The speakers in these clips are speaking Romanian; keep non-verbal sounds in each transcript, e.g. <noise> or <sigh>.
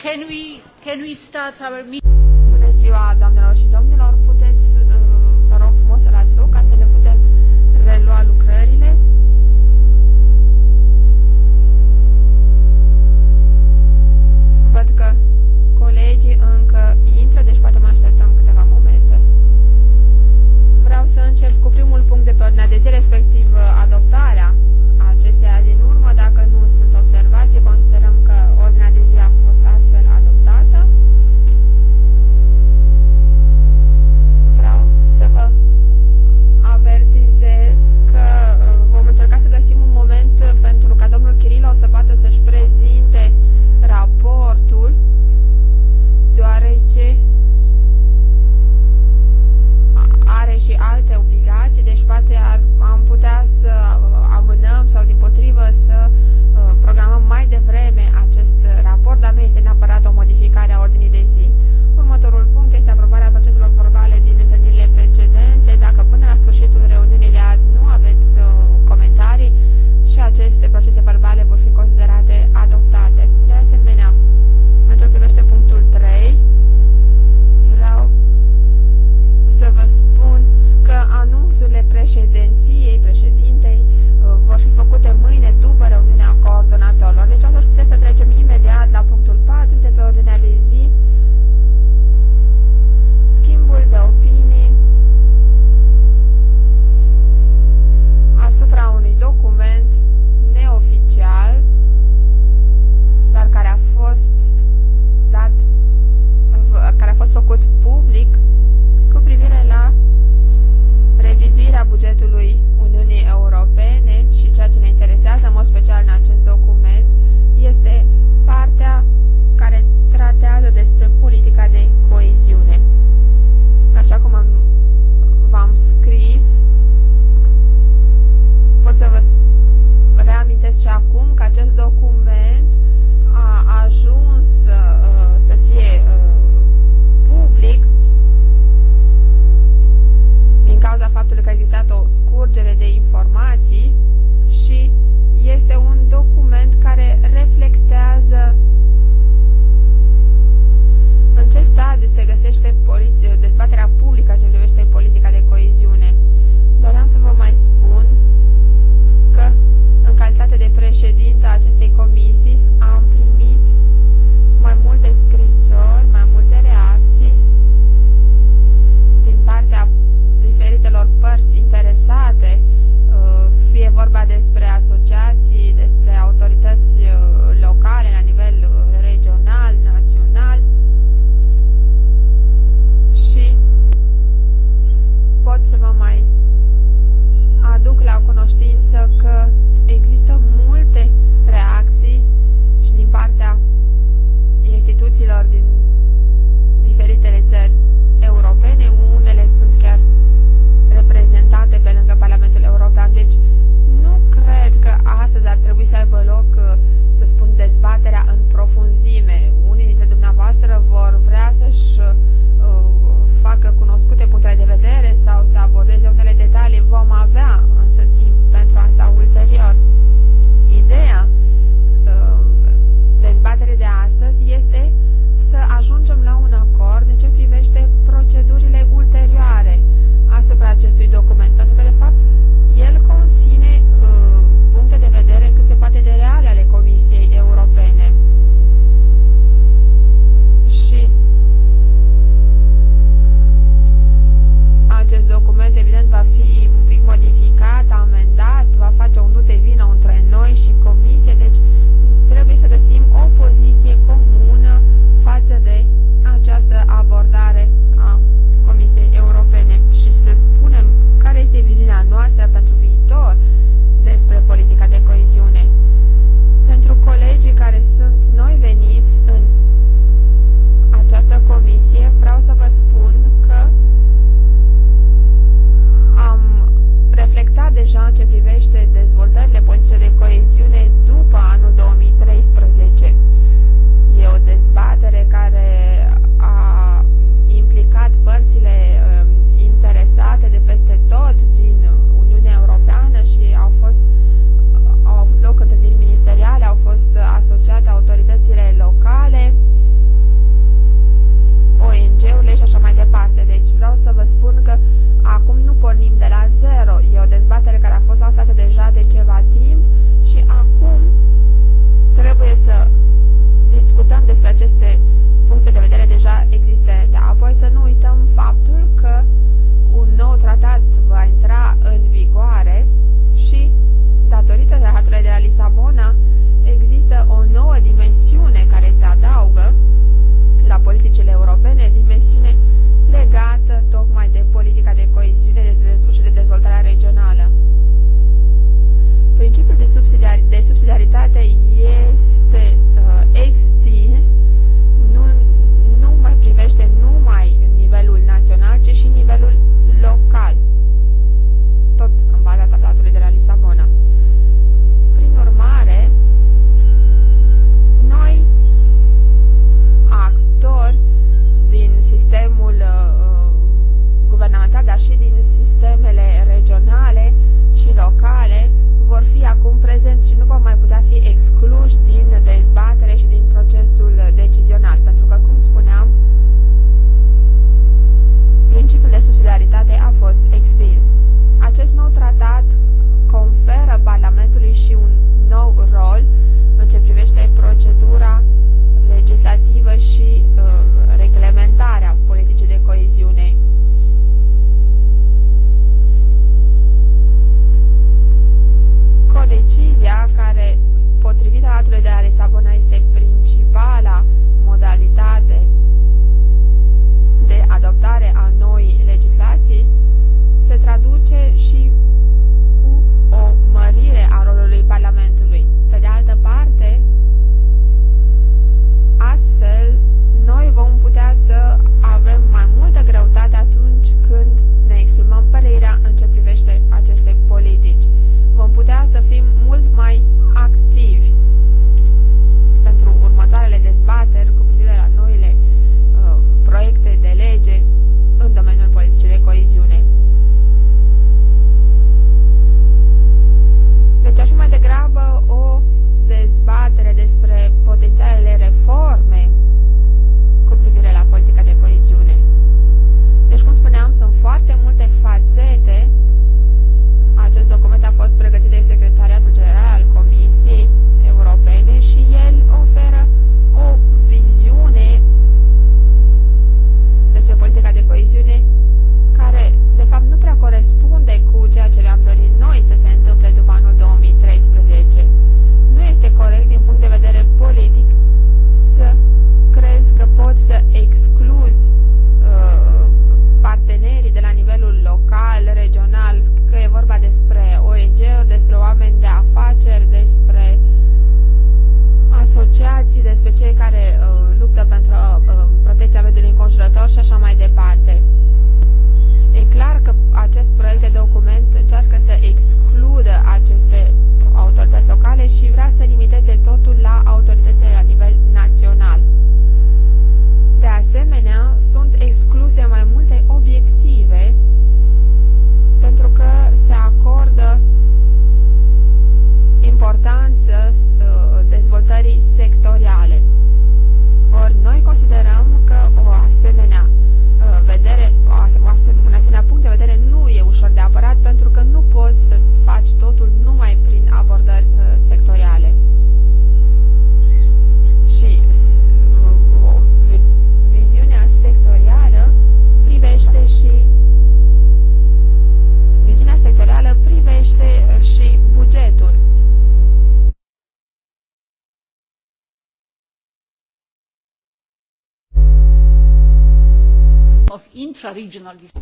Can we, can we start our meeting?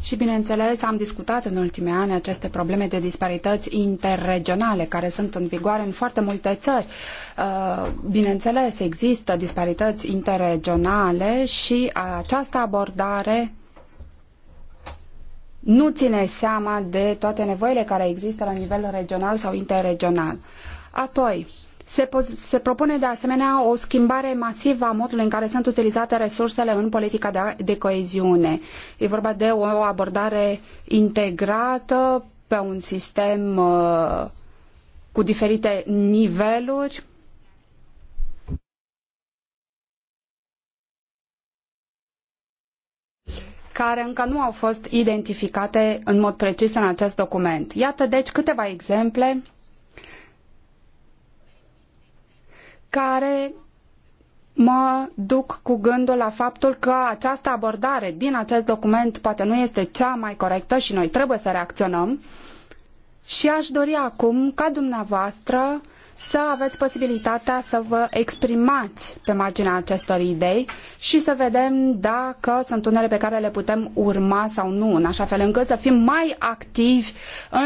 Și bineînțeles, am discutat în ultimii ani aceste probleme de disparități interregionale care sunt în vigoare în foarte multe țări. Uh, bineînțeles, există disparități interregionale și această abordare nu ține seama de toate nevoile care există la nivel regional sau interregional. Apoi, se, se propune de asemenea o schimbare masivă a modului în care sunt utilizate resursele în politica de, de coeziune. E vorba de o abordare integrată pe un sistem uh, cu diferite niveluri care încă nu au fost identificate în mod precis în acest document. Iată deci câteva exemple care mă duc cu gândul la faptul că această abordare din acest document poate nu este cea mai corectă și noi trebuie să reacționăm. Și aș dori acum ca dumneavoastră să aveți posibilitatea să vă exprimați pe marginea acestor idei și să vedem dacă sunt unele pe care le putem urma sau nu, în așa fel încât să fim mai activi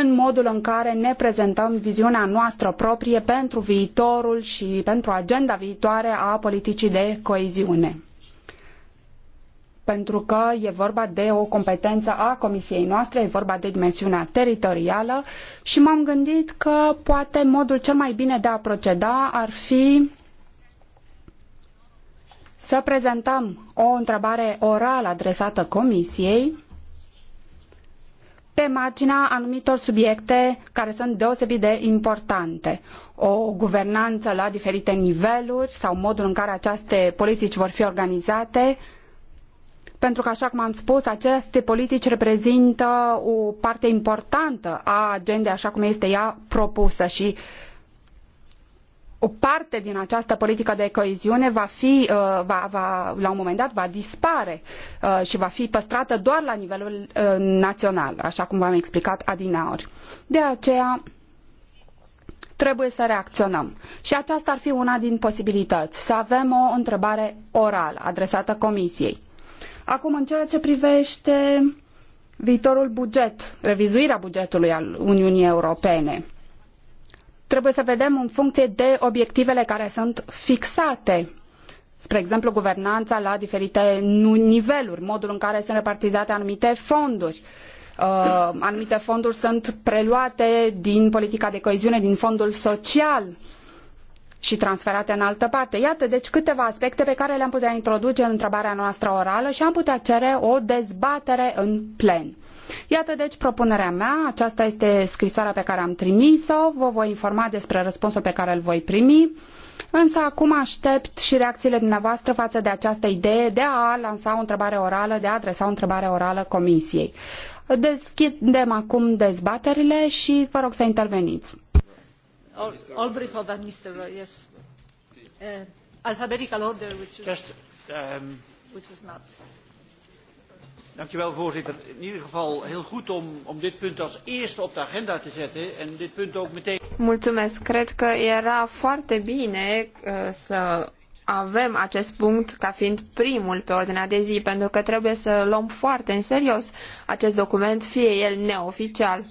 în modul în care ne prezentăm viziunea noastră proprie pentru viitorul și pentru agenda viitoare a politicii de coeziune pentru că e vorba de o competență a comisiei noastre, e vorba de dimensiunea teritorială și m-am gândit că poate modul cel mai bine de a proceda ar fi să prezentăm o întrebare orală adresată comisiei pe marginea anumitor subiecte care sunt deosebit de importante. O guvernanță la diferite niveluri sau modul în care aceste politici vor fi organizate, pentru că, așa cum am spus, aceste politici reprezintă o parte importantă a agendei, așa cum este ea propusă și o parte din această politică de coeziune va fi, uh, va, va, la un moment dat, va dispare uh, și va fi păstrată doar la nivelul uh, național, așa cum v-am explicat adineaori. De aceea, trebuie să reacționăm. Și aceasta ar fi una din posibilități, să avem o întrebare orală adresată Comisiei Acum, în ceea ce privește viitorul buget, revizuirea bugetului al Uniunii Europene, trebuie să vedem în funcție de obiectivele care sunt fixate spre exemplu, guvernanța la diferite niveluri, modul în care sunt repartizate anumite fonduri. Uh, anumite fonduri sunt preluate din politica de coeziune, din fondul social. Uh, și transferate în altă parte. Iată, deci, câteva aspecte pe care le-am putea introduce în întrebarea noastră orală și am putea cere o dezbatere în plen. Iată, deci, propunerea mea. Aceasta este scrisoarea pe care am trimis-o. Vă voi informa despre răspunsul pe care îl voi primi. Însă acum aștept și reacțiile dumneavoastră față de această idee de a lansa o întrebare orală, de a adresa o întrebare orală comisiei. Deschidem acum dezbaterile și vă rog să interveniți is, voorzitter. In ieder geval heel goed om, dit punt als eerste op de agenda te zetten en dit punt ook meteen. Mulțumesc. Cred că era foarte bine uh, să avem acest punct ca fiind primul pe ordinea de zi, pentru că trebuie să luăm foarte în serios acest document, fie el neoficial.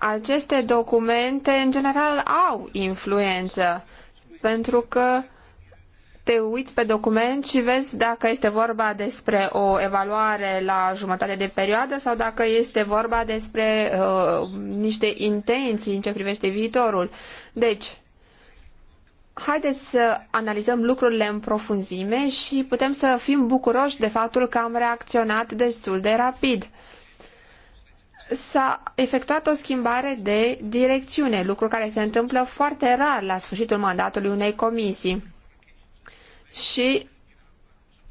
Aceste documente, în general, au influență, pentru că te uiți pe document și vezi dacă este vorba despre o evaluare la jumătate de perioadă sau dacă este vorba despre uh, niște intenții în ce privește viitorul. Deci, haideți să analizăm lucrurile în profunzime și putem să fim bucuroși de faptul că am reacționat destul de rapid s-a efectuat o schimbare de direcțiune, lucru care se întâmplă foarte rar la sfârșitul mandatului unei comisii. Și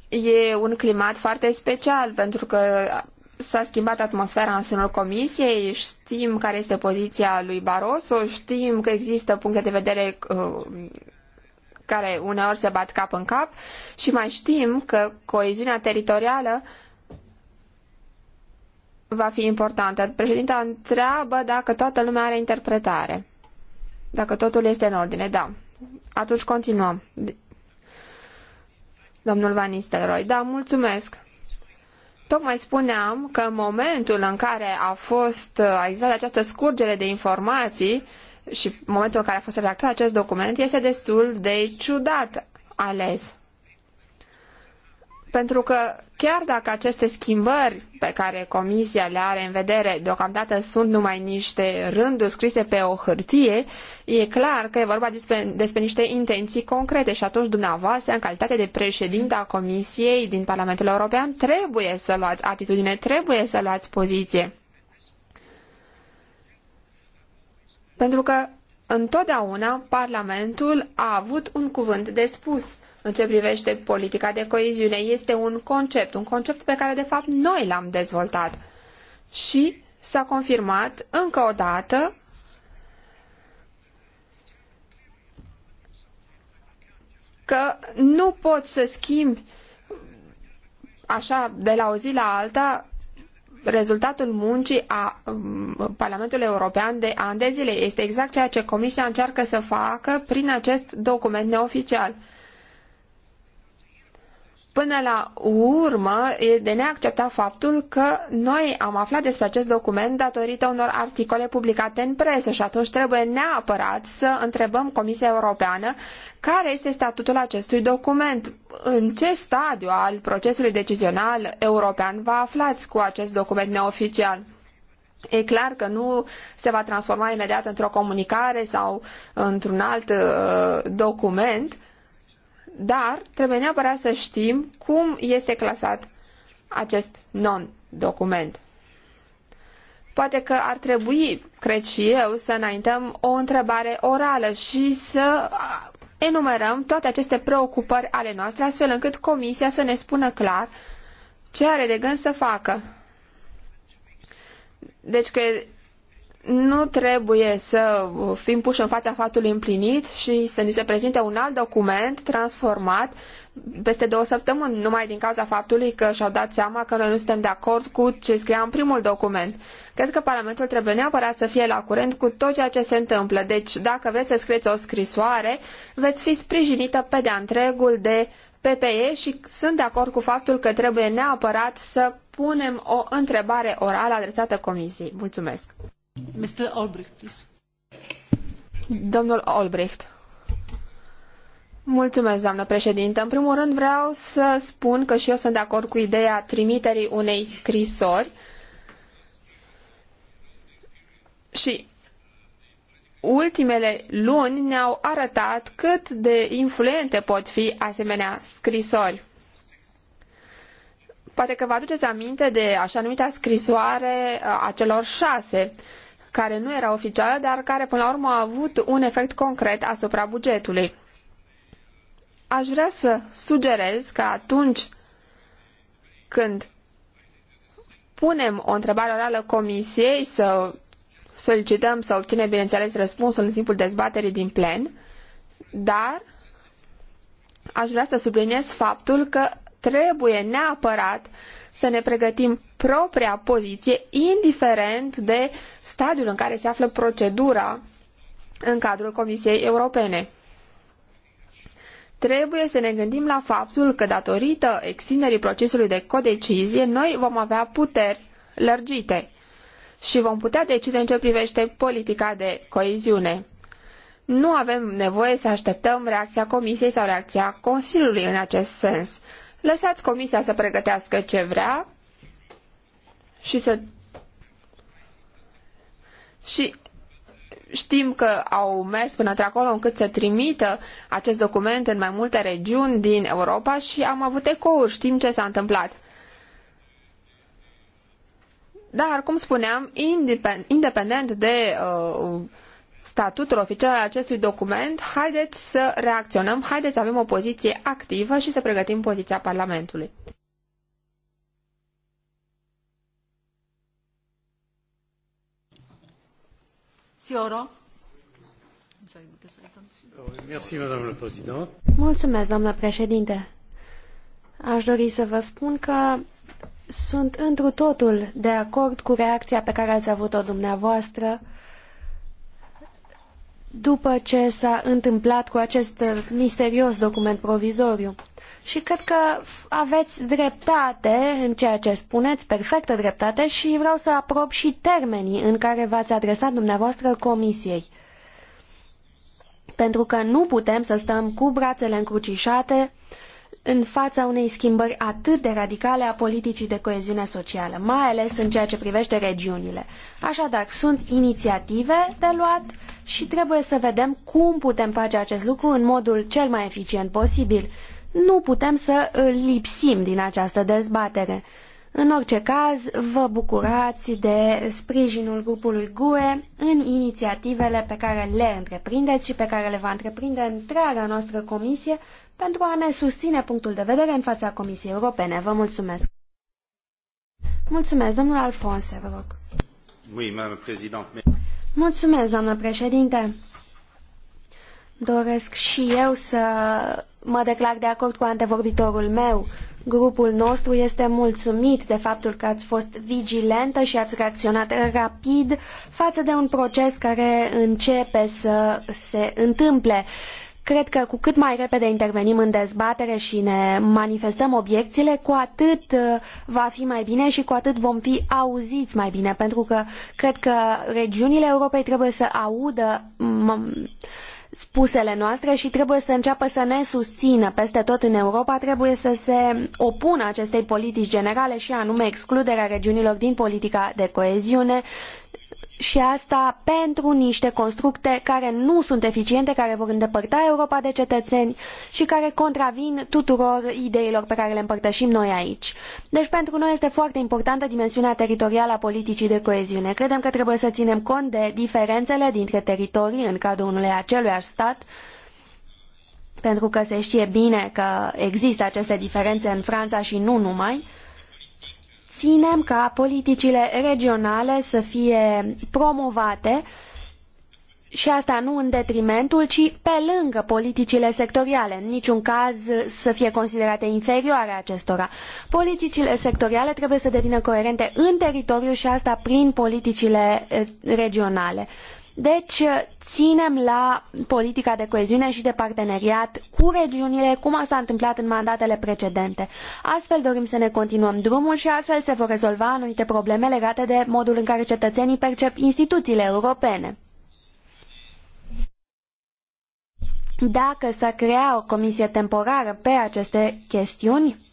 e un climat foarte special pentru că s-a schimbat atmosfera în sânul comisiei, știm care este poziția lui Barroso, știm că există puncte de vedere uh, care uneori se bat cap în cap și mai știm că coeziunea teritorială uh, va fi importantă. Președinta întreabă dacă toată lumea are interpretare. Dacă totul este în ordine, da. Atunci continuăm. Domnul Van Nistelrooy, da, mulțumesc. Tocmai spuneam că în momentul în care a fost a existat această scurgere de informații și momentul în care a fost redactat acest document este destul de ciudat ales pentru că chiar dacă aceste schimbări pe care comisia le are în vedere deocamdată sunt numai niște rânduri scrise pe o hârtie, e clar că e vorba despre, despre niște intenții concrete și atunci dumneavoastră, în calitate de președinte a comisiei din Parlamentul European, trebuie să luați atitudine, trebuie să luați poziție. Pentru că întotdeauna Parlamentul a avut un cuvânt de spus în ce privește politica de coeziune. Este un concept, un concept pe care de fapt noi l-am dezvoltat. Și s-a confirmat încă o dată că nu poți să schimbi așa de la o zi la alta rezultatul muncii a um, Parlamentului European de ani de zile. Este exact ceea ce Comisia încearcă să facă prin acest document neoficial. Până la urmă, e de neacceptat faptul că noi am aflat despre acest document datorită unor articole publicate în presă și atunci trebuie neapărat să întrebăm Comisia Europeană care este statutul acestui document, în ce stadiu al procesului decizional european vă aflați cu acest document neoficial. E clar că nu se va transforma imediat într-o comunicare sau într-un alt uh, document, dar trebuie neapărat să știm cum este clasat acest non-document. Poate că ar trebui, cred și eu, să înaintăm o întrebare orală și să enumerăm toate aceste preocupări ale noastre, astfel încât Comisia să ne spună clar ce are de gând să facă. Deci, cred, nu trebuie să fim puși în fața faptului împlinit și să ni se prezinte un alt document transformat peste două săptămâni, numai din cauza faptului că și-au dat seama că noi nu suntem de acord cu ce scria în primul document. Cred că Parlamentul trebuie neapărat să fie la curent cu tot ceea ce se întâmplă. Deci, dacă vreți să scrieți o scrisoare, veți fi sprijinită pe de-a întregul de PPE și sunt de acord cu faptul că trebuie neapărat să punem o întrebare orală adresată Comisiei. Mulțumesc! Domnul În primul rând vreau să spun că și eu sunt de acord cu ideea trimiterii unei scrisori și ultimele luni ne-au arătat cât de influente pot fi asemenea scrisori. Poate că vă aduceți aminte de așa numita scrisoare a celor șase, uh, care nu era oficială, dar care până la urmă a avut un efect concret asupra bugetului. Aș vrea să sugerez că atunci când punem o întrebare orală comisiei să solicităm să obținem, bineînțeles, răspunsul în timpul dezbaterii din plen, dar aș vrea să subliniez faptul că trebuie neapărat să ne pregătim propria poziție, indiferent de stadiul în care se află procedura în cadrul Comisiei Europene. Trebuie să ne gândim la faptul că, datorită extinderii procesului de codecizie, noi vom avea puteri lărgite și vom putea decide în ce privește politica de coeziune. Nu avem nevoie să așteptăm reacția Comisiei sau reacția Consiliului în acest sens. Lăsați comisia să pregătească ce vrea și să și știm că au mers până într-acolo încât să trimită acest document în mai multe regiuni din Europa și am avut ecouri, știm ce s-a întâmplat. Dar, cum spuneam, independent de uh, statutul oficial al acestui document, haideți să reacționăm, haideți să avem o poziție activă și să pregătim poziția Parlamentului. Sioro. Mulțumesc, doamnă președinte. Aș dori să vă spun că sunt întru totul de acord cu reacția pe care ați avut-o dumneavoastră uh, după ce s-a întâmplat cu acest uh, misterios document provizoriu. Și cred că aveți dreptate în ceea ce spuneți, perfectă dreptate, și vreau să aprob și termenii în care v-ați adresat dumneavoastră comisiei. Pentru că nu putem să stăm cu brațele încrucișate uh, în fața unei schimbări atât de radicale a politicii de coeziune socială, mai ales în ceea ce privește regiunile. Așadar, sunt inițiative de luat și trebuie să vedem cum putem face acest lucru în modul cel mai eficient posibil. Nu putem să lipsim din această dezbatere. În orice caz, vă bucurați de sprijinul grupului GUE în inițiativele pe care le întreprindeți și pe care le va întreprinde întreaga noastră comisie pentru a ne susține punctul de vedere în fața Comisiei Europene. Vă mulțumesc! Mulțumesc, domnul Alfonse, vă rog. Oui, mulțumesc, doamnă președinte. Doresc și eu să mă declar de acord cu antevorbitorul meu. Grupul nostru este mulțumit de faptul că ați fost vigilentă și ați reacționat rapid față de un proces care începe să se întâmple. Uh, Cred că cu cât mai repede intervenim în dezbatere și ne manifestăm obiecțiile, cu atât uh, va fi mai bine și cu atât vom fi auziți mai bine, pentru că cred că regiunile Europei trebuie să audă spusele noastre și trebuie să înceapă să ne susțină peste tot în Europa, trebuie să se opună acestei politici generale și anume excluderea regiunilor din politica de coeziune și asta pentru niște constructe care nu sunt eficiente, care vor îndepărta Europa de cetățeni și care contravin tuturor ideilor pe care le împărtășim noi aici. Deci pentru noi este foarte importantă dimensiunea teritorială a politicii de coeziune. Credem că trebuie să ținem cont de diferențele dintre teritorii în cadrul unui aceluiași stat, pentru că se știe bine că există aceste diferențe în Franța și nu numai, Ținem ca politicile regionale să fie promovate și asta nu în detrimentul, ci pe lângă politicile sectoriale, în niciun caz să fie considerate inferioare acestora. Politicile sectoriale trebuie să devină coerente în teritoriu și asta prin politicile eh, regionale. Deci, ținem la politica de coeziune și de parteneriat cu regiunile, cum s-a întâmplat în mandatele precedente. Astfel dorim să ne continuăm drumul și astfel se vor rezolva anumite probleme legate de modul în care cetățenii percep instituțiile europene. Dacă s-ar crea o comisie temporară pe aceste chestiuni,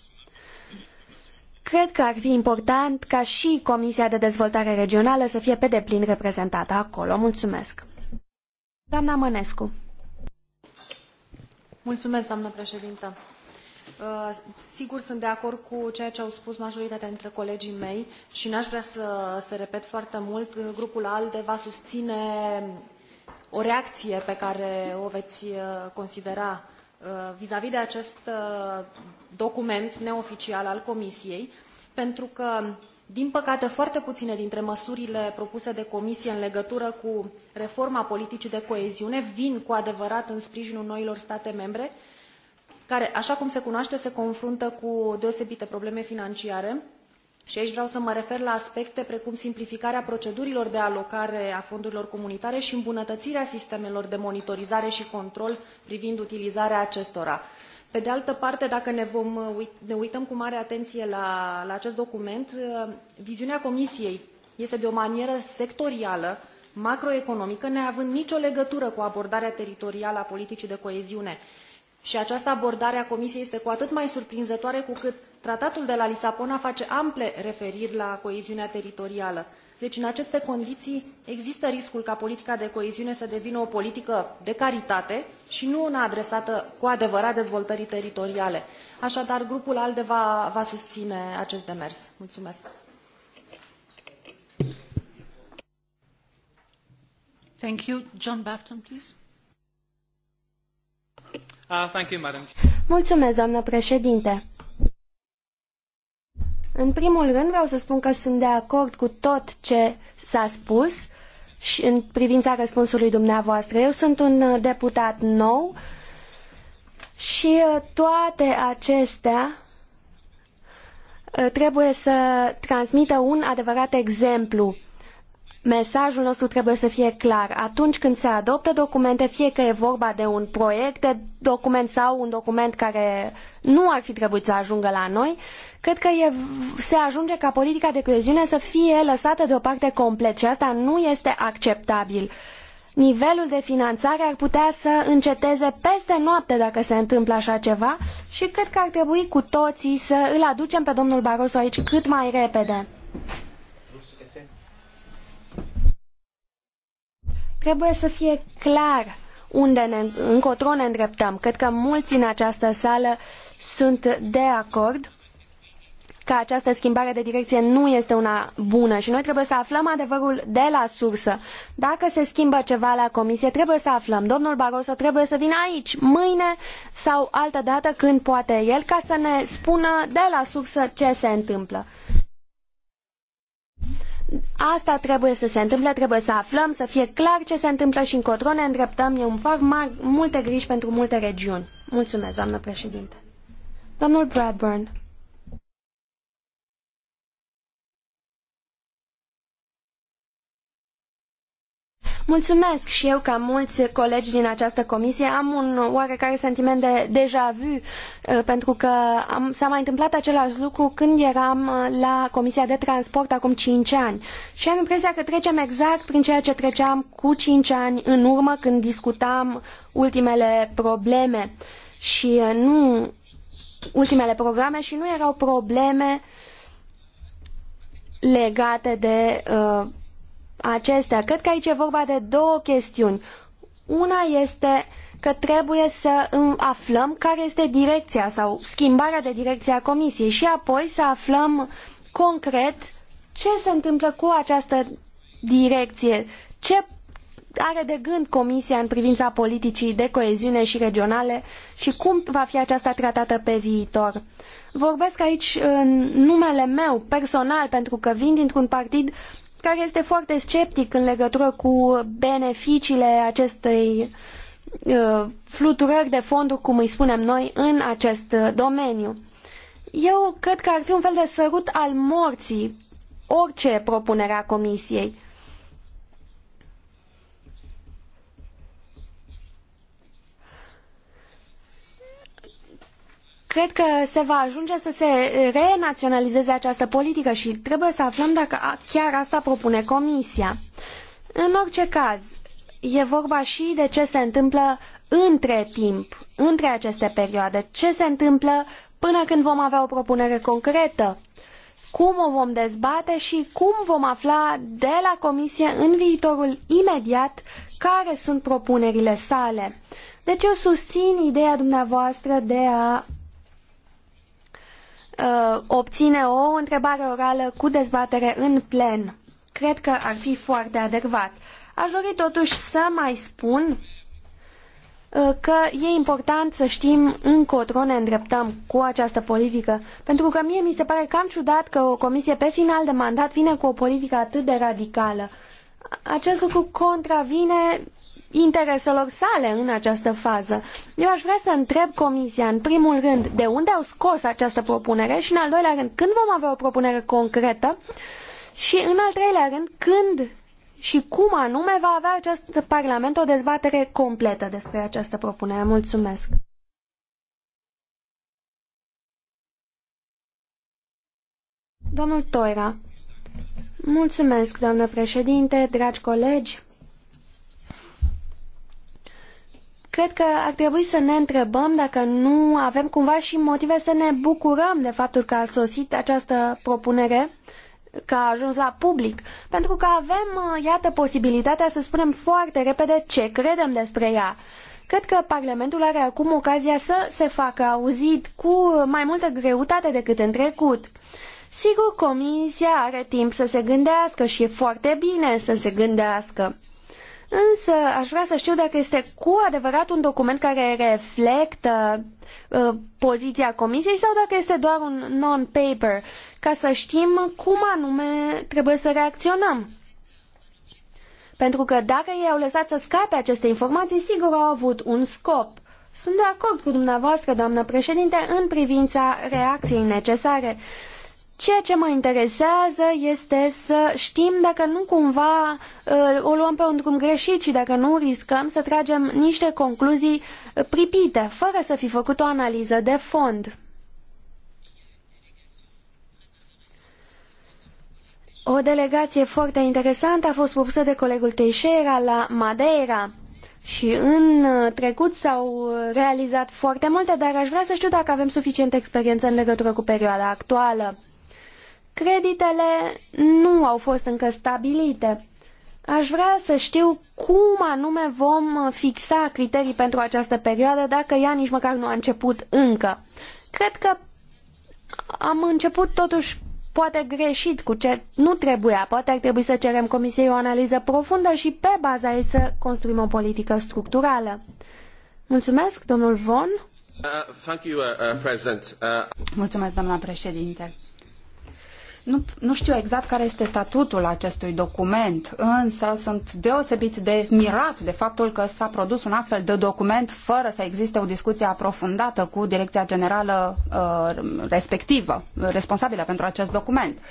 Cred că ar fi important ca și Comisia de Dezvoltare Regională să fie pe deplin reprezentată acolo. Mulțumesc. Doamna Mănescu. Mulțumesc, doamnă președintă. Uh, sigur, sunt de acord cu ceea ce au spus majoritatea dintre colegii mei și n-aș vrea să, să repet foarte mult. Grupul ALDE va susține o reacție pe care o veți uh, considera uh, vis-a-vis -vis de acest document neoficial al Comisiei, pentru că, din păcate, foarte puține dintre măsurile propuse de Comisie în legătură cu reforma politicii de coeziune vin cu adevărat în sprijinul noilor state membre, care, așa cum se cunoaște, se confruntă cu deosebite probleme financiare. Și aici vreau să mă refer la aspecte precum simplificarea procedurilor de alocare a fondurilor comunitare și îmbunătățirea sistemelor de monitorizare și control privind utilizarea acestora. Pe de altă parte, dacă ne, vom, uh, ne uităm cu mare atenție la, la acest document, uh, viziunea Comisiei este de o manieră sectorială, macroeconomică, neavând nicio legătură cu abordarea teritorială a politicii de coeziune. Și această abordare a Comisiei este cu atât mai surprinzătoare cu cât tratatul de la Lisabona face ample referiri la coeziunea teritorială. Deci, în aceste condiții, există riscul ca politica de coeziune să devină o politică de caritate și nu una adresată cu adevărat dezvoltării teritoriale. Așadar, grupul ALDE va, va susține acest demers. Mulțumesc! Thank you. John Bafton, please. Uh, thank you, madam. Mulțumesc, doamnă președinte. În primul rând vreau să spun că sunt de acord cu tot ce s-a spus și în privința răspunsului dumneavoastră. Eu sunt un uh, deputat nou și uh, toate acestea uh, trebuie să transmită un adevărat exemplu Mesajul nostru trebuie să fie clar. Atunci când se adoptă documente, fie că e vorba de un proiect de document sau un document care nu ar fi trebuit să ajungă la noi, cred că e, se ajunge ca politica de coeziune să fie lăsată deoparte complet și asta nu este acceptabil. Nivelul de finanțare ar putea să înceteze peste noapte dacă se întâmplă așa ceva și cred că ar trebui cu toții să îl aducem pe domnul Barroso aici cât mai repede. Trebuie să fie clar unde ne, încotro ne îndreptăm. Cred că mulți în această sală sunt de acord că această schimbare de direcție nu este una bună și noi trebuie să aflăm adevărul de la sursă. Dacă se schimbă ceva la comisie, trebuie să aflăm. Domnul Barroso trebuie să vină aici, mâine sau altă dată când poate el, ca să ne spună de la sursă ce se întâmplă. Asta trebuie să se întâmple, trebuie să aflăm, să fie clar ce se întâmplă și încotro ne îndreptăm. E un fac mari, multe griji pentru multe regiuni. Mulțumesc, doamnă președinte. Domnul Bradburn. Mulțumesc și eu, ca mulți colegi din această comisie, am un oarecare sentiment de deja vu, uh, pentru că am, s-a mai întâmplat același lucru când eram uh, la Comisia de Transport acum cinci ani. Și am impresia că trecem exact prin ceea ce treceam cu cinci ani în urmă când discutam ultimele probleme și uh, nu ultimele programe și nu erau probleme legate de uh, acestea. Cred că aici e vorba de două chestiuni. Una este că trebuie să aflăm care este direcția sau schimbarea de direcție a comisiei și apoi să aflăm concret ce se întâmplă cu această direcție, ce are de gând Comisia în privința politicii de coeziune și regionale și cum va fi aceasta tratată pe viitor. Vorbesc aici în numele meu personal pentru că vin dintr-un partid care este foarte sceptic în legătură cu beneficiile acestei uh, fluturări de fonduri, cum îi spunem noi, în acest uh, domeniu. Eu cred că ar fi un fel de sărut al morții orice propunere a Comisiei. cred că se va ajunge să se renaționalizeze această politică și trebuie să aflăm dacă chiar asta propune Comisia. În orice caz, e vorba și de ce se întâmplă între timp, între aceste perioade, ce se întâmplă până când vom avea o propunere concretă, cum o vom dezbate și cum vom afla de la Comisie în viitorul imediat care sunt propunerile sale. Deci eu susțin ideea dumneavoastră de a Uh, obține o întrebare orală cu dezbatere în plen. Cred că ar fi foarte adecvat. Aș dori totuși să mai spun uh, că e important să știm încotro ne îndreptăm cu această politică, pentru că mie mi se pare cam ciudat că o comisie pe final de mandat vine cu o politică atât de radicală. Acest lucru contravine intereselor sale în această fază. Eu aș vrea să întreb Comisia, în primul rând, de unde au scos această propunere și, în al doilea rând, când vom avea o propunere concretă și, în al treilea rând, când și cum anume va avea acest Parlament o dezbatere completă despre această propunere. Mulțumesc! Domnul Toira. Mulțumesc, doamnă președinte, dragi colegi. Cred că ar trebui să ne întrebăm dacă nu avem cumva și motive să ne bucurăm de faptul că a sosit această propunere că a ajuns la public, pentru că avem, uh, iată, posibilitatea să spunem foarte repede ce credem despre ea. Cred că Parlamentul are acum ocazia să se facă auzit cu mai multă greutate decât în trecut. Sigur, Comisia are timp să se gândească și e foarte bine să se gândească. Însă aș vrea să știu dacă este cu adevărat un document care reflectă uh, poziția comisiei sau dacă este doar un non-paper, ca să știm cum anume trebuie să reacționăm. Pentru că dacă ei au lăsat să scape aceste informații, sigur au avut un scop. Sunt de acord cu dumneavoastră, doamnă președinte, în privința reacției necesare. Uh, Ceea ce mă interesează este să știm dacă nu cumva uh, o luăm pe un drum greșit și dacă nu riscăm să tragem niște concluzii uh, pripite, fără să fi făcut o analiză de fond. O delegație foarte interesantă a fost propusă de colegul Teixeira la Madeira. Și în uh, trecut s-au realizat foarte multe, dar aș vrea să știu dacă avem suficientă experiență în legătură cu perioada actuală. Creditele nu au fost încă stabilite. Aș vrea să știu cum anume vom fixa criterii pentru această perioadă dacă ea nici măcar nu a început încă. Cred că am început totuși poate greșit cu ce nu trebuia. Poate ar trebui să cerem Comisiei o analiză profundă și pe baza ei să construim o politică structurală. Mulțumesc, domnul Von. Uh, you, uh, uh, uh... Mulțumesc, doamna președinte. Nu, nu știu exact care este statutul acestui document, însă sunt deosebit de mirat de faptul că s-a produs un astfel de document fără să existe o discuție aprofundată cu direcția generală uh, respectivă, responsabilă pentru acest document. Uh,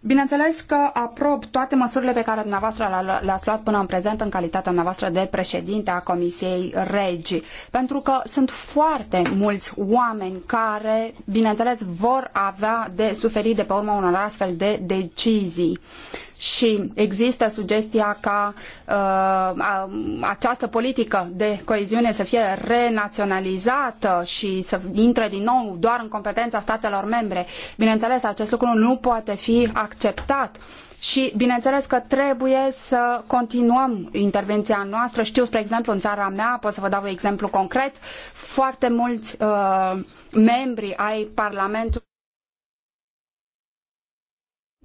Bineînțeles că aprob toate măsurile pe care dumneavoastră le-ați luat până în prezent în calitatea dumneavoastră de președinte a Comisiei Regi, pentru că sunt foarte mulți oameni care, bineînțeles, vor avea de suferit de pe urma unor astfel de decizii și există sugestia ca uh, această politică de coeziune să fie renaționalizată și să intre din nou doar în competența statelor membre. Bineînțeles, acest lucru nu poate fi acceptat. Și bineînțeles că trebuie să continuăm intervenția noastră. Știu, spre exemplu, în țara mea, pot să vă dau un exemplu concret, foarte mulți uh, membri ai Parlamentului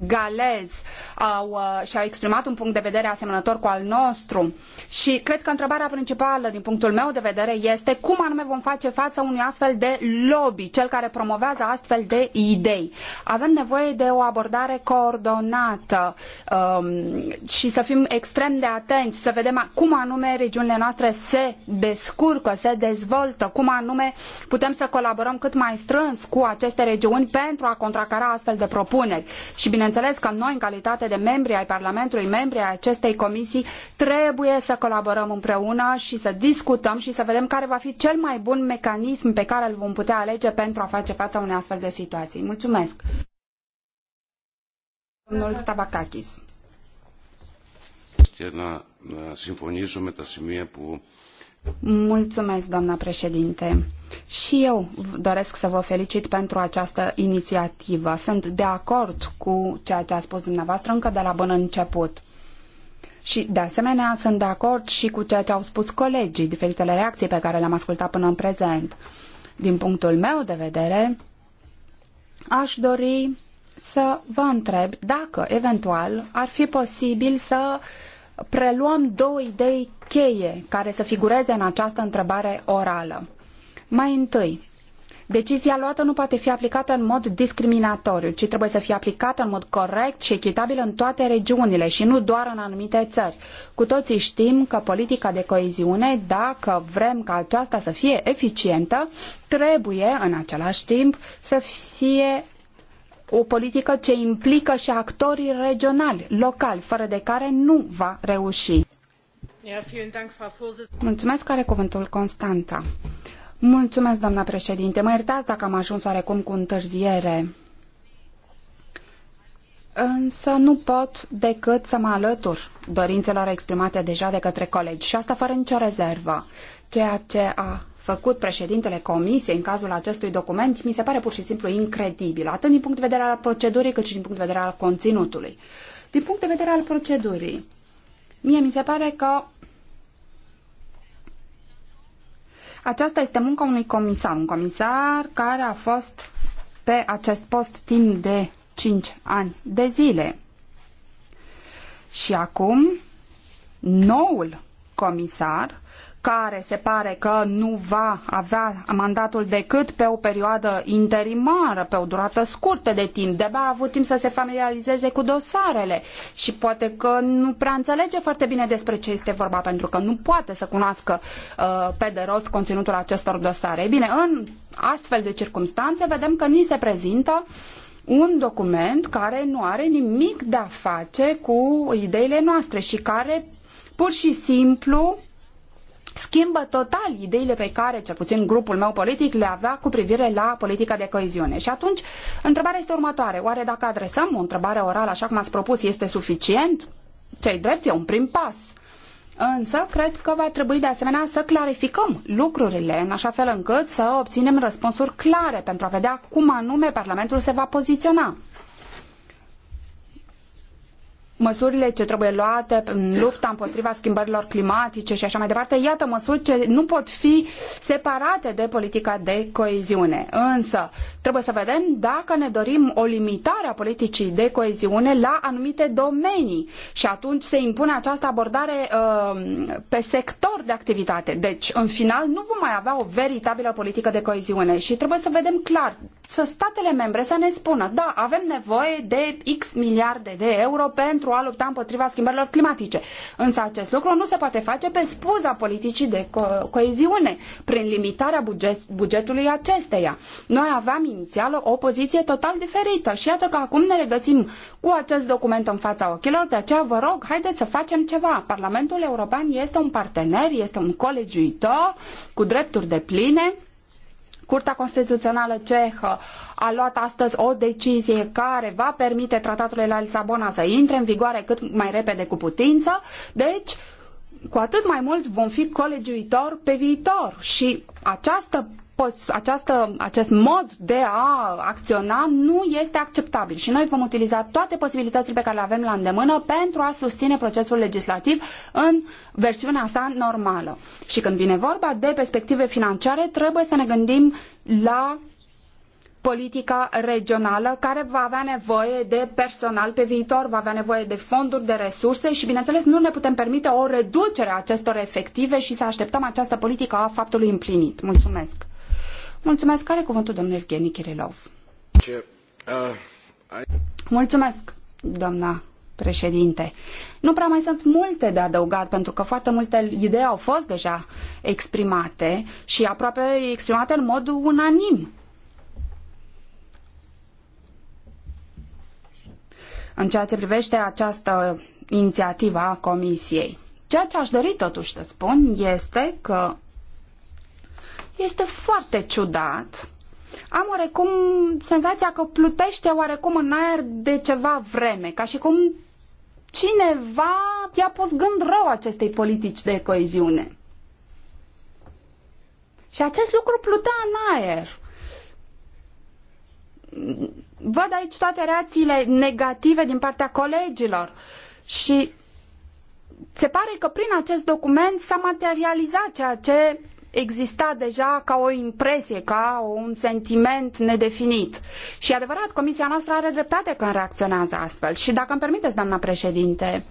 galez au, uh, și-au exprimat un punct de vedere asemănător cu al nostru și cred că întrebarea principală din punctul meu de vedere este cum anume vom face față unui astfel de lobby, cel care promovează astfel de idei. Avem nevoie de o abordare coordonată um, și să fim extrem de atenți, să vedem cum anume regiunile noastre se descurcă, se dezvoltă, cum anume putem să colaborăm cât mai strâns cu aceste regiuni pentru a contracara astfel de propuneri. Și bine Bineînțeles că noi, în calitate de membri ai Parlamentului, membri ai acestei comisii, trebuie să colaborăm împreună și să discutăm și să vedem care va fi cel mai bun mecanism pe care îl vom putea alege pentru a face față unei astfel de situații. Mulțumesc! Domnul Stavakakis. Și να, να συμφωνήσω Mulțumesc, doamna președinte. Și eu doresc să vă felicit pentru această inițiativă. Sunt de acord cu ceea ce a spus dumneavoastră încă de la bun început. Și, de asemenea, sunt de acord și cu ceea ce au spus colegii, diferitele reacții pe care le-am ascultat până în prezent. Din punctul meu de vedere, aș dori să vă întreb dacă, eventual, ar fi posibil să preluăm două idei cheie care să figureze în această întrebare orală. Mai întâi, Decizia luată nu poate fi aplicată în mod discriminatoriu, ci trebuie să fie aplicată în mod corect și echitabil în toate regiunile și nu doar în anumite țări. Cu toții știm că politica de coeziune, dacă vrem ca aceasta să fie eficientă, trebuie în același timp să fie o politică ce implică și actorii regionali, locali, fără de care nu va reuși. Mulțumesc, are cuvântul constanta. Mulțumesc, doamna președinte. Mă iertați dacă am ajuns oarecum cu întârziere. Însă nu pot decât să mă alătur dorințelor exprimate deja de către colegi și asta fără nicio rezervă. Ceea ce a făcut președintele Comisiei în cazul acestui document mi se pare pur și simplu incredibil, atât din punct de vedere al procedurii cât și din punct de vedere al conținutului. Din punct de vedere al procedurii, Mie mi se pare că aceasta este munca unui comisar, un comisar care a fost pe acest post timp de 5 ani de zile. Și acum, noul comisar care se pare că nu va avea mandatul decât pe o perioadă interimară, pe o durată scurtă de timp. De-abia a avut timp să se familiarizeze cu dosarele și poate că nu prea înțelege foarte bine despre ce este vorba, pentru că nu poate să cunoască uh, pe de rost conținutul acestor dosare. Ei bine, în astfel de circunstanțe vedem că ni se prezintă un document care nu are nimic de a face cu ideile noastre și care pur și simplu schimbă total ideile pe care, cel puțin grupul meu politic, le avea cu privire la politica de coeziune. Și atunci, întrebarea este următoare. Oare dacă adresăm o întrebare orală, așa cum ați propus, este suficient? Cei drept e un prim pas. Însă, cred că va trebui de asemenea să clarificăm lucrurile în așa fel încât să obținem răspunsuri clare pentru a vedea cum anume Parlamentul se va poziționa măsurile ce trebuie luate în lupta împotriva schimbărilor climatice și așa mai departe, iată măsuri ce nu pot fi separate de politica de coeziune. Însă, Trebuie să vedem dacă ne dorim o limitare a politicii de coeziune la anumite domenii și atunci se impune această abordare uh, pe sector de activitate. Deci, în final, nu vom mai avea o veritabilă politică de coeziune și trebuie să vedem clar, să statele membre să ne spună, da, avem nevoie de X miliarde de euro pentru a lupta împotriva schimbărilor climatice. Însă acest lucru nu se poate face pe spuza politicii de co- coeziune, prin limitarea buget- bugetului acesteia. Noi aveam inițială o poziție total diferită și iată că acum ne regăsim cu acest document în fața ochilor, de aceea vă rog, haideți să facem ceva. Parlamentul European este un partener, este un colegiuitor cu drepturi de pline. Curtea Constituțională Cehă a luat astăzi o decizie care va permite tratatului la Lisabona să intre în vigoare cât mai repede cu putință. Deci, cu atât mai mult vom fi colegiuitori pe viitor și această această, acest mod de a acționa nu este acceptabil și noi vom utiliza toate posibilitățile pe care le avem la îndemână pentru a susține procesul legislativ în versiunea sa normală. Și când vine vorba de perspective financiare, trebuie să ne gândim la politica regională care va avea nevoie de personal pe viitor, va avea nevoie de fonduri, de resurse și, bineînțeles, nu ne putem permite o reducere a acestor efective și să așteptăm această politică a faptului împlinit. Mulțumesc! Mulțumesc. Care cuvântul domnul Evgeni Kirilov? Ce, uh, I... Mulțumesc, doamna președinte. Nu prea mai sunt multe de adăugat, pentru că foarte multe idei au fost deja exprimate și aproape exprimate în mod unanim. În ceea ce privește această inițiativă a Comisiei. Ceea ce aș dori totuși să spun este că este foarte ciudat. Am oarecum senzația că plutește oarecum în aer de ceva vreme, ca și cum cineva i-a pus gând rău acestei politici de coeziune. Și acest lucru plutea în aer. Văd aici toate reacțiile negative din partea colegilor și se pare că prin acest document s-a materializat ceea ce exista deja ca o impresie, ca un sentiment nedefinit. Și e adevărat, comisia noastră are dreptate când reacționează astfel. Și dacă îmi permiteți, doamna președinte,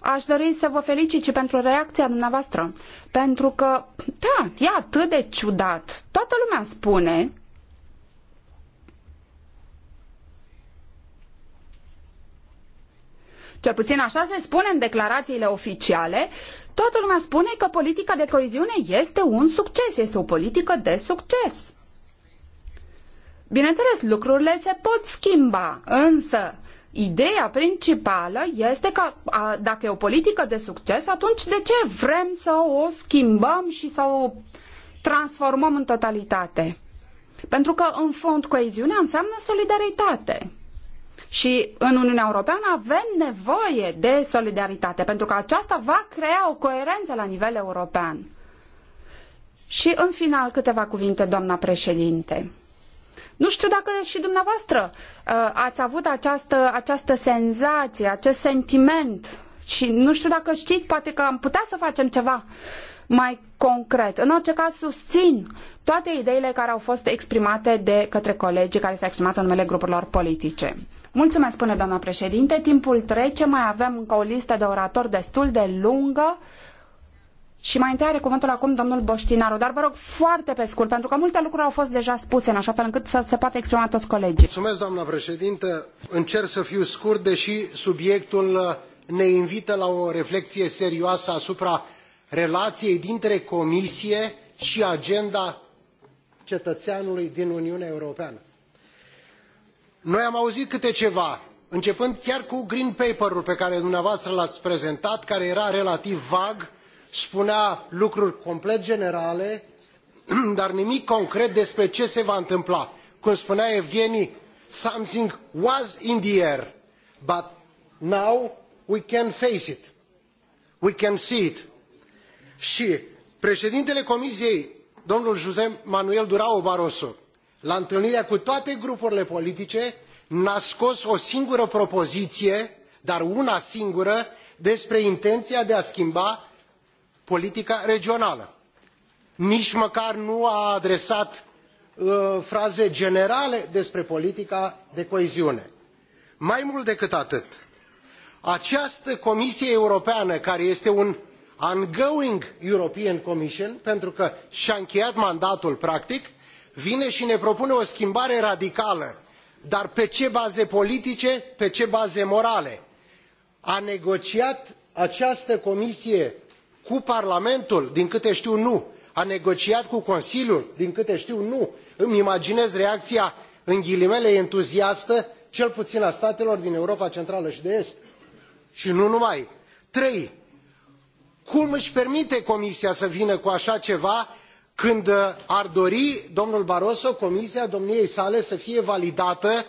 aș dori să vă felicit și pentru reacția dumneavoastră. Pentru că, da, e atât de ciudat. Toată lumea spune cel puțin așa se spune în declarațiile oficiale, toată lumea spune că politica de coeziune este un succes, este o politică de succes. Bineînțeles, lucrurile se pot schimba, însă ideea principală este că a, dacă e o politică de succes, atunci de ce vrem să o schimbăm și să o transformăm în totalitate? Pentru că, în fond, coeziunea înseamnă solidaritate. Și în Uniunea Europeană avem nevoie de solidaritate, pentru că aceasta va crea o coerență la nivel european. Și în final câteva cuvinte, doamna președinte. Nu știu dacă și dumneavoastră uh, ați avut această, această senzație, acest sentiment și nu știu dacă știți, poate că am putea să facem ceva mai concret. În orice caz, susțin toate ideile care au fost exprimate de către colegii care s-au exprimat în numele grupurilor politice. Mulțumesc, spune doamna președinte. Timpul trece, mai avem încă o listă de oratori destul de lungă. Și mai întâi are cuvântul acum domnul Boștinaru, dar vă rog foarte pe scurt, pentru că multe lucruri au fost deja spuse în așa fel încât să se poată exprima toți colegii. Mulțumesc, doamna președintă. Încerc să fiu scurt, deși subiectul ne invită la o reflexie serioasă asupra relaiei dintre comisie și agenda cetăeanului din Uniunea Europeană. Noi am auzit câte ceva, începând chiar cu green paper-ul pe care dumneavoastră l-ați prezentat, care era relativ vag, spunea lucruri complet generale, <clears throat> dar nimic concret despre ce se va întâmpla. Cum spunea Evgeni, something was in the air, but now we can face it. We can see it și președintele comisiei domnul josé manuel duro barroso la întâlnirea cu toate grupurile politice n a scos o singură propoziție dar una singură despre intenția de a schimba politica regională nici măcar nu a adresat uh, fraze generale despre politica de coeziune. mai mult decât atât această comisie europeană care este un ongoing European Commission, pentru că și-a încheiat mandatul practic, vine și ne propune o schimbare radicală. Dar pe ce baze politice, pe ce baze morale? A negociat această comisie cu Parlamentul? Din câte știu, nu. A negociat cu Consiliul? Din câte știu, nu. Îmi imaginez reacția în ghilimele entuziastă, cel puțin a statelor din Europa Centrală și de Est. Și nu numai. Trei cum îi permite comisia să vină cu aa ceva când uh, ar dori domnul barroso comisia domniei sale să fie validată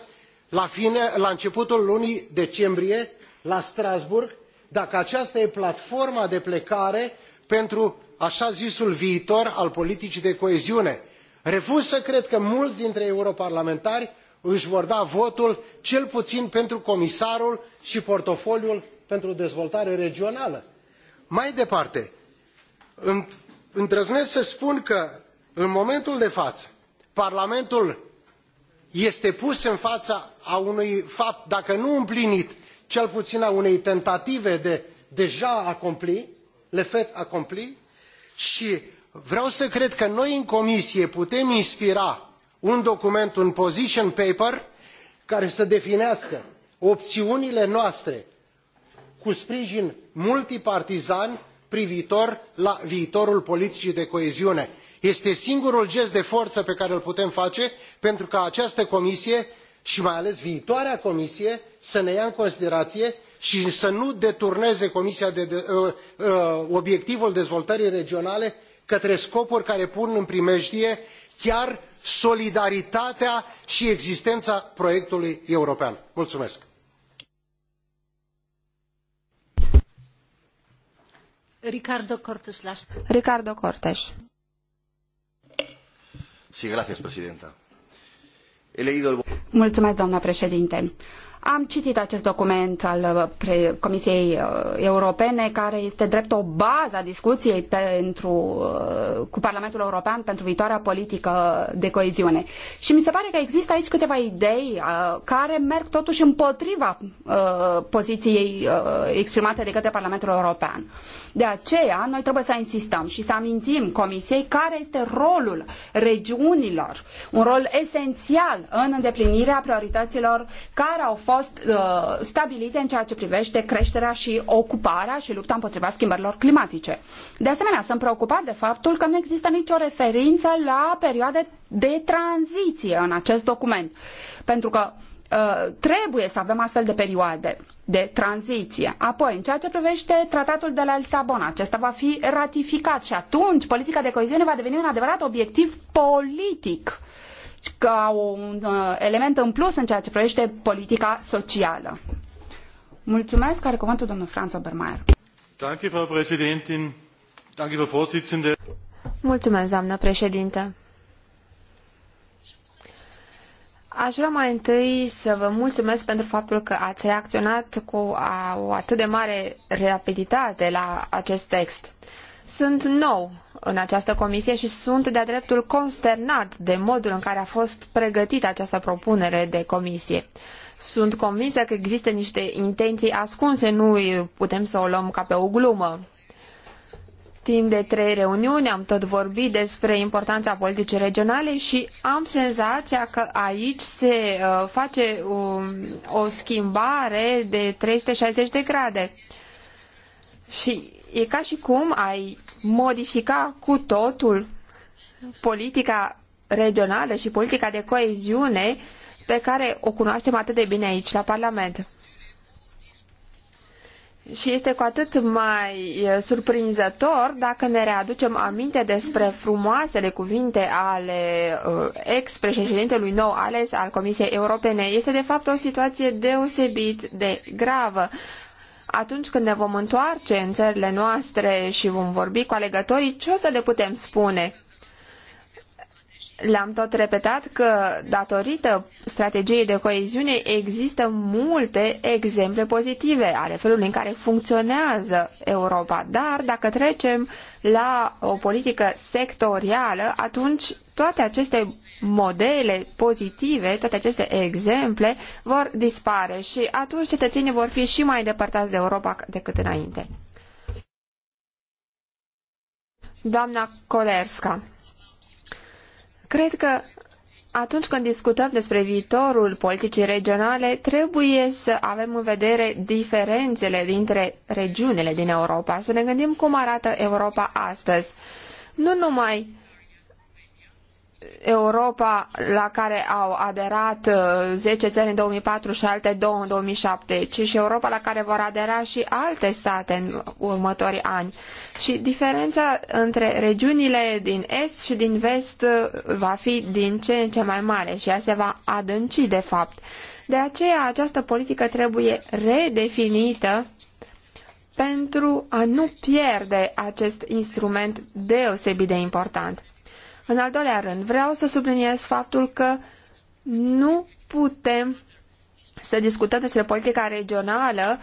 la, fine, la începutul lunii decembrie la strasbourg dacă aceasta e platforma de plecare pentru aa zisul viitor al politicii de coeziune. refuz să cred că muli dintre europarlamentari îi vor da votul cel puin pentru comisarul i portofoliul pentru dezvoltare regională mai departe îndrăznesc să spun că în momentul de faă parlamentul este pus în faa unui fapt dacă nu împlinit cel puin a unei tentative de deja accompli le fait accompli i vreau să cred că noi în comisie putem inspira un document un position paper care să definească opiunile noastre cu sprijin multipartizan privitor la viitorul politicii de coeziune. este singurul gest de forță pe care îl putem face pentru ca această comisie și mai ales viitoarea comisie să ne ia în considerație și să nu deturneze comisia de, de, uh, uh, obiectivul dezvoltării regionale către scopuri care pun în primejdie chiar solidaritatea și existența proiectului european. mulțumesc. Ricardo Cortes Sí, gracias, presidenta. He leído el... Mulțumesc, doamna președinte. Am citit acest document al uh, Comisiei uh, Europene, care este drept o bază a discuției pentru, uh, cu Parlamentul European pentru viitoarea politică de coeziune. Și mi se pare că există aici câteva idei care merg totuși împotriva poziției exprimate de către Parlamentul European. De aceea, noi trebuie să insistăm și să amintim Comisiei care este rolul regiunilor, un rol esențial în îndeplinirea priorităților care au fost fost uh, stabilite în ceea ce privește creșterea și ocuparea și lupta împotriva schimbărilor climatice. De asemenea, sunt preocupat de faptul că nu există nicio referință la perioade de tranziție în acest document, pentru că uh, trebuie să avem astfel de perioade de tranziție. Apoi, în ceea ce privește tratatul de la Lisabona, acesta va fi ratificat și atunci politica de coeziune va deveni un adevărat obiectiv politic ca un uh, element în plus în ceea ce privește politica socială. Mulțumesc, care cuvântul domnul Franz Obermeier. Mulțumesc, doamnă președinte. Aș vrea mai întâi să vă mulțumesc pentru faptul că ați reacționat cu o atât de mare rapiditate la acest text. Sunt nou în această comisie și sunt de-a dreptul consternat de modul în care a fost pregătită această propunere de comisie. Sunt convinsă că există niște intenții ascunse, nu putem să o luăm ca pe o glumă. Timp de trei reuniuni am tot vorbit despre importanța politicii regionale și am senzația că aici se uh, face um, o schimbare de 360 de grade. Și e ca și cum ai modifica cu totul politica regională și politica de coeziune pe care o cunoaștem atât de bine aici, la Parlament. Și este cu atât mai surprinzător dacă ne readucem aminte despre frumoasele cuvinte ale ex-președintelui nou ales al Comisiei Europene. Este de fapt o situație deosebit de gravă atunci când ne vom întoarce în țările noastre și vom vorbi cu alegătorii, ce o să le putem spune? Le-am tot repetat că, datorită strategiei de coeziune, există multe exemple pozitive ale felului în care funcționează Europa. Dar dacă trecem la o politică sectorială, atunci toate aceste modele pozitive, toate aceste exemple vor dispare și atunci cetățenii vor fi și mai depărtați de Europa decât înainte. Doamna Kolerska, cred că atunci când discutăm despre viitorul politicii regionale, trebuie să avem în vedere diferențele dintre regiunile din Europa, să ne gândim cum arată Europa astăzi. Nu numai Europa la care au aderat uh, zece țări în 2004 și alte două în 2007, ci și Europa la care vor adera și alte state în următorii ani. Și diferența între regiunile din est și din vest uh, va fi din ce în ce mai mare și ea se va adânci de fapt. De aceea această politică trebuie redefinită pentru a nu pierde acest instrument deosebit de important. În al doilea rând, vreau să subliniez faptul că nu putem să discutăm despre politica regională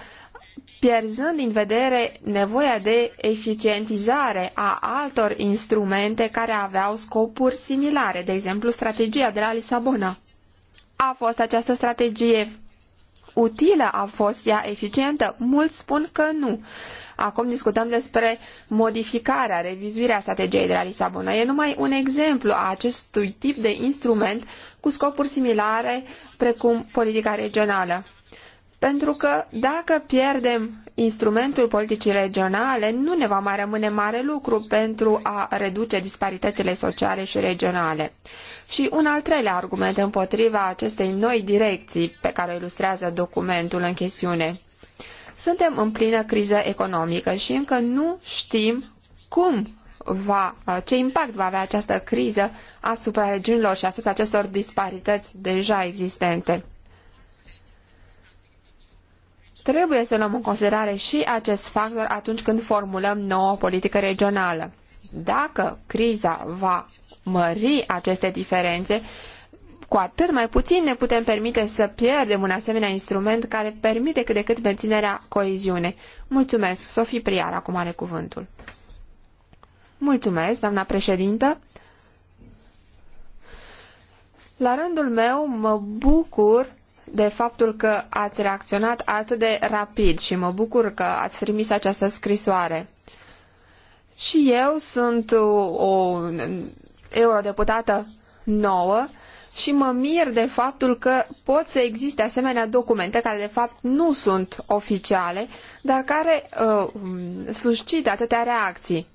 pierzând din vedere nevoia de eficientizare a altor instrumente care aveau scopuri similare, de exemplu strategia de la Lisabona. A fost această strategie utilă? A fost ea eficientă? Mulți spun că nu. Acum discutăm despre modificarea, revizuirea strategiei de la Lisabona. E numai un exemplu a acestui tip de instrument cu scopuri similare precum politica regională. Pentru că dacă pierdem instrumentul politicii regionale, nu ne va mai rămâne mare lucru pentru a reduce disparitățile sociale și regionale. Și un al treilea argument împotriva acestei noi direcții pe care o ilustrează documentul în chestiune. Suntem în plină criză economică și încă nu știm cum va, uh, ce impact va avea această criză asupra regiunilor și asupra acestor disparități deja existente. Trebuie să luăm în considerare și acest factor atunci când formulăm nouă politică regională. Dacă criza va mări aceste diferențe, cu atât mai puțin ne putem permite să pierdem un asemenea instrument care permite cât de cât menținerea coeziunei. Mulțumesc. Sofie Priar acum are cuvântul. Mulțumesc, doamna președintă. La rândul meu mă bucur de faptul că ați reacționat atât de rapid și mă bucur că ați trimis această scrisoare. Și eu sunt o eurodeputată nouă și mă mir de faptul că pot să existe asemenea documente care de fapt nu sunt oficiale, dar care uh, suscită atâtea reacții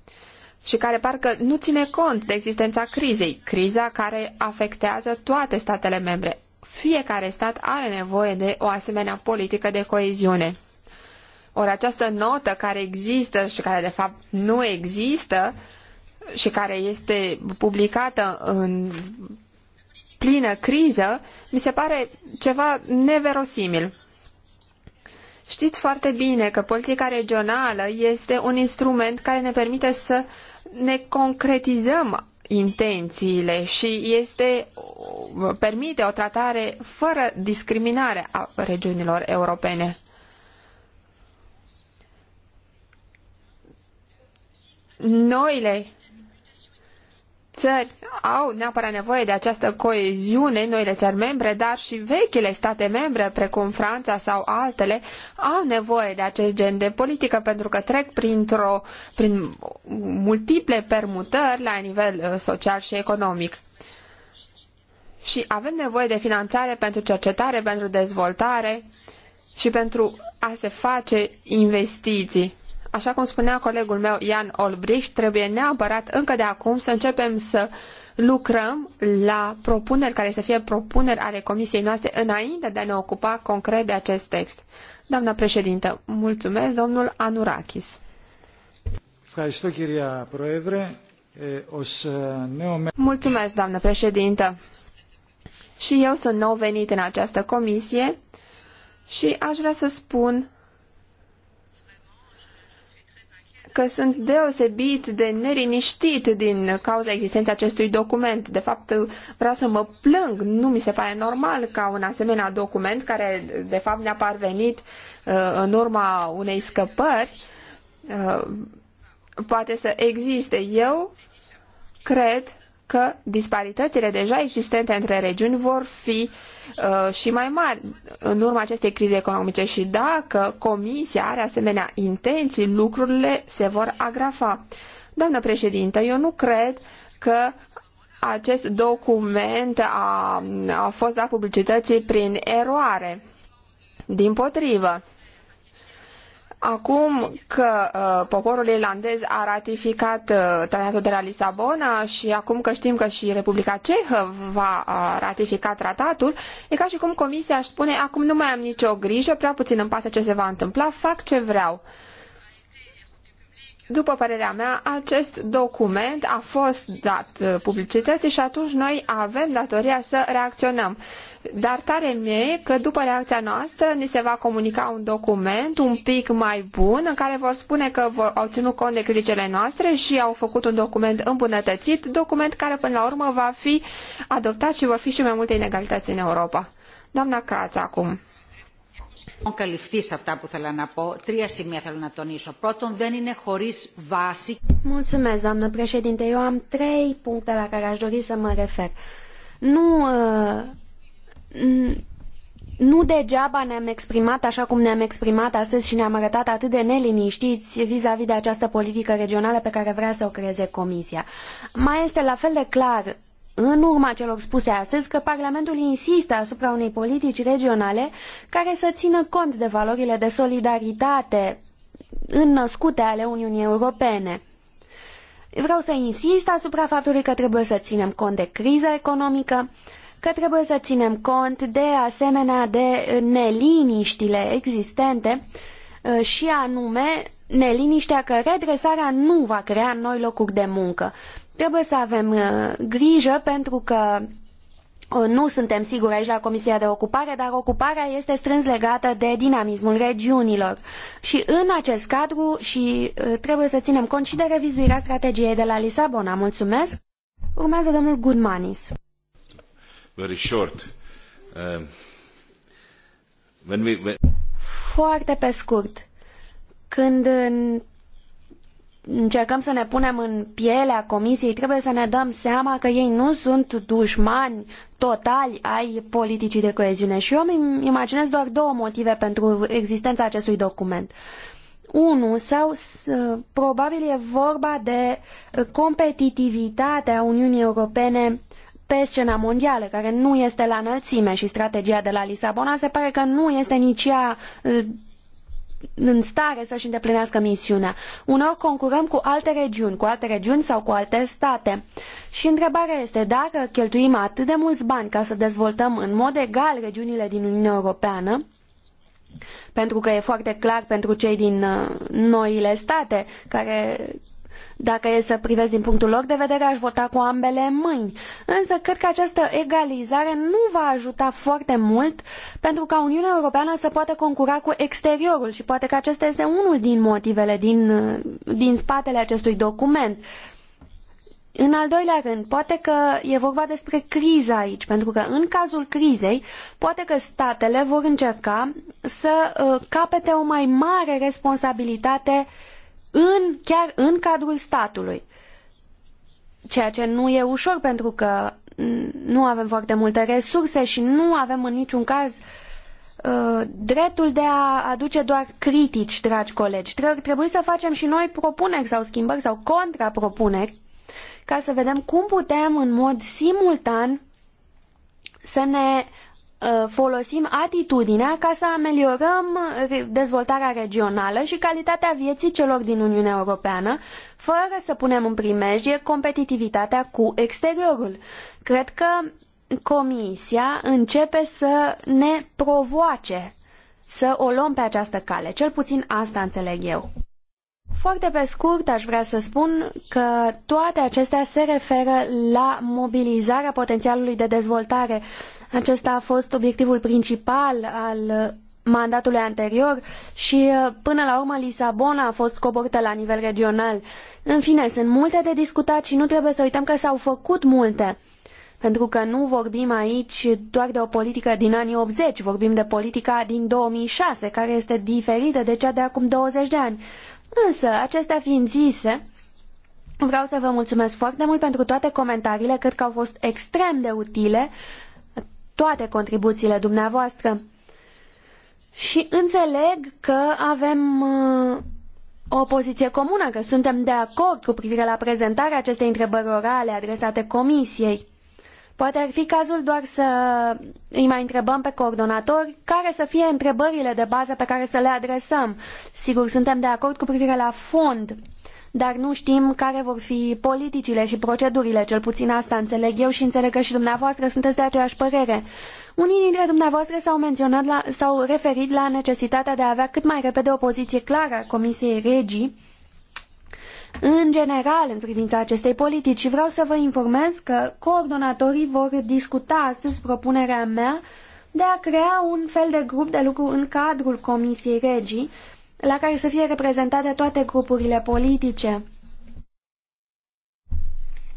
și care parcă nu ține cont de existența crizei, criza care afectează toate statele membre. Fiecare stat are nevoie de o asemenea politică de coeziune. Ori această notă care există și care de fapt nu există și care este publicată în plină criză, mi se pare ceva neverosimil. Știți foarte bine că politica regională este un instrument care ne permite să ne concretizăm intențiile și este, permite o tratare fără discriminare a regiunilor europene. Noile țări au neapărat nevoie de această coeziune, noile țări membre, dar și vechile state membre, precum Franța sau altele, au nevoie de acest gen de politică pentru că trec printr-o, prin multiple permutări la nivel uh, social și economic. Și avem nevoie de finanțare pentru cercetare, pentru dezvoltare și pentru a se face investiții așa cum spunea colegul meu Ian Olbrich, trebuie neapărat încă de acum să începem să lucrăm la propuneri care să fie propuneri ale comisiei noastre înainte de a ne ocupa concret de acest text. Doamna președintă, mulțumesc, domnul Anurakis. Mulțumesc, doamnă președintă. Și eu sunt nou venit în această comisie și aș vrea să spun că sunt deosebit de neriniștit din cauza existenței acestui document. De fapt, vreau să mă plâng. Nu mi se pare normal ca un asemenea document, care de fapt ne-a parvenit uh, în urma unei scăpări, uh, poate să existe. Eu cred că disparitățile deja existente între regiuni vor fi uh, și mai mari în urma acestei crize economice și dacă Comisia are asemenea intenții, lucrurile se vor agrafa. Doamnă președintă, eu nu cred că acest document a, a fost dat publicității prin eroare. Din potrivă, Acum că uh, poporul irlandez a ratificat uh, tratatul de la Lisabona și acum că știm că și Republica Cehă va uh, ratifica tratatul, e ca și cum Comisia își spune acum nu mai am nicio grijă, prea puțin îmi pasă ce se va întâmpla, fac ce vreau. Uh, după părerea mea, acest document a fost dat uh, publicității și atunci noi avem datoria să reacționăm. Dar tare mie că după reacția noastră ni se va comunica un document un pic mai bun în care vor spune că vor, au ținut cont de criticile noastre și au făcut un document îmbunătățit, document care până la urmă va fi adoptat și vor fi și mai multe inegalități în Europa. Doamna Crața acum. Καλυφθεί σε αυτά που θέλω να πω. Τρία σημεία θέλω να τονίσω. Πρώτον, δεν είναι χωρί βάση. Mulțumesc, doamnă președinte. Eu am trei puncte la care aș dori să mă refer. Nu, uh, nu degeaba ne-am exprimat așa cum ne-am exprimat astăzi și ne-am arătat atât de neliniștiți vis-a-vis -vis de această politică regională pe care vrea să o creeze Comisia. Mai este la fel de clar în urma celor spuse astăzi că Parlamentul insistă asupra unei politici regionale care să țină cont de valorile de solidaritate înnăscute ale Uniunii Europene. Vreau să insist asupra faptului că trebuie să ținem cont de criza economică, că trebuie să ținem cont de asemenea de neliniștile existente uh, și anume neliniștea că redresarea nu va crea noi locuri de muncă. Trebuie să avem uh, grijă pentru că uh, nu suntem siguri aici la Comisia de Ocupare, dar ocuparea este strâns legată de dinamismul regiunilor. Și în acest cadru și uh, trebuie să ținem cont și de revizuirea strategiei de la Lisabona. Mulțumesc. Urmează domnul Gurmanis. Very short. Uh, when we, when... Foarte pe scurt. Când încercăm să ne punem în pielea comisiei, trebuie să ne dăm seama că ei nu sunt dușmani totali ai politicii de coeziune. Și eu îmi imaginez doar două motive pentru existența acestui document. Unu, sau probabil e vorba de competitivitatea Uniunii Europene pe scena mondială, care nu este la înălțime și strategia de la Lisabona se pare că nu este nici ea în stare să-și îndeplinească misiunea. Uneori concurăm cu alte regiuni, cu alte regiuni sau cu alte state. Și întrebarea este dacă cheltuim atât de mulți bani ca să dezvoltăm în mod egal regiunile din Uniunea Europeană, pentru că e foarte clar pentru cei din uh, noile state care dacă e să privesc din punctul lor de vedere, aș vota cu ambele mâini. Însă cred că această egalizare nu va ajuta foarte mult pentru ca Uniunea Europeană să poată concura cu exteriorul și poate că acesta este unul din motivele din, din spatele acestui document. În al doilea rând, poate că e vorba despre criză aici, pentru că în cazul crizei, poate că statele vor încerca să uh, capete o mai mare responsabilitate uh, în, chiar în cadrul statului. Ceea ce nu e ușor pentru că nu avem foarte multe resurse și nu avem în niciun caz uh, dreptul de a aduce doar critici, dragi colegi. Trebuie să facem și noi propuneri sau schimbări sau contrapropuneri ca să vedem cum putem în mod simultan să ne Uh, folosim atitudinea ca să ameliorăm dezvoltarea regională și calitatea vieții celor din Uniunea Europeană, fără să punem în primejdie competitivitatea cu exteriorul. Cred că Comisia începe să ne provoace să o luăm pe această cale. Cel puțin asta înțeleg eu. Foarte pe scurt aș vrea să spun că toate acestea se referă la mobilizarea potențialului de dezvoltare. Acesta a fost obiectivul principal al mandatului anterior și uh, până la urmă Lisabona a fost coborâtă la nivel regional. În fine, sunt multe de discutat și nu trebuie să uităm că s-au făcut multe. Pentru că nu vorbim aici doar de o politică din anii 80, vorbim de politica din 2006, care este diferită de cea de acum 20 de ani. Însă, acestea fiind zise, vreau să vă mulțumesc foarte mult pentru toate comentariile, cred că au fost extrem de utile toate contribuțiile dumneavoastră. Și înțeleg că avem uh, o poziție comună, că suntem de acord cu privire la prezentarea acestei întrebări orale adresate Comisiei. Poate ar fi cazul doar să îi mai întrebăm pe coordonatori care să fie întrebările de bază pe care să le adresăm. Sigur, suntem de acord cu privire la fond, dar nu știm care vor fi politicile și procedurile, cel puțin asta înțeleg eu și înțeleg că și dumneavoastră sunteți de aceeași părere. Unii dintre dumneavoastră s-au menționat s-au referit la necesitatea de a avea cât mai repede o poziție clară a Comisiei Regii în general în privința acestei politici vreau să vă informez că coordonatorii vor discuta astăzi propunerea mea de a crea un fel de grup de lucru în cadrul Comisiei Regii, la care să fie reprezentate toate grupurile politice,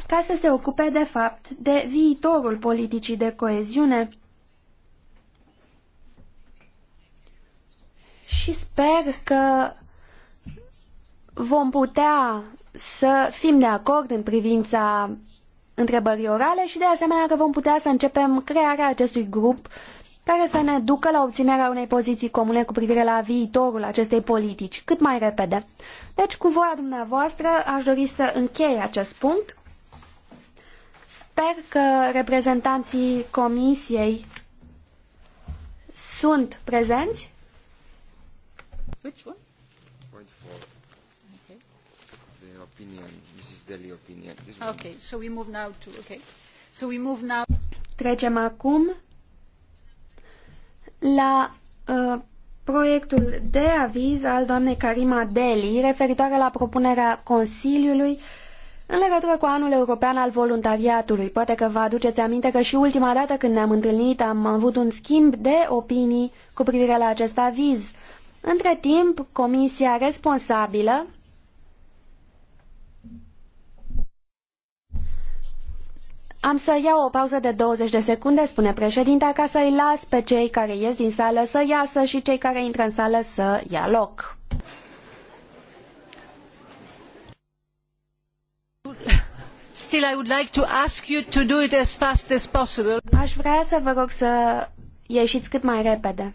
ca să se ocupe de fapt de viitorul politicii de coeziune. Și sper că vom putea să fim de acord în privința întrebării orale și de asemenea că vom putea să începem crearea acestui grup care să ne ducă la obținerea unei poziții comune cu privire la viitorul acestei politici, cât mai repede. Deci, cu voia dumneavoastră, aș dori să închei acest punct. Sper că reprezentanții comisiei sunt prezenți. Which one? Deli opinion. Okay, so we move now to, okay. So we move now... Trecem acum la uh, proiectul de aviz al doamnei Karima Deli referitoare la propunerea Consiliului în legătură cu anul european al voluntariatului. Poate că vă aduceți aminte că și ultima dată când ne-am întâlnit am avut un schimb de opinii cu privire la acest aviz. Între timp, comisia responsabilă Am să iau o pauză de 20 de secunde, spune președinta, ca să-i las pe cei care ies din sală să iasă și cei care intră în sală să ia loc. Still, I would like to ask you to do it as fast as possible. Aș vrea să vă rog să ieșiți cât mai repede.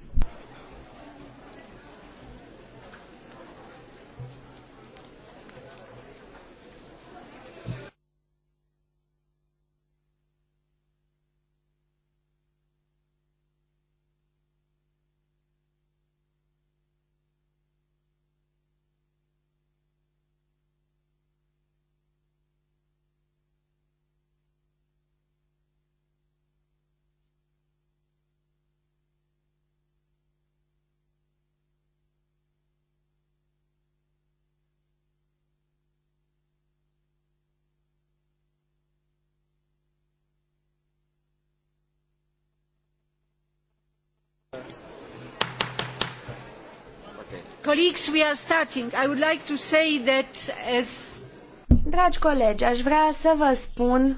colleagues, we are starting. I would like to say that as... Dragi colegi, aș vrea să vă spun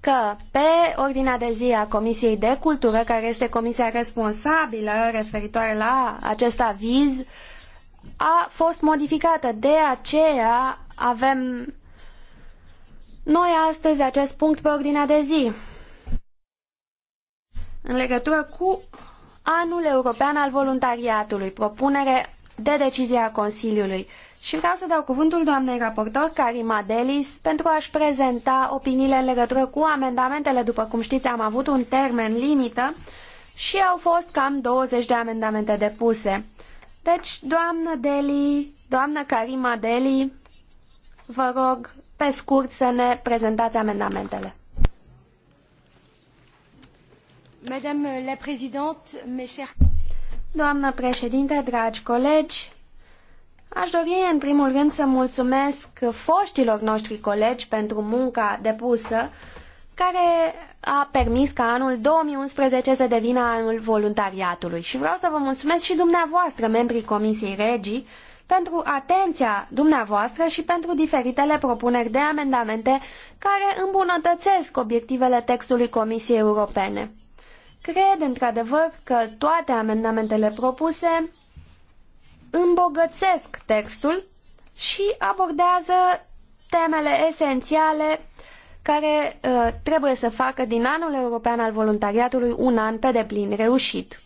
că pe ordinea de zi a Comisiei de Cultură, care este comisia responsabilă referitoare la acest aviz, a fost modificată. De aceea avem noi astăzi acest punct pe ordinea de zi. În legătură cu Anul European al Voluntariatului, propunere de decizie a Consiliului. Și vreau să dau cuvântul doamnei raportor Karima Delis pentru a-și prezenta opiniile în legătură cu amendamentele. După cum știți, am avut un termen limită și au fost cam 20 de amendamente depuse. Deci, doamnă Deli, doamnă Karima Deli, vă rog pe scurt să ne prezentați amendamentele. Doamnă președinte, dragi colegi, aș dori în primul rând să mulțumesc foștilor noștri colegi pentru munca depusă, care a permis ca anul 2011 să devină anul voluntariatului. Și vreau să vă mulțumesc și dumneavoastră, membrii Comisiei Regii, pentru atenția dumneavoastră și pentru diferitele propuneri de amendamente care îmbunătățesc obiectivele textului Comisiei Europene. Cred într-adevăr că toate amendamentele propuse îmbogățesc textul și abordează temele esențiale care uh, trebuie să facă din anul european al voluntariatului un an pe deplin reușit.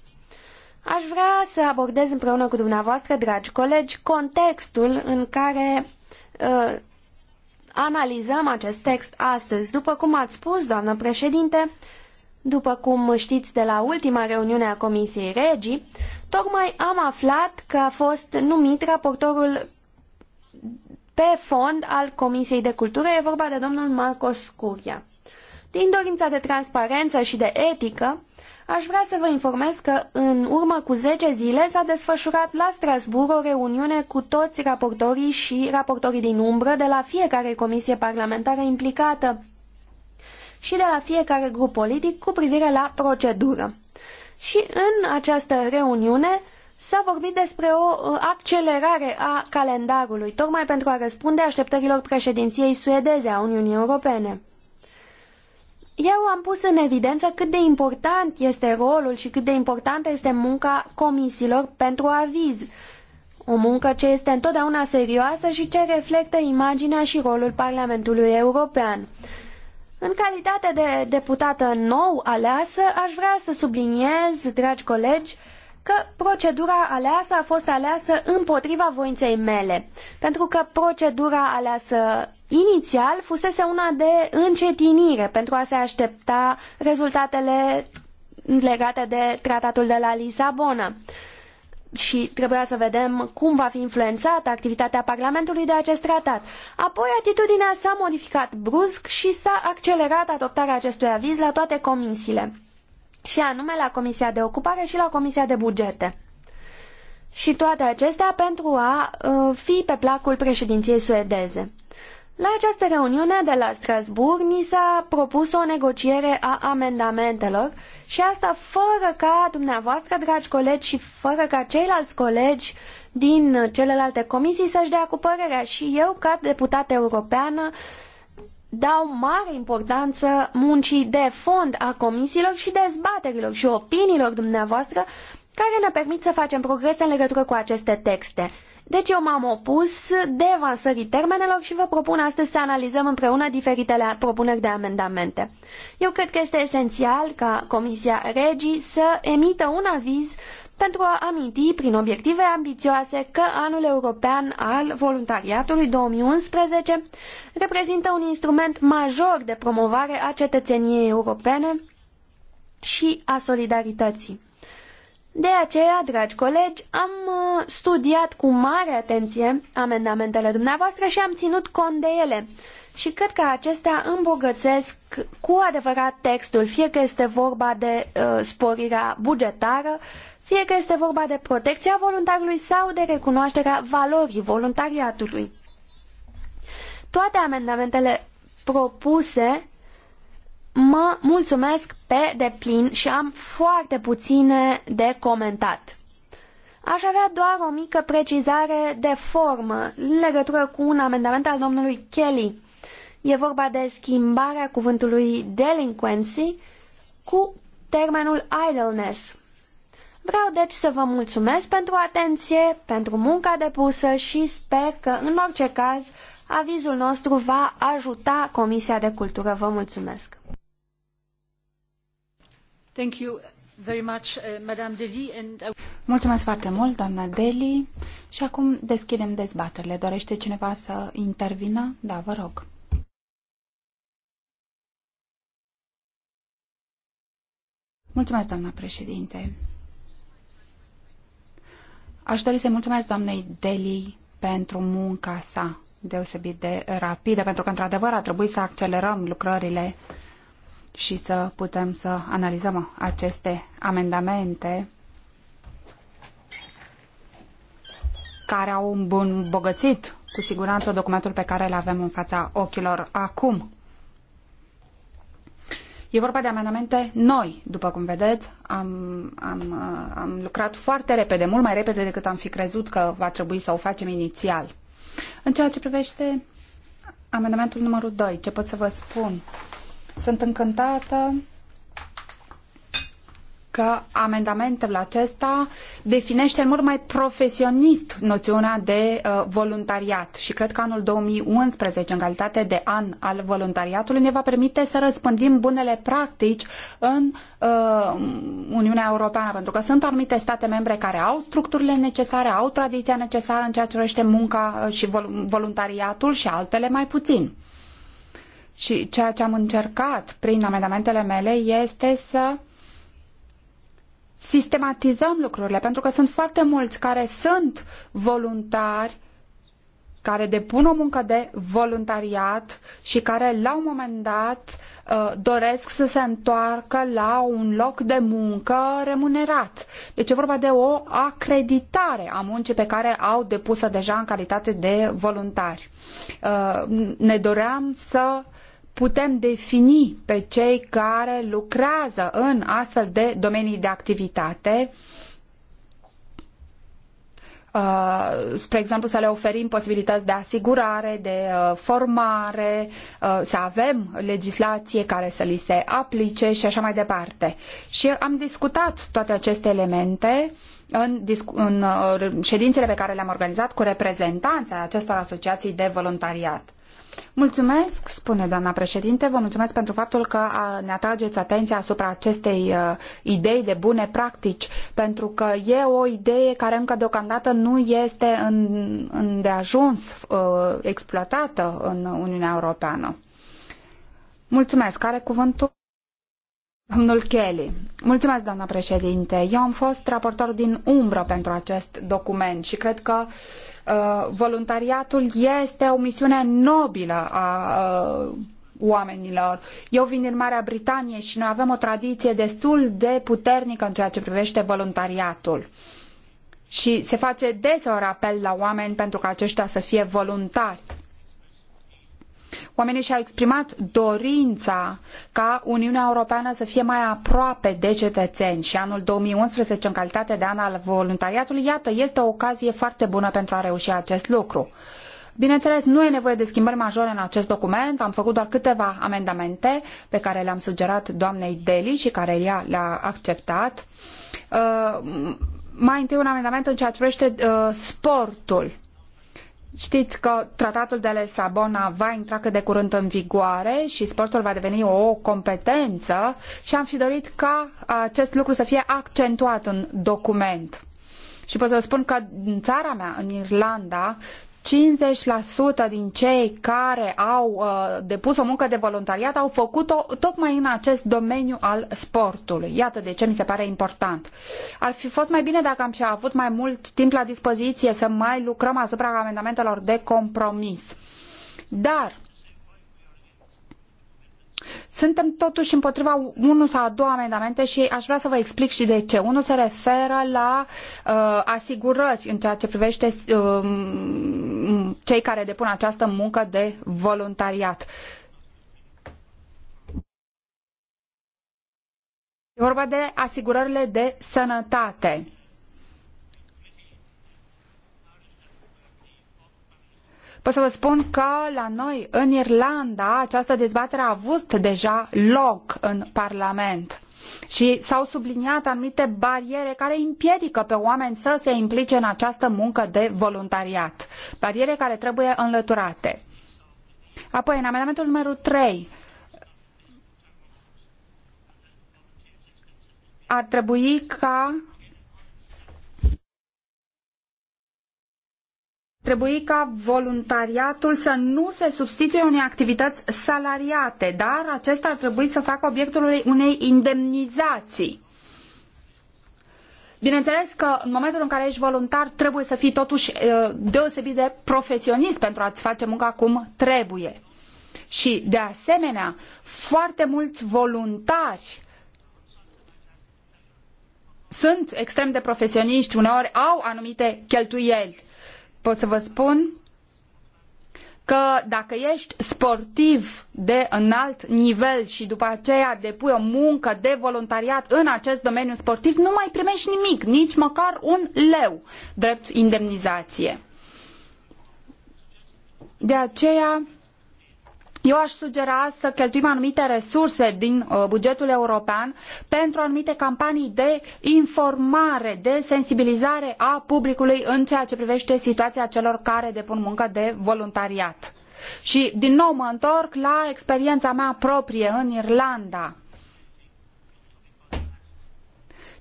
Aș vrea să abordez împreună cu dumneavoastră, dragi colegi, contextul în care uh, analizăm acest text astăzi. După cum ați spus, doamnă președinte, uh, după cum știți de la ultima reuniune a Comisiei Regii, tocmai am aflat că a fost numit raportorul pe fond al Comisiei de Cultură, e vorba de domnul Marcos Curia. Din dorința de transparență și de etică, aș vrea să vă informez că în urmă cu zece zile s-a desfășurat la Strasbourg o reuniune cu toți raportorii și raportorii din umbră de la fiecare comisie parlamentară implicată și de la fiecare grup politic cu privire la procedură. Și în această reuniune s-a vorbit despre o uh, accelerare a calendarului, tocmai pentru a răspunde așteptărilor președinției suedeze a Uniunii Europene. Eu am pus în evidență cât de important este rolul și cât de importantă este munca comisiilor pentru aviz. O muncă ce este întotdeauna serioasă și ce reflectă imaginea și rolul Parlamentului European. În calitate de deputată nou aleasă, aș vrea să subliniez, dragi colegi, că procedura aleasă a fost aleasă împotriva voinței mele, pentru că procedura aleasă inițial fusese una de încetinire pentru a se aștepta rezultatele legate de tratatul de la Lisabona și trebuia să vedem cum va fi influențată activitatea Parlamentului de acest tratat. Apoi atitudinea s-a modificat brusc și s-a accelerat adoptarea acestui aviz la toate comisiile, și anume la Comisia de Ocupare și la Comisia de Bugete. Și toate acestea pentru a uh, fi pe placul președinției suedeze. La această reuniune de la Strasbourg ni s-a propus o negociere a amendamentelor și asta fără ca dumneavoastră, dragi colegi, și fără ca ceilalți colegi din celelalte comisii să-și dea cu părerea. Și eu, ca deputată europeană, dau mare importanță muncii de fond a comisiilor și dezbaterilor și opiniilor dumneavoastră care ne permit să facem progrese în legătură cu aceste texte. Deci eu m-am opus devansării termenelor și vă propun astăzi să analizăm împreună diferitele propuneri de amendamente. Eu cred că este esențial ca Comisia Regii să emită un aviz pentru a aminti, prin obiective ambițioase, că anul european al voluntariatului 2011 reprezintă un instrument major de promovare a cetățeniei europene și a solidarității. De aceea, dragi colegi, am uh, studiat cu mare atenție amendamentele dumneavoastră și am ținut cont de ele. Și cred că acestea îmbogățesc cu adevărat textul, fie că este vorba de uh, sporirea bugetară, fie că este vorba de protecția voluntarului sau de recunoașterea valorii voluntariatului. Toate amendamentele propuse mă mulțumesc pe deplin și am foarte puține de comentat. Aș avea doar o mică precizare de formă în legătură cu un amendament al domnului Kelly. E vorba de schimbarea cuvântului delinquency cu termenul idleness. Vreau deci să vă mulțumesc pentru atenție, pentru munca depusă și sper că, în orice caz, avizul nostru va ajuta Comisia de Cultură. Vă mulțumesc! Uh, uh, mulțumesc foarte mult, doamna Deli. Și acum deschidem dezbaterile. Dorește cineva să intervină? Da, vă rog. Mulțumesc, doamna președinte. Aș dori să-i mulțumesc doamnei Deli pentru munca sa deosebit de rapidă, pentru că, într-adevăr, a trebuit să accelerăm lucrările uh, și să putem să analizăm aceste amendamente care au îmbogățit cu siguranță documentul pe care îl avem în fața ochilor acum. E vorba de amendamente noi, după cum vedeți. Am, am, uh, am lucrat foarte repede, mult mai repede decât am fi crezut că va trebui să o facem inițial. În ceea ce privește amendamentul numărul 2, ce pot să vă spun sunt încântată că amendamentul acesta definește în mod mai profesionist noțiunea de uh, voluntariat și cred că anul 2011, în calitate de an al voluntariatului, ne va permite să răspândim bunele practici în uh, Uniunea Europeană, pentru că sunt anumite state membre care au structurile necesare, au tradiția necesară în ceea ce privește munca uh, și vol- voluntariatul și altele mai puțin. Și ceea ce am încercat prin amendamentele mele este să sistematizăm lucrurile, pentru că sunt foarte mulți care sunt voluntari, care depun o muncă de voluntariat și care la un moment dat uh, doresc să se întoarcă la un loc de muncă remunerat. Deci e vorba de o acreditare a muncii pe care au depusă deja în calitate de voluntari. Uh, ne doream să putem defini pe cei care lucrează în astfel de domenii de activitate Uh, spre exemplu, să le oferim posibilități de asigurare, de uh, formare, uh, să avem legislație care să li se aplice și așa mai departe. Și am discutat toate aceste elemente în, în uh, ședințele pe care le-am organizat cu reprezentanța acestor asociații de voluntariat. Mulțumesc, spune doamna președinte, vă mulțumesc pentru faptul că ne atrageți atenția asupra acestei uh, idei de bune practici, pentru că e o idee care încă deocamdată nu este îndeajuns uh, exploatată în Uniunea Europeană. Mulțumesc. Care cuvântul? Domnul Kelly. Mulțumesc, doamna președinte. Eu am fost raportor din umbră pentru acest document și cred că uh, Uh, voluntariatul este o misiune nobilă a uh, oamenilor. Eu vin din Marea Britanie și noi avem o tradiție destul de puternică în ceea ce privește voluntariatul. Și se face deseori apel la oameni pentru ca aceștia să fie voluntari. Oamenii și-au exprimat dorința ca Uniunea Europeană să fie mai aproape de cetățeni și anul 2011, în calitate de an al voluntariatului, iată, este o ocazie foarte bună pentru a reuși acest lucru. Bineînțeles, nu e nevoie de schimbări majore în acest document, am făcut doar câteva amendamente pe care le-am sugerat doamnei Deli și care ea le-a acceptat. Uh, mai întâi un amendament în ceea ce privește uh, sportul Știți că tratatul de la Lisabona va intra cât de curând în vigoare și sportul va deveni o competență și am fi dorit ca acest lucru să fie accentuat în document. Și pot să vă spun că în țara mea, în Irlanda, 50% din cei care au uh, depus o muncă de voluntariat au făcut-o tocmai în acest domeniu al sportului. Iată de ce mi se pare important. Ar fi fost mai bine dacă am fi avut mai mult timp la dispoziție să mai lucrăm asupra amendamentelor de compromis. Dar suntem totuși împotriva unul sau a două amendamente și aș vrea să vă explic și de ce. Unul se referă la uh, asigurări în ceea ce privește uh, cei care depun această muncă de voluntariat. E vorba de asigurările de sănătate. Pot să vă spun că la noi, în Irlanda, această dezbatere a avut deja loc în Parlament. Și s-au subliniat anumite bariere care împiedică pe oameni să se implice în această muncă de voluntariat. Bariere care trebuie înlăturate. Apoi, în amendamentul numărul 3, ar trebui ca trebui ca voluntariatul să nu se substituie unei activități salariate, dar acesta ar trebui să facă obiectul unei indemnizații. Bineînțeles că în momentul în care ești voluntar trebuie să fii totuși uh, deosebit de profesionist pentru a-ți face munca cum trebuie. Și de asemenea, foarte mulți voluntari sunt extrem de profesioniști, uneori au anumite cheltuieli pot să vă spun că dacă ești sportiv de înalt nivel și după aceea depui o muncă de voluntariat în acest domeniu sportiv, nu mai primești nimic, nici măcar un leu drept indemnizație. De aceea eu aș sugera să cheltuim anumite resurse din uh, bugetul european pentru anumite campanii de informare, de sensibilizare a publicului în ceea ce privește situația celor care depun muncă de voluntariat. Și din nou mă întorc la experiența mea proprie în Irlanda.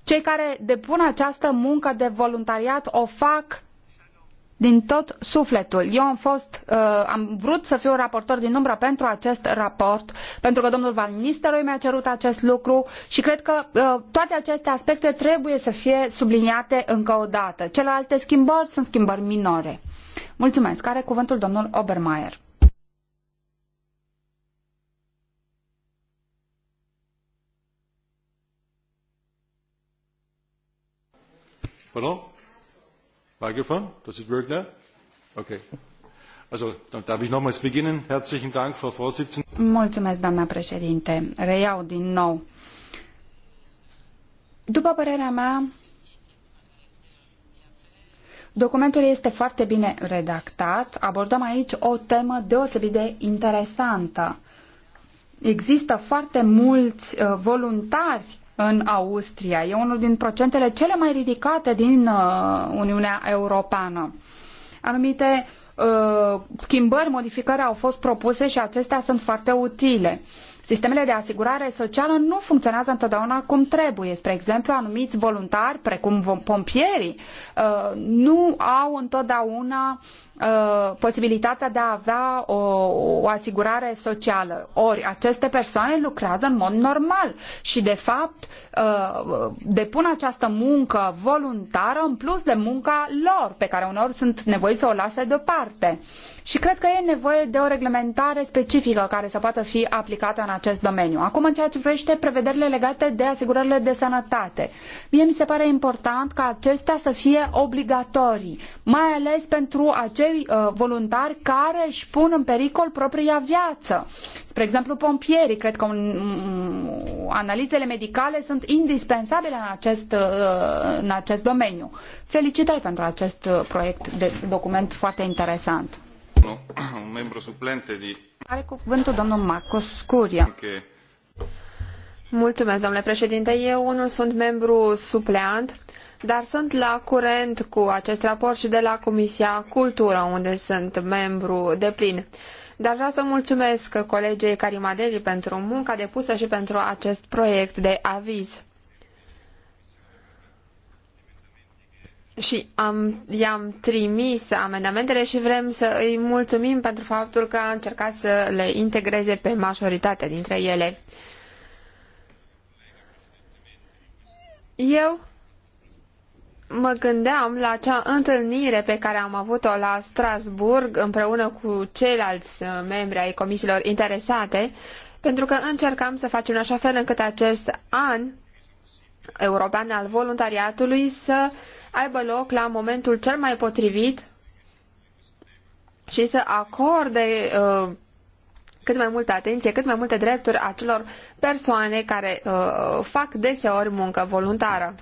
Cei care depun această muncă de voluntariat o fac din tot sufletul. Eu am fost, uh, am vrut să fiu raportor din umbră pentru acest raport, pentru că domnul Van Nistelrooy mi-a cerut acest lucru și cred că uh, toate aceste aspecte trebuie să fie subliniate încă o dată. Celelalte schimbări sunt schimbări minore. Mulțumesc. Are cuvântul domnul Obermeier. Pardon? Okay. Also, dann darf ich nochmals beginnen. Herzlichen Dank, Frau Vorsitzende. Mulțumesc, doamna președinte. Reiau din nou. După părerea mea, documentul este foarte bine redactat. Abordăm aici o temă deosebit de interesantă. Există foarte mulți uh, voluntari în Austria. E unul din procentele cele mai ridicate din uh, Uniunea Europeană. Anumite uh, schimbări, modificări au fost propuse și acestea sunt foarte utile. Sistemele de asigurare socială nu funcționează întotdeauna cum trebuie. Spre exemplu, anumiți voluntari, precum pompierii, uh, nu au întotdeauna uh, posibilitatea de a avea o, o asigurare socială. Ori aceste persoane lucrează în mod normal și, de fapt, uh, depun această muncă voluntară în plus de munca lor, pe care uneori sunt nevoiți să o lase deoparte și cred că e nevoie de o reglementare specifică care să poată fi aplicată în acest domeniu. Acum, în ceea ce privește prevederile legate de asigurările de sănătate, mie mi se pare important ca acestea să fie obligatorii, mai ales pentru acei uh, voluntari care își pun în pericol propria viață. Spre exemplu, pompierii, cred că un, um, analizele medicale sunt indispensabile în acest, uh, în acest domeniu. Felicitări pentru acest uh, proiect de document foarte interesant sono <clears throat> un membro supplente di... Are cuvântul domnul Marcos Curia. Che... Mulțumesc, domnule președinte. Eu unul sunt membru supleant, dar sunt la curent cu acest raport și de la Comisia Cultură, unde sunt membru de plin. Dar vreau să mulțumesc colegei Carimadeli pentru munca depusă și pentru acest proiect de aviz. și am, i-am trimis amendamentele și vrem să îi mulțumim pentru faptul că a încercat să le integreze pe majoritatea dintre ele. Eu mă gândeam la acea întâlnire pe care am avut-o la Strasburg împreună cu ceilalți uh, membri ai comisiilor interesate, pentru că încercam să facem în așa fel încât acest an european al voluntariatului să uh, aibă loc la momentul cel mai potrivit și să acorde uh, cât mai multă atenție, cât mai multe drepturi acelor persoane care uh, fac deseori muncă voluntară.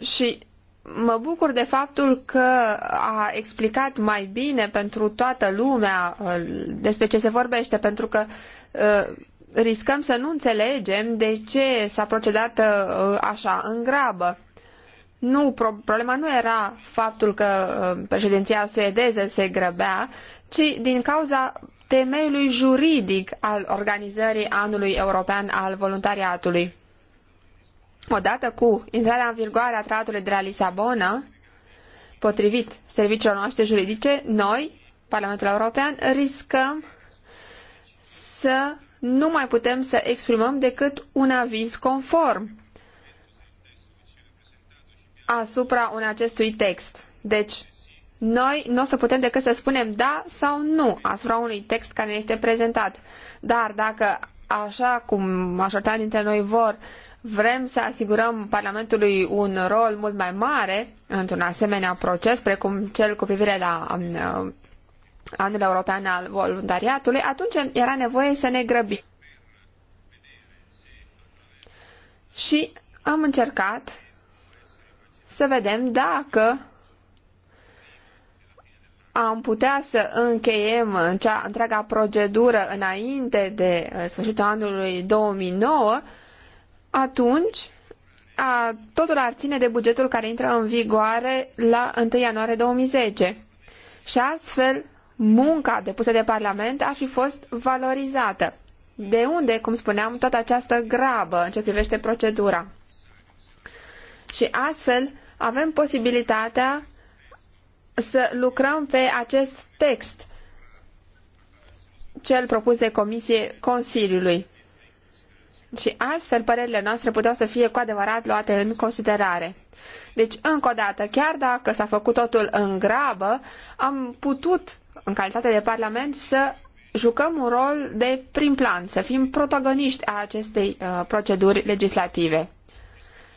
Și mă bucur de faptul că a explicat mai bine pentru toată lumea uh, despre ce se vorbește, pentru că uh, riscăm să nu înțelegem de ce s-a procedat uh, așa în grabă. Nu, problema nu era faptul că uh, președinția suedeză se grăbea, ci din cauza temeiului juridic al organizării anului european al voluntariatului. Odată cu intrarea în vigoare a tratului de la Lisabona, potrivit serviciilor noastre juridice, noi, Parlamentul European, riscăm să nu mai putem să exprimăm decât un aviz conform asupra un acestui text. Deci, noi nu o să putem decât să spunem da sau nu asupra unui text care ne este prezentat. Dar dacă, așa cum majoritatea dintre noi vor, vrem să asigurăm Parlamentului un rol mult mai mare într-un asemenea proces, precum cel cu privire la um, anul european al voluntariatului, atunci era nevoie să ne grăbim. Și am încercat să vedem dacă am putea să încheiem în cea întreaga procedură înainte de uh, sfârșitul anului 2009, atunci a, totul ar ține de bugetul care intră în vigoare la 1 ianuarie 2010. Și astfel munca depusă de Parlament ar fi fost valorizată. De unde, cum spuneam, toată această grabă în ce privește procedura? Și astfel avem posibilitatea să lucrăm pe acest text, cel propus de Comisie Consiliului. Și astfel părerile noastre puteau să fie cu adevărat luate în considerare. Deci, încă o dată, chiar dacă s-a făcut totul în grabă, am putut în calitate de Parlament, să jucăm un rol de prim plan, să fim protagoniști a acestei uh, proceduri legislative.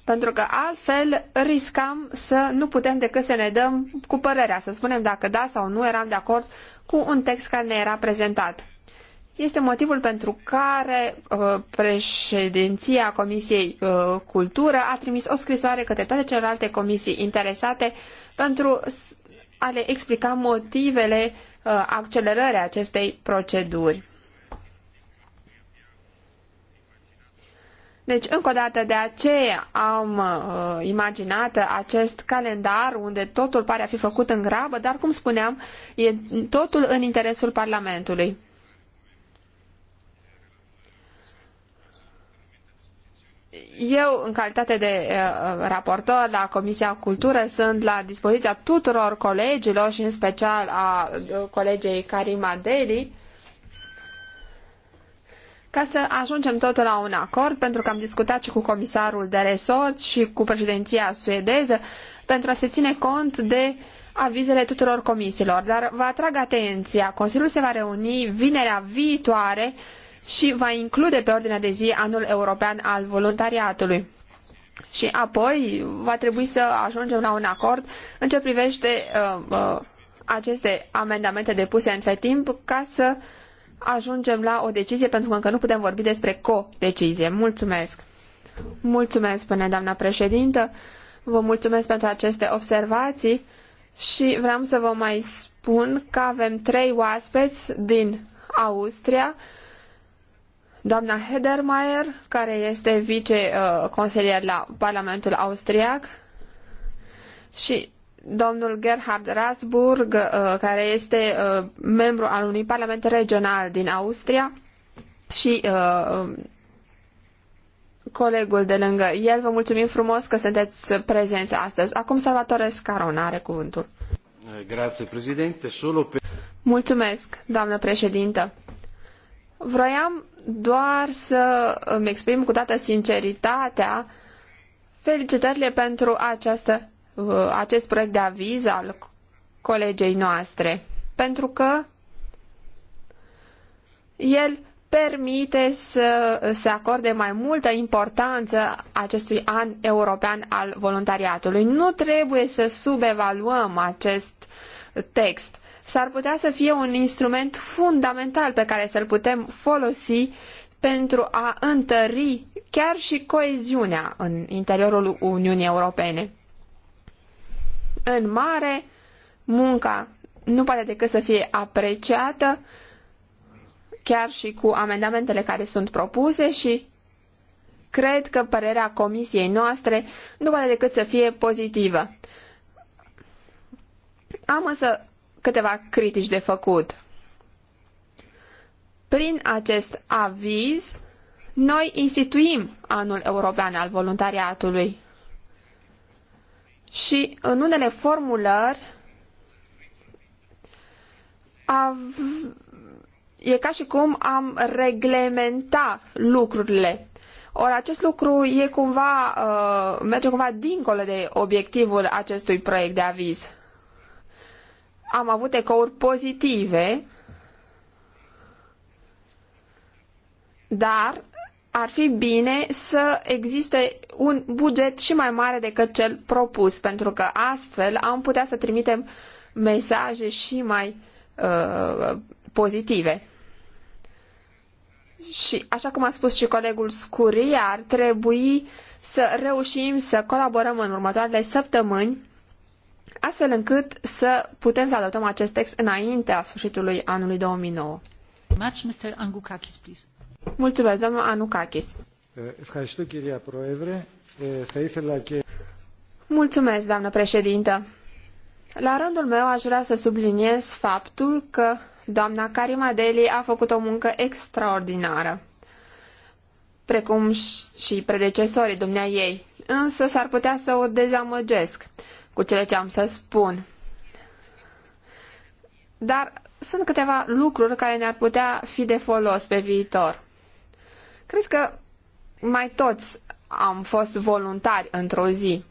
Pentru că altfel riscam să nu putem decât să ne dăm cu părerea, să spunem dacă da sau nu eram de acord cu un text care ne era prezentat. Este motivul pentru care uh, președinția Comisiei uh, Cultură a trimis o scrisoare către toate celelalte comisii interesate pentru a le explica motivele uh, accelerării acestei proceduri. Deci, încă o dată, de aceea am uh, imaginat acest calendar unde totul pare a fi făcut în grabă, dar, cum spuneam, e totul în interesul Parlamentului. eu, în calitate de uh, raportor la Comisia Cultură, sunt la dispoziția tuturor colegilor și în special a uh, colegei Karima Deli ca să ajungem totul la un acord, pentru că am discutat și cu comisarul de resort și cu președinția suedeză pentru a se ține cont de avizele tuturor comisiilor. Dar vă atrag atenția, Consiliul se va reuni vinerea viitoare uh, și va include pe ordinea de zi anul european al voluntariatului. Și apoi va trebui să ajungem la un acord în ce privește uh, uh, aceste amendamente depuse între timp ca să ajungem la o decizie pentru că încă nu putem vorbi despre co-decizie. Mulțumesc! Mulțumesc, spune doamna președintă, vă mulțumesc pentru aceste observații și vreau să vă mai spun că avem trei oaspeți din Austria, Doamna Hedermayer, care este viceconsilier la Parlamentul Austriac, și domnul Gerhard Rasburg, uh, care este uh, membru al unui parlament regional din Austria și uh, colegul de lângă el. Vă mulțumim frumos că sunteți prezenți astăzi. Acum Salvatore Scaron are cuvântul. Grazie, Mulțumesc, doamnă președintă. Vroiam doar să îmi exprim cu toată sinceritatea felicitările pentru această, uh, acest proiect de aviz al colegei noastre, pentru că el permite să se acorde mai multă importanță acestui an european al voluntariatului. Nu trebuie să subevaluăm acest text s-ar putea să fie un instrument fundamental pe care să-l putem folosi pentru a întări chiar și coeziunea în interiorul Uniunii Europene. În mare, munca nu poate decât să fie apreciată chiar și cu amendamentele care sunt propuse și cred că părerea comisiei noastre nu poate decât să fie pozitivă. Am însă câteva critici de făcut. Prin acest aviz, noi instituim anul european al voluntariatului. Și în unele formulări e ca și cum am reglementa lucrurile. Ori acest lucru e cumva, uh, merge cumva dincolo de obiectivul acestui proiect de aviz am avut ecouri pozitive, dar ar fi bine să existe un buget și mai mare decât cel propus, pentru că astfel am putea să trimitem mesaje și mai uh, pozitive. Și, așa cum a spus și colegul Scuria, ar trebui să reușim să colaborăm în următoarele săptămâni astfel încât să putem să adoptăm acest text înainte a sfârșitului anului 2009. Much, Mr. Angukakis, please. Mulțumesc, domnul Anukakis. Mulțumesc, doamnă președintă. La rândul meu aș vrea să subliniez faptul că doamna Karima Deli a făcut o muncă extraordinară, precum și predecesorii dumnea ei, însă s-ar putea să o dezamăgesc cu cele ce am să spun. Dar sunt câteva lucruri care ne-ar putea fi de folos pe viitor. Cred că mai toți am fost voluntari într-o zi.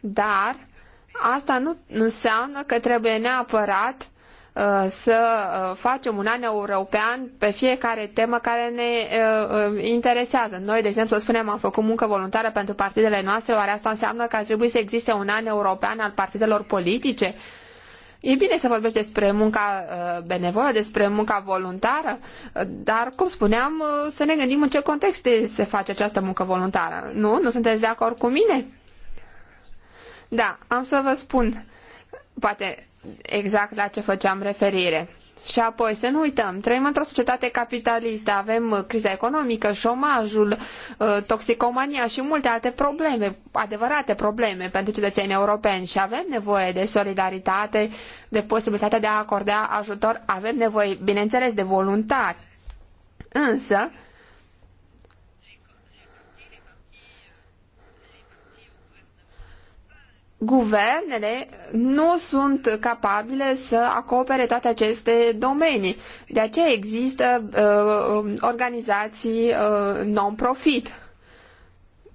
Dar asta nu înseamnă că trebuie neapărat Uh, să uh, facem un an european pe fiecare temă care ne uh, interesează. Noi, de exemplu, spunem am făcut muncă voluntară pentru partidele noastre, oare asta înseamnă că ar trebui să existe un an european al partidelor politice? E bine să vorbești despre munca benevolă, despre munca voluntară, dar, cum spuneam, să ne gândim în ce context se face această muncă voluntară. Nu? Nu sunteți de acord cu mine? Da, am să vă spun. Poate exact la ce făceam referire. Și apoi, să nu uităm, trăim într-o societate capitalistă, avem uh, criza economică, șomajul, uh, toxicomania și multe alte probleme, adevărate probleme pentru cetățenii europeni și avem nevoie de solidaritate, de posibilitatea de a acorda ajutor, avem nevoie, bineînțeles, de voluntari. Însă, guvernele nu sunt capabile să acopere toate aceste domenii. De aceea există uh, um, organizații uh, non-profit.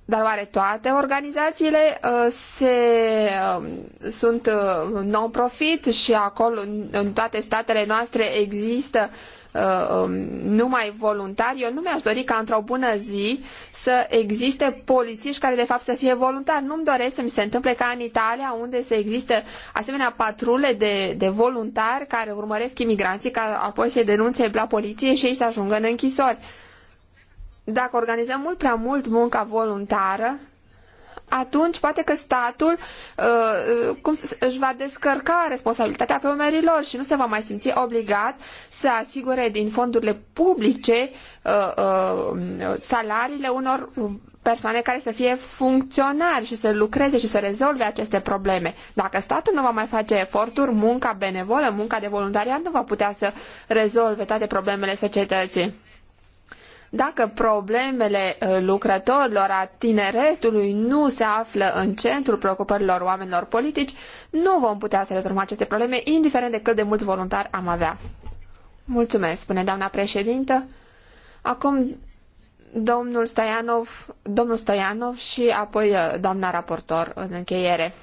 Dar oare toate organizațiile uh, se, uh, sunt uh, non-profit și acolo în, în toate statele noastre există uh, Uh, um, numai voluntari, eu nu mi-aș dori ca într-o bună zi să existe polițiști care de fapt să fie voluntari. Nu-mi doresc să mi se întâmple ca în Italia, unde să existe asemenea patrule de, de voluntari care urmăresc imigranții ca apoi să-i denunțe la poliție și ei să ajungă în închisori. Dacă organizăm mult prea mult munca voluntară, atunci poate că statul uh, cum, își va descărca responsabilitatea pe umerii lor și nu se va mai simți obligat să asigure din fondurile publice uh, uh, salariile unor persoane care să fie funcționari și să lucreze și să rezolve aceste probleme. Dacă statul nu va mai face eforturi, munca benevolă, munca de voluntariat nu va putea să rezolve toate problemele societății. Dacă problemele lucrătorilor, a tineretului nu se află în centrul preocupărilor oamenilor politici, nu vom putea să rezolvăm aceste probleme, indiferent de cât de mulți voluntari am avea. Mulțumesc, spune doamna președintă. Acum domnul Stoianov, domnul Stoianov și apoi doamna raportor în încheiere.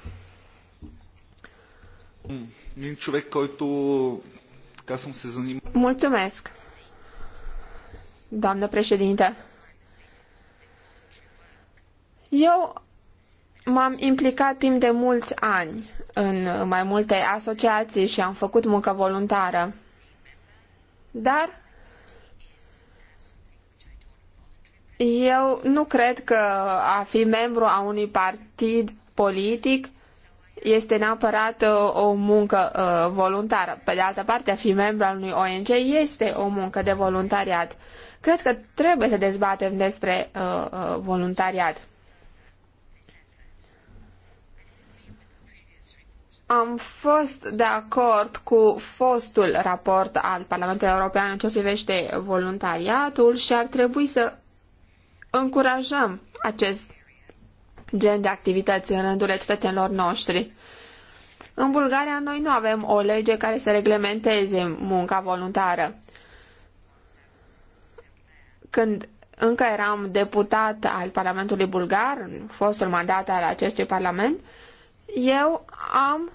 Mulțumesc doamnă președinte. Eu m-am implicat timp de mulți ani în mai multe asociații și am făcut muncă voluntară. Dar eu nu cred că a fi membru a unui partid politic este neapărat uh, o muncă uh, voluntară. Pe de altă parte, a fi membru al unui ONG este o muncă de voluntariat. Cred că trebuie să dezbatem despre uh, voluntariat. Am fost de acord cu fostul raport al Parlamentului European în ce privește voluntariatul și ar trebui să încurajăm acest gen de activități în rândul cetățenilor noștri. În Bulgaria noi nu avem o lege care să reglementeze munca voluntară. Când încă eram deputat al Parlamentului Bulgar, fostul mandat al acestui Parlament, eu am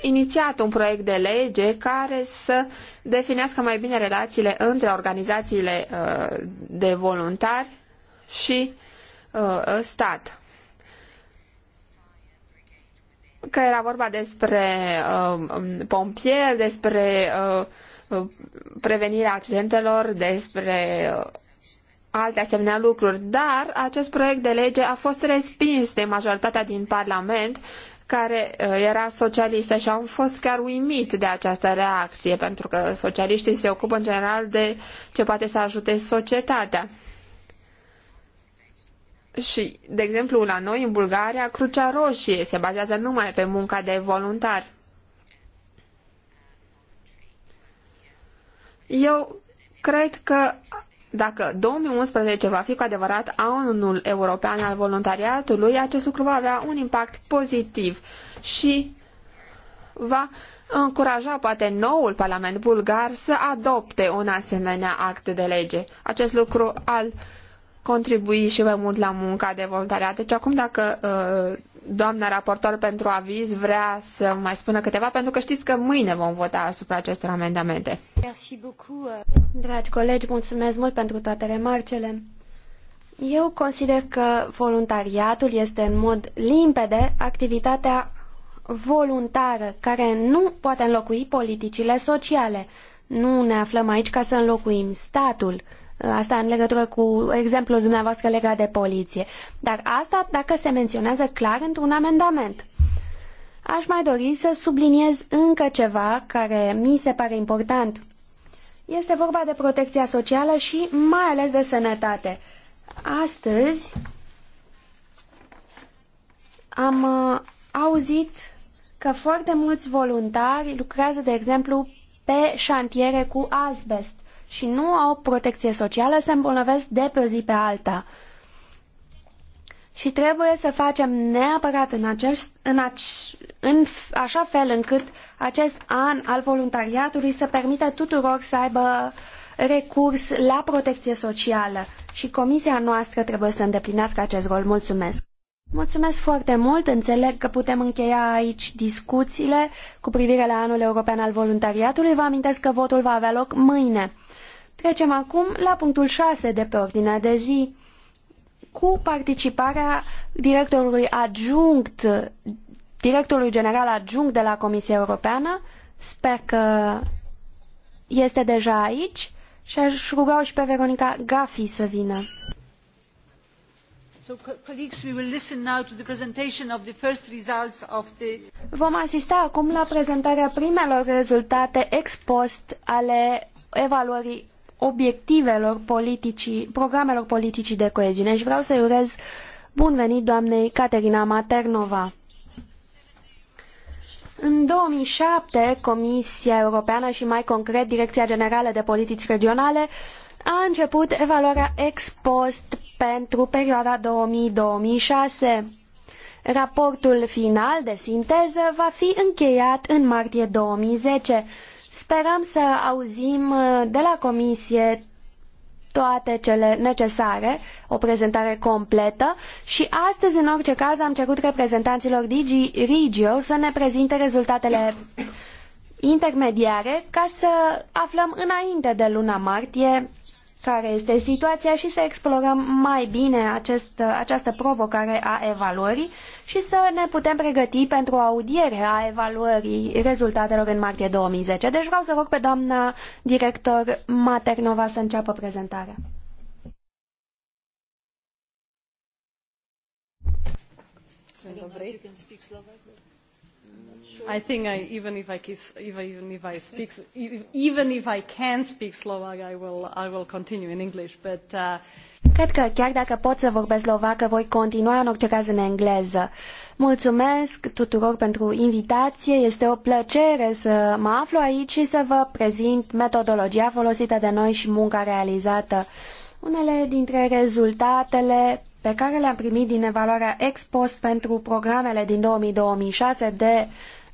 inițiat un proiect de lege care să definească mai bine relațiile între organizațiile uh, de voluntari și uh, stat că era vorba despre uh, um, pompieri, despre uh, uh, prevenirea accidentelor, despre uh, alte asemenea lucruri, dar acest proiect de lege a fost respins de majoritatea din Parlament care uh, era socialistă și am fost chiar uimit de această reacție, pentru că socialiștii se ocupă în general de ce poate să ajute societatea. Și, de exemplu, la noi, în Bulgaria, Crucea Roșie se bazează numai pe munca de voluntari. Eu cred că dacă 2011 va fi cu adevărat anul european al voluntariatului, acest lucru va avea un impact pozitiv și va încuraja poate noul Parlament bulgar să adopte un asemenea act de lege. Acest lucru al contribui și mai mult la munca de voluntariat. Deci acum dacă uh, doamna raportor pentru aviz vrea să mai spună câteva, pentru că știți că mâine vom vota asupra acestor amendamente. Uh. Dragi colegi, mulțumesc mult pentru toate remarcele. Eu consider că voluntariatul este în mod limpede activitatea voluntară, care nu poate înlocui politicile sociale. Nu ne aflăm aici ca să înlocuim statul. Asta în legătură cu exemplul dumneavoastră legat de poliție. Dar asta dacă se menționează clar într-un amendament. Aș mai dori să subliniez încă ceva care mi se pare important. Este vorba de protecția socială și mai ales de sănătate. Astăzi am uh, auzit că foarte mulți voluntari lucrează, de exemplu, pe șantiere cu asbest și nu au protecție socială se îmbolnăvesc de pe o zi pe alta. Și trebuie să facem neapărat în, acest, în, în așa fel încât acest an al voluntariatului să permită tuturor să aibă recurs la protecție socială și comisia noastră trebuie să îndeplinească acest rol. Mulțumesc! Mulțumesc foarte mult, înțeleg că putem încheia aici discuțiile cu privire la anul european al voluntariatului. Vă amintesc că votul va avea loc mâine. Trecem acum la punctul 6 de pe ordinea de zi, cu participarea directorului adjunct, directorului general adjunct de la Comisia Europeană. Sper că este deja aici și aș ruga și pe Veronica Gafi să vină. Vom asista acum la prezentarea primelor rezultate ex post ale evaluării obiectivelor politicii, programelor politicii de coeziune și vreau să-i urez bun venit doamnei Caterina Maternova. În 2007, Comisia Europeană și mai concret Direcția Generală de Politici Regionale a început evaluarea ex post pentru perioada 2000-2006. Raportul final de sinteză va fi încheiat în martie 2010 Sperăm să auzim uh, de la Comisie toate cele necesare, o prezentare completă și astăzi, în orice caz, am cerut reprezentanților Digi Regio să ne prezinte rezultatele intermediare ca să aflăm înainte de luna martie care este situația și să explorăm mai bine acest, această provocare a evaluării și să ne putem pregăti pentru o audiere a evaluării rezultatelor în martie 2010. Deci vreau să rog pe doamna director Maternova să înceapă prezentarea. Dobry. I think I, even if I kiss, even if I speak, even if I can speak Slovak, I will, I will continue in English. But uh... cred că chiar dacă pot să vorbesc slovacă, voi continua în orice caz în engleză. Mulțumesc tuturor pentru invitație. Este o plăcere să mă aflu aici și să vă prezint metodologia folosită de noi și munca realizată. Unele dintre rezultatele pe care le-am primit din evaluarea ex post pentru programele din 2000-2006 de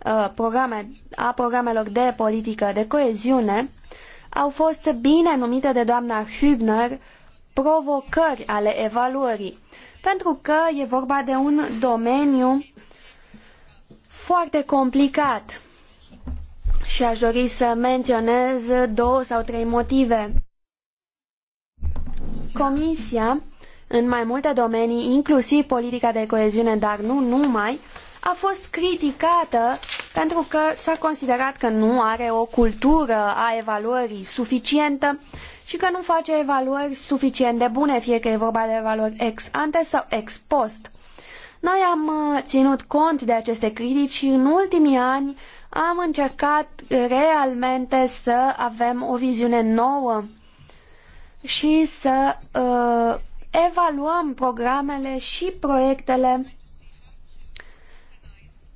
Uh, programe, a programelor de politică de coeziune au fost bine numite de doamna Hübner provocări ale evaluării, pentru că e vorba de un domeniu foarte complicat și aș dori să menționez două sau trei motive. Comisia, în mai multe domenii, inclusiv politica de coeziune, dar nu numai, a fost criticată pentru că s-a considerat că nu are o cultură a evaluării suficientă și că nu face evaluări suficient de bune, fie că e vorba de evaluări ex ante sau ex post. Noi am uh, ținut cont de aceste critici și în ultimii ani am încercat realmente să avem o viziune nouă și să uh, evaluăm programele și proiectele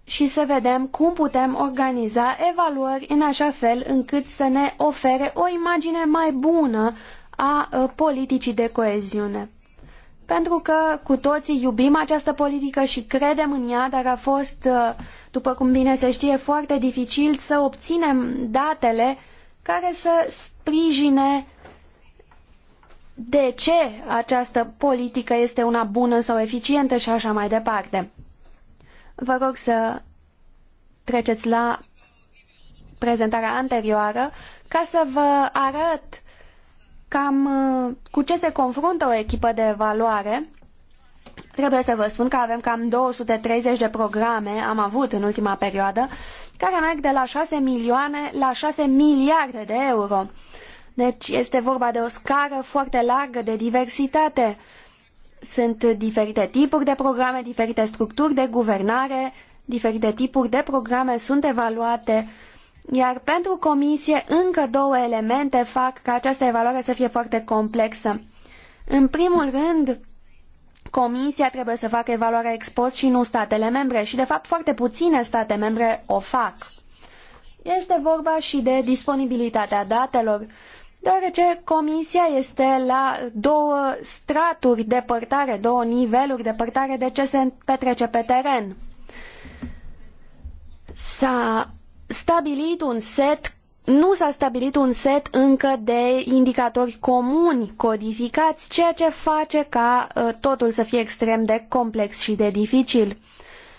și să vedem cum putem organiza evaluări în așa fel încât să ne ofere o imagine mai bună a ă, politicii de coeziune. Pentru că cu toții iubim această politică și credem în ea, dar a fost, ă, după cum bine se știe, foarte dificil să obținem datele care să sprijine de ce această politică este una bună sau eficientă și așa mai departe. Vă rog să treceți la prezentarea anterioară ca să vă arăt cam uh, cu ce se confruntă o echipă de evaluare. Trebuie să vă spun că avem cam 230 de programe, am avut în ultima perioadă, care merg de la 6 milioane la 6 miliarde de euro. Deci este vorba de o scară foarte largă de diversitate sunt diferite tipuri de programe, diferite structuri de guvernare, diferite tipuri de programe sunt evaluate, iar pentru comisie încă două elemente fac ca această evaluare să fie foarte complexă. În primul rând, Comisia trebuie să facă evaluarea ex post și nu statele membre și, de fapt, foarte puține state membre o fac. Este vorba și de disponibilitatea datelor deoarece Comisia este la două straturi departare, două niveluri departare de ce se petrece pe teren. S-a stabilit un set nu s-a stabilit un set încă de indicatori comuni codificați, ceea ce face ca ă, totul să fie extrem de complex și de dificil.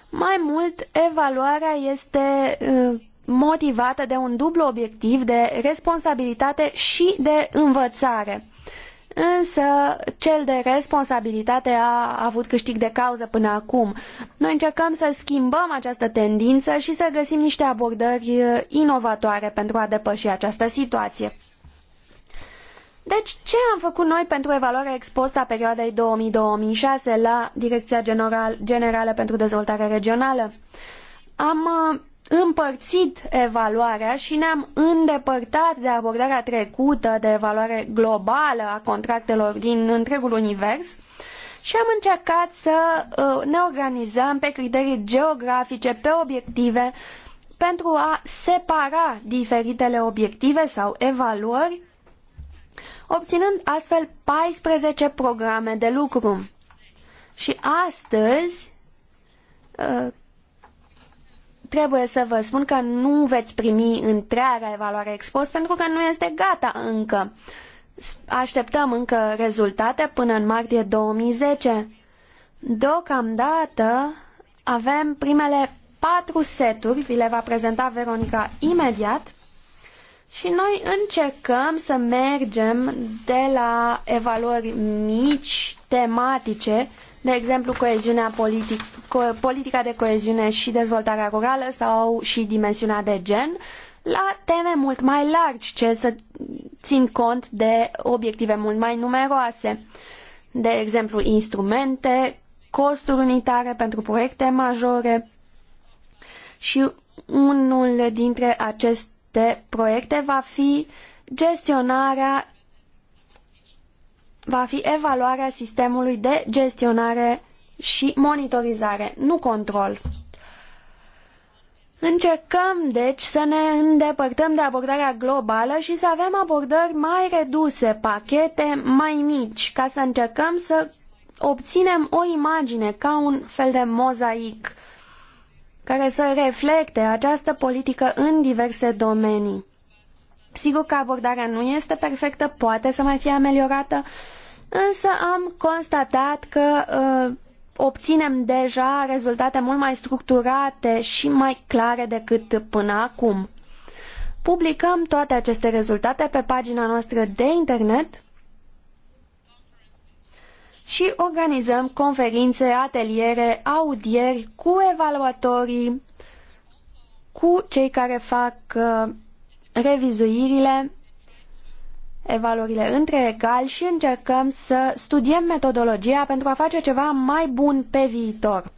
Mai mult, evaluarea este ă, motivată de un dublu obiectiv de responsabilitate și de învățare. Însă cel de responsabilitate a avut câștig de cauză până acum. Noi încercăm să schimbăm această tendință și să găsim niște abordări uh, inovatoare pentru a depăși această situație. Deci, ce am făcut noi pentru evaluarea expost a perioadei 2000-2006 la Direcția General, Generală pentru Dezvoltare Regională? Am uh, împărțit evaluarea și ne-am îndepărtat de abordarea trecută de evaluare globală a contractelor din întregul univers și am încercat să uh, ne organizăm pe criterii geografice, pe obiective, pentru a separa diferitele obiective sau evaluări, obținând astfel 14 programe de lucru. Și astăzi, uh, trebuie să vă spun că nu veți primi întreaga evaluare expost pentru că nu este gata încă. Așteptăm încă rezultate până în martie 2010. Deocamdată avem primele patru seturi, vi le va prezenta Veronica imediat, și noi încercăm să mergem de la evaluări mici, tematice, de exemplu coeziunea politic, politica de coeziune și dezvoltarea rurală sau și dimensiunea de gen, la teme mult mai largi, ce să țin cont de obiective mult mai numeroase. De exemplu, instrumente, costuri unitare pentru proiecte majore și unul dintre aceste proiecte va fi gestionarea va fi evaluarea sistemului de gestionare și monitorizare, nu control. Încercăm, deci, să ne îndepărtăm de abordarea globală și să avem abordări mai reduse, pachete mai mici, ca să încercăm să obținem o imagine ca un fel de mozaic care să reflecte această politică în diverse domenii. Sigur că abordarea nu este perfectă, poate să mai fie ameliorată, însă am constatat că uh, obținem deja rezultate mult mai structurate și mai clare decât până acum. Publicăm toate aceste rezultate pe pagina noastră de internet și organizăm conferințe, ateliere, audieri cu evaluatorii, cu cei care fac uh, revizuirile, evaluările între egali și încercăm să studiem metodologia pentru a face ceva mai bun pe viitor.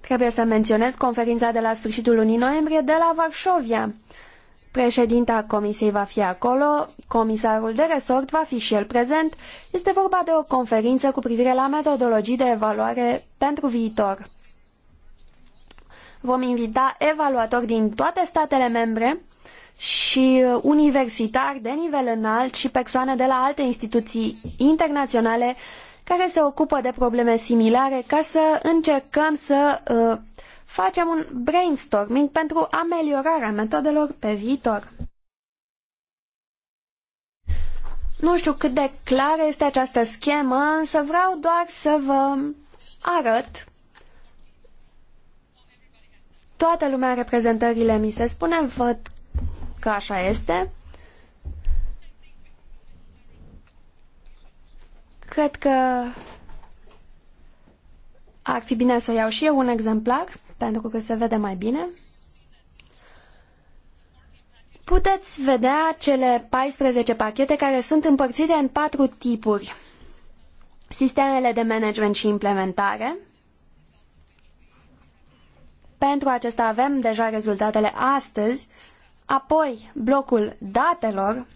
Trebuie să menționez conferința de la sfârșitul lunii noiembrie de la Varșovia. Președinta comisiei va fi acolo, comisarul de resort va fi și el prezent. Este vorba de o conferință cu privire la metodologii de evaluare pentru viitor. Vom invita evaluatori din toate statele membre și uh, universitari de nivel înalt și persoane de la alte instituții internaționale care se ocupă de probleme similare ca să încercăm să uh, facem un brainstorming pentru ameliorarea metodelor pe viitor. Nu știu cât de clară este această schemă, însă vreau doar să vă arăt. Toată lumea reprezentările mi se spune, văd că așa este. Cred că ar fi bine să iau și eu un exemplar, pentru că se vede mai bine. Puteți vedea cele 14 pachete care sunt împărțite în patru tipuri. Sistemele de management și implementare. Pentru acesta avem deja rezultatele astăzi Apoi, blocul datelor.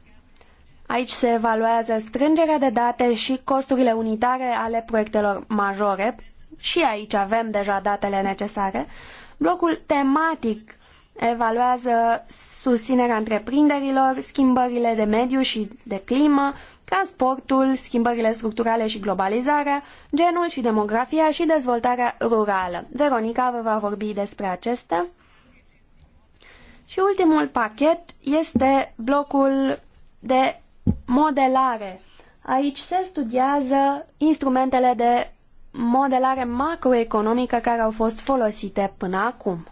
Aici se evaluează strângerea de date și costurile unitare ale proiectelor majore. Și aici avem deja datele necesare. Blocul tematic evaluează susținerea întreprinderilor, schimbările de mediu și de climă, transportul, schimbările structurale și globalizarea, genul și demografia și dezvoltarea rurală. Veronica vă va vorbi despre acestea. Și ultimul pachet este blocul de modelare. Aici se studiază instrumentele de modelare macroeconomică care au fost folosite până acum.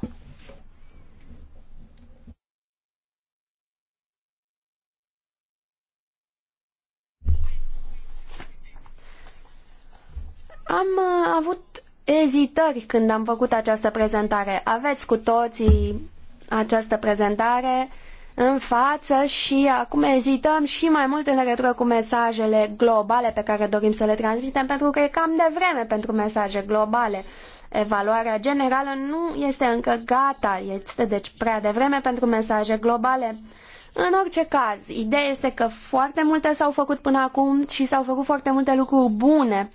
Am uh, avut ezitări când am făcut această prezentare. Aveți cu toții această prezentare în față și acum ezităm și mai mult în legătură cu mesajele globale pe care dorim să le transmitem, pentru că e cam de vreme pentru mesaje globale. Evaluarea generală nu este încă gata, este deci prea devreme pentru mesaje globale. În orice caz, ideea este că foarte multe s-au făcut până acum și s-au făcut foarte multe lucruri bune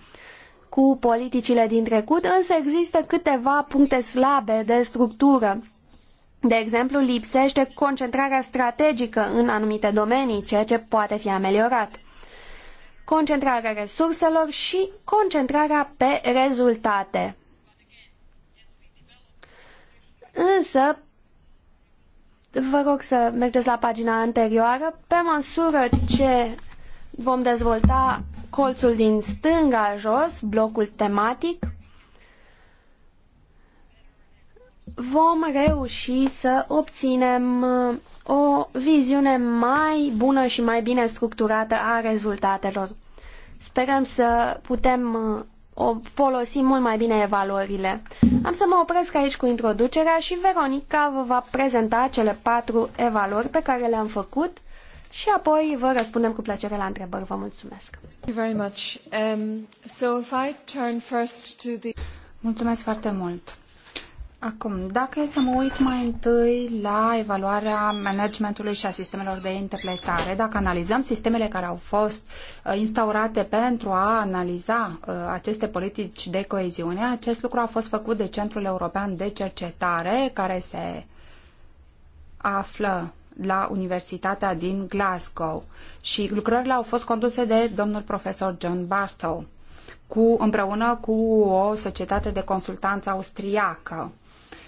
cu politicile din trecut, însă există câteva puncte slabe de structură de exemplu, lipsește concentrarea strategică în anumite domenii, ceea ce poate fi ameliorat. Concentrarea resurselor și concentrarea pe rezultate. Însă, vă rog să mergeți la pagina anterioară, pe măsură ce vom dezvolta colțul din stânga jos, blocul tematic, vom reuși să obținem uh, o viziune mai bună și mai bine structurată a rezultatelor. Sperăm să putem uh, folosi mult mai bine evaluările. Am să mă opresc aici cu introducerea și Veronica vă va prezenta cele patru evaluări pe care le-am făcut și apoi vă răspundem cu plăcere la întrebări. Vă mulțumesc. Um, mulțumesc foarte mult. Acum, dacă e să mă uit mai întâi la evaluarea managementului și a sistemelor de interpretare, dacă analizăm sistemele care au fost uh, instaurate pentru a analiza uh, aceste politici de coeziune, acest lucru a fost făcut de Centrul European de Cercetare, care se află la Universitatea din Glasgow și lucrările au fost conduse de domnul profesor John Bartow cu, împreună cu o societate de consultanță austriacă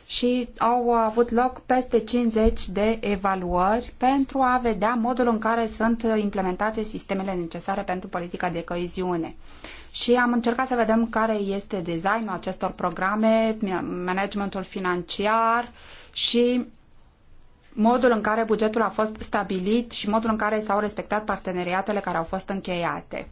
și au avut loc peste 50 de evaluări pentru a vedea modul în care sunt implementate sistemele necesare pentru politica de coeziune. Și am încercat să vedem care este designul acestor programe, managementul financiar și modul în care bugetul a fost stabilit și modul în care s-au respectat parteneriatele care au fost încheiate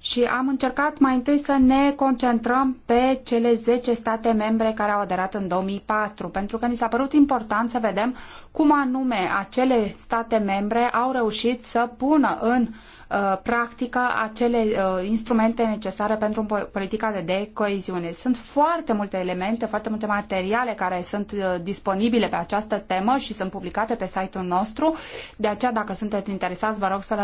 și am încercat mai întâi să ne concentrăm pe cele 10 state membre care au aderat în 2004, pentru că ni s-a părut important să vedem cum anume acele state membre au reușit să pună în uh, Uh, practică acele uh, instrumente necesare pentru politica de coeziune. Sunt foarte multe elemente, foarte multe materiale care sunt uh, disponibile pe această temă și sunt publicate pe site-ul nostru. De aceea, dacă sunteți interesați, vă rog să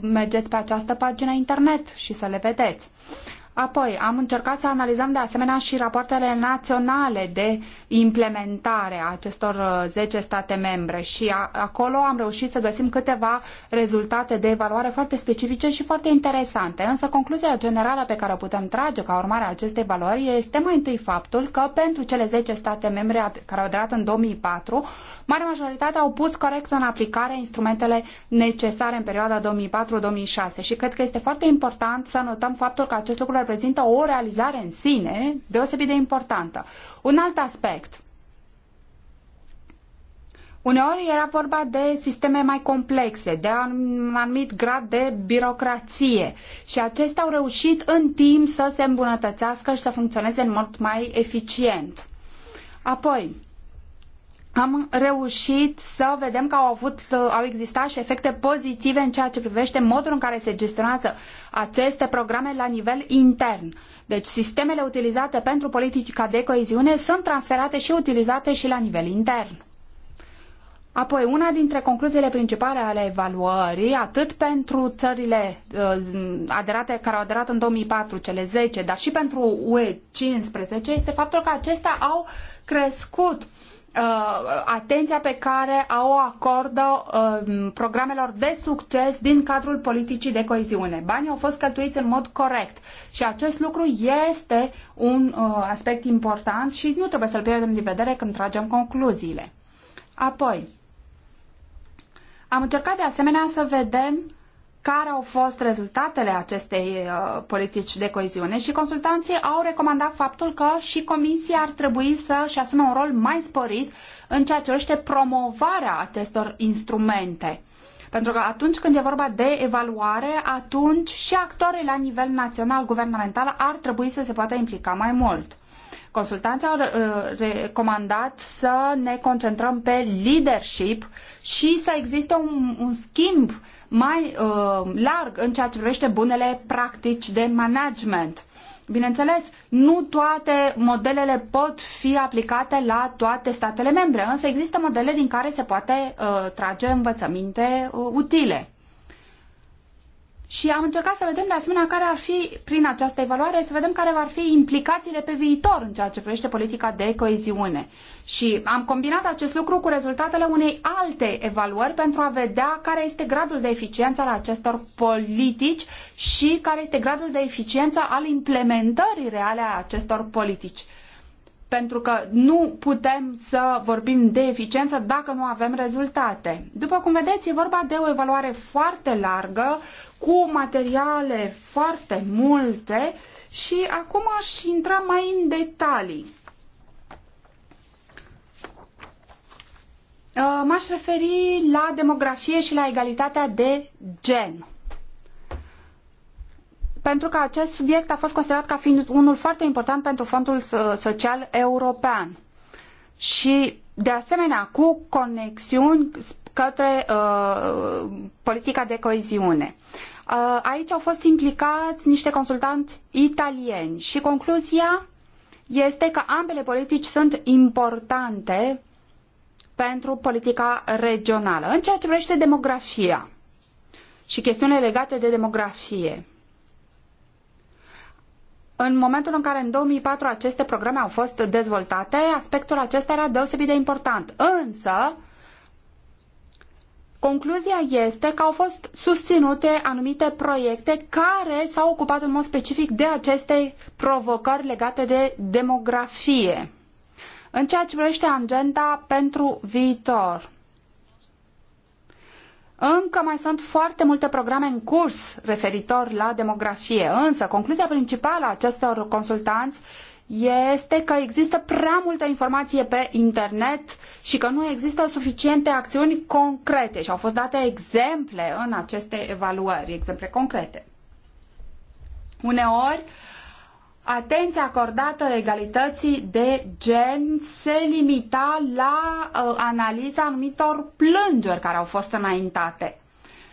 mergeți pe această pagină internet și să le vedeți. Apoi, am încercat să analizăm de asemenea și rapoartele naționale de implementare a acestor uh, zece state membre și acolo am reușit să găsim câteva rezultate de evaluare foarte specifice și foarte interesante. Însă concluzia generală pe care o putem trage ca urmare a acestei valori este mai întâi faptul că pentru cele zece state membre care au aderat în 2004, marea majoritate au pus corect în aplicare instrumentele necesare în perioada 2004-2006 și cred că este foarte important să notăm faptul că acest lucru reprezintă o realizare în sine deosebit de importantă. Un alt aspect. Uneori era vorba de sisteme mai complexe, de un anumit grad de birocrație și acestea au reușit în timp să se îmbunătățească și să funcționeze în mod mai eficient. Apoi, am reușit să vedem că au, avut, au existat și efecte pozitive în ceea ce privește modul în care se gestionează aceste programe la nivel intern. Deci sistemele utilizate pentru politica de coeziune sunt transferate și utilizate și la nivel intern. Apoi, una dintre concluziile principale ale evaluării, atât pentru țările uh, aderate, care au aderat în 2004, cele 10, dar și pentru UE 15, este faptul că acestea au crescut uh, uh, atenția pe care o acordă uh, programelor de succes din cadrul politicii de coeziune. Banii au fost cheltuiți în mod corect și acest lucru este un uh, aspect important și nu trebuie să-l pierdem din vedere când tragem concluziile. Apoi, am încercat de asemenea să vedem care au fost rezultatele acestei uh, politici de coeziune și consultanții au recomandat faptul că și Comisia ar trebui să-și asume un rol mai sporit în ceea ce privește promovarea acestor instrumente. Pentru că atunci când e vorba de evaluare, atunci și actorii la nivel național, guvernamental, ar trebui să se poată implica mai mult. Consultanții au uh, recomandat să ne concentrăm pe leadership și să existe un, un schimb mai uh, larg în ceea ce privește bunele practici de management. Bineînțeles, nu toate modelele pot fi aplicate la toate statele membre, însă există modele din care se poate uh, trage învățăminte uh, utile. Și am încercat să vedem de asemenea care ar fi, prin această evaluare, să vedem care vor fi implicațiile pe viitor în ceea ce privește politica de coeziune. Și am combinat acest lucru cu rezultatele unei alte evaluări pentru a vedea care este gradul de eficiență al acestor politici și care este gradul de eficiență al implementării reale a acestor politici pentru că nu putem să vorbim de eficiență dacă nu avem rezultate. După cum vedeți, e vorba de o evaluare foarte largă, cu materiale foarte multe și acum aș intra mai în detalii. Uh, m-aș referi la demografie și la egalitatea de gen pentru că acest subiect a fost considerat ca fiind unul foarte important pentru Fondul Social European. Și, de asemenea, cu conexiuni către uh, politica de coeziune. Uh, aici au fost implicați niște consultanți italieni și concluzia este că ambele politici sunt importante pentru politica regională. În ceea ce privește demografia și chestiunile legate de demografie, în momentul în care în 2004 aceste programe au fost dezvoltate, aspectul acesta era deosebit de important. Însă, concluzia este că au fost susținute anumite proiecte care s-au ocupat în mod specific de aceste provocări legate de demografie. În ceea ce privește agenda pentru viitor, încă mai sunt foarte multe programe în curs referitor la demografie, însă concluzia principală a acestor consultanți este că există prea multă informație pe internet și că nu există suficiente acțiuni concrete și au fost date exemple în aceste evaluări, exemple concrete. Uneori, uh, atenția acordată egalității de gen se limita la uh, analiza anumitor plângeri care au fost înaintate.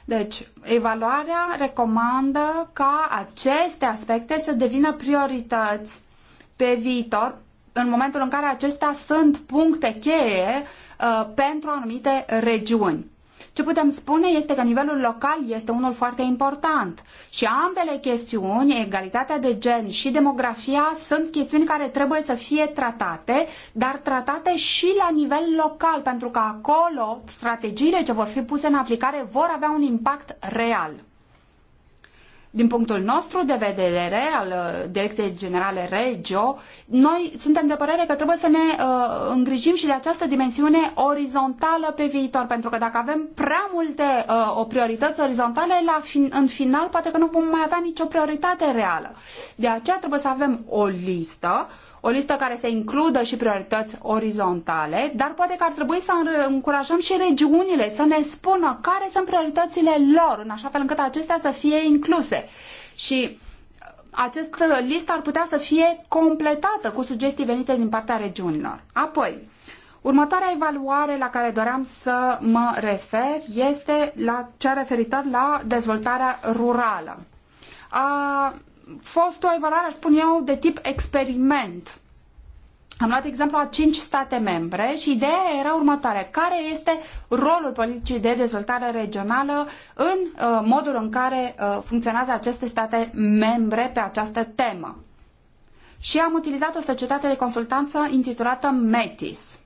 Deci, evaluarea recomandă ca aceste aspecte să devină priorități pe viitor, în momentul în care acestea sunt puncte cheie uh, pentru anumite regiuni. Ce putem spune este că nivelul local este unul foarte important și ambele chestiuni, egalitatea de gen și demografia, sunt chestiuni care trebuie să fie tratate, dar tratate și la nivel local, pentru că acolo strategiile ce vor fi puse în aplicare vor avea un impact real. Din punctul nostru de vedere al uh, Direcției Generale Regio, noi suntem de părere că trebuie să ne uh, îngrijim și de această dimensiune orizontală pe viitor, pentru că dacă avem prea multe uh, o priorități orizontale, la fin, în final poate că nu vom mai avea nicio prioritate reală. De aceea trebuie să avem o listă, o listă care să includă și priorități orizontale, dar poate că ar trebui să încurajăm și regiunile să ne spună care sunt prioritățile lor, în așa fel încât acestea să fie incluse. Și uh, această listă ar putea să fie completată cu sugestii venite din partea regiunilor. Apoi, următoarea evaluare la care doream să mă refer este la cea referitor la dezvoltarea rurală. A fost o evaluare, aș spune eu, de tip experiment. Am luat exemplu a cinci state membre și ideea era următoare. Care este rolul politicii de dezvoltare regională în uh, modul în care uh, funcționează aceste state membre pe această temă? Și am utilizat o societate de consultanță intitulată METIS.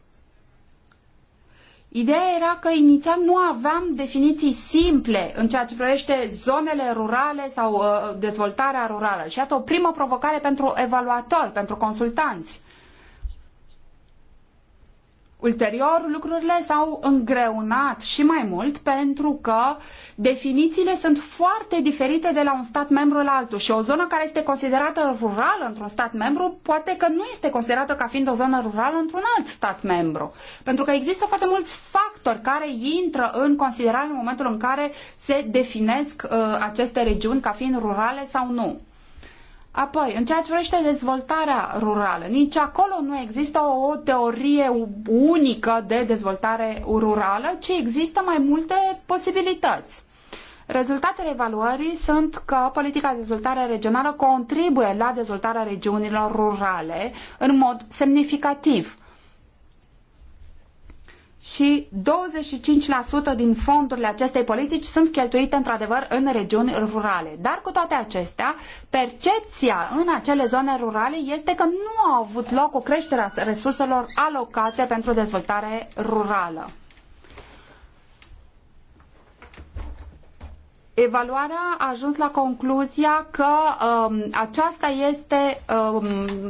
Ideea era că inițial nu aveam definiții simple în ceea ce privește zonele rurale sau uh, dezvoltarea rurală. Și iată o primă provocare pentru evaluatori, pentru consultanți. Ulterior, lucrurile s-au îngreunat și mai mult pentru că definițiile sunt foarte diferite de la un stat membru la altul și o zonă care este considerată rurală într-un stat membru poate că nu este considerată ca fiind o zonă rurală într-un alt stat membru. Pentru că există foarte mulți factori care intră în considerare în momentul în care se definesc uh, aceste regiuni ca fiind rurale sau nu. Apoi, în ceea ce privește dezvoltarea rurală, nici acolo nu există o teorie unică de dezvoltare rurală, ci există mai multe posibilități. Rezultatele evaluării sunt că politica de dezvoltare regională contribuie la dezvoltarea regiunilor rurale în mod semnificativ și 25% din fondurile acestei politici sunt cheltuite într-adevăr în regiuni rurale. Dar cu toate acestea, percepția în acele zone rurale este că nu a avut loc o creștere a resurselor alocate pentru dezvoltare rurală. evaluarea a ajuns la concluzia că um, aceasta este um,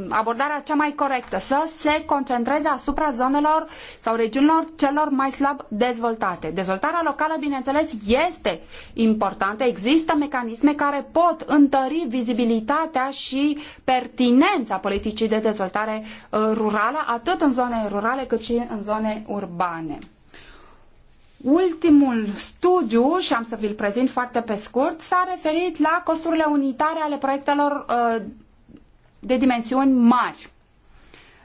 abordarea cea mai corectă, să se concentreze asupra zonelor sau regiunilor celor mai slab dezvoltate. Dezvoltarea locală, bineînțeles, este importantă. Există mecanisme care pot întări vizibilitatea și pertinența politicii de dezvoltare uh, rurală, atât în zone rurale cât și în zone urbane. Ultimul studiu, și am să vi-l prezint foarte pe scurt, s-a referit la costurile unitare ale proiectelor uh, de dimensiuni mari.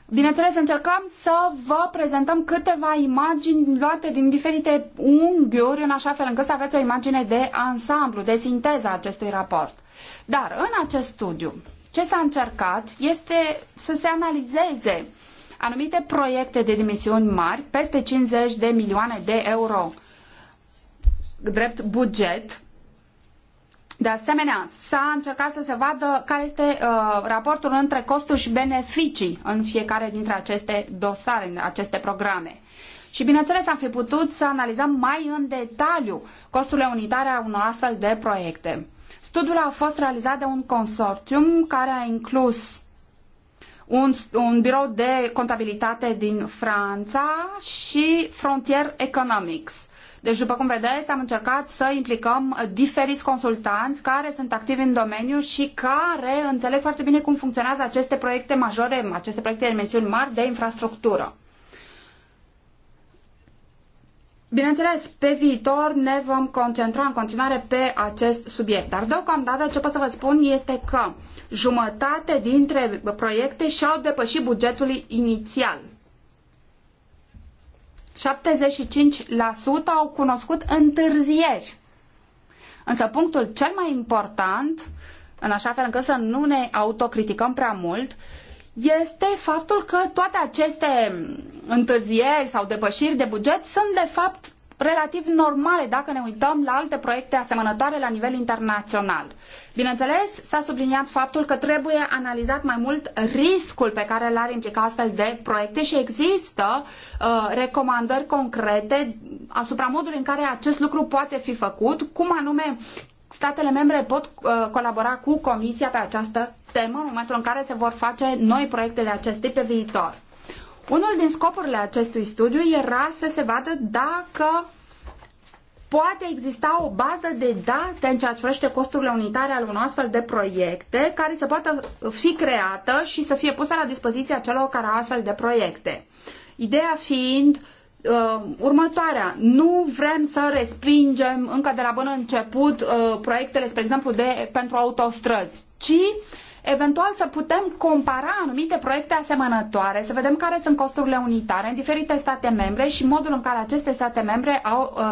Bineînțeles, încercăm să vă prezentăm câteva imagini luate din diferite unghiuri, în așa fel încât să aveți o imagine de ansamblu, de sinteză a acestui raport. Dar în acest studiu, ce s-a încercat este să se analizeze anumite proiecte de dimensiuni mari, peste 50 de milioane de euro drept buget, de asemenea, s-a încercat să se vadă care este uh, raportul între costuri și beneficii în fiecare dintre aceste dosare, în aceste programe. Și bineînțeles am fi putut să analizăm mai în detaliu costurile unitare a unor astfel de proiecte. Studiul a fost realizat de un consorțium care a inclus un, un birou de contabilitate din Franța și Frontier Economics. Deci, după cum vedeți, am încercat să implicăm diferiți consultanți care sunt activi în domeniu și care înțeleg foarte bine cum funcționează aceste proiecte majore, aceste proiecte de dimensiuni mari de infrastructură. Bineînțeles, pe viitor ne vom concentra în continuare pe acest subiect, dar deocamdată ce pot să vă spun este că jumătate dintre proiecte și-au depășit bugetul inițial. 75% au cunoscut întârzieri. Însă punctul cel mai important, în așa fel încât să nu ne autocriticăm prea mult, este faptul că toate aceste întârzieri sau depășiri de buget sunt de fapt relativ normale dacă ne uităm la alte proiecte asemănătoare la nivel internațional. Bineînțeles, s-a subliniat faptul că trebuie analizat mai mult riscul pe care l-ar implica astfel de proiecte și există uh, recomandări concrete asupra modului în care acest lucru poate fi făcut, cum anume statele membre pot uh, colabora cu Comisia pe această temă în momentul în care se vor face noi proiecte de acest tip pe viitor. Unul din scopurile acestui studiu era să se vadă dacă poate exista o bază de date în ceea ce privește costurile unitare ale unor astfel de proiecte care să poată fi creată și să fie pusă la dispoziția celor care au astfel de proiecte. Ideea fiind uh, următoarea, nu vrem să respingem încă de la bun început uh, proiectele, spre exemplu, de, pentru autostrăzi, ci eventual să putem compara anumite proiecte asemănătoare, să vedem care sunt costurile unitare în diferite state membre și modul în care aceste state membre au uh,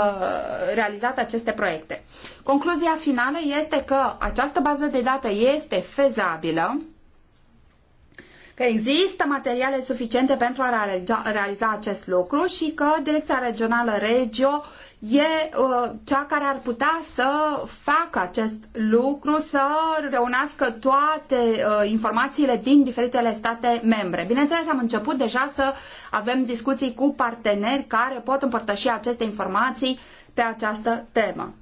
realizat aceste proiecte. Concluzia finală este că această bază de date este fezabilă, că există materiale suficiente pentru a realiza, realiza acest lucru și că Direcția Regională Regio e uh, cea care ar putea să facă acest lucru, să reunească toate uh, informațiile din diferitele state membre. Bineînțeles, am început deja să avem discuții cu parteneri care pot împărtăși aceste informații pe această temă.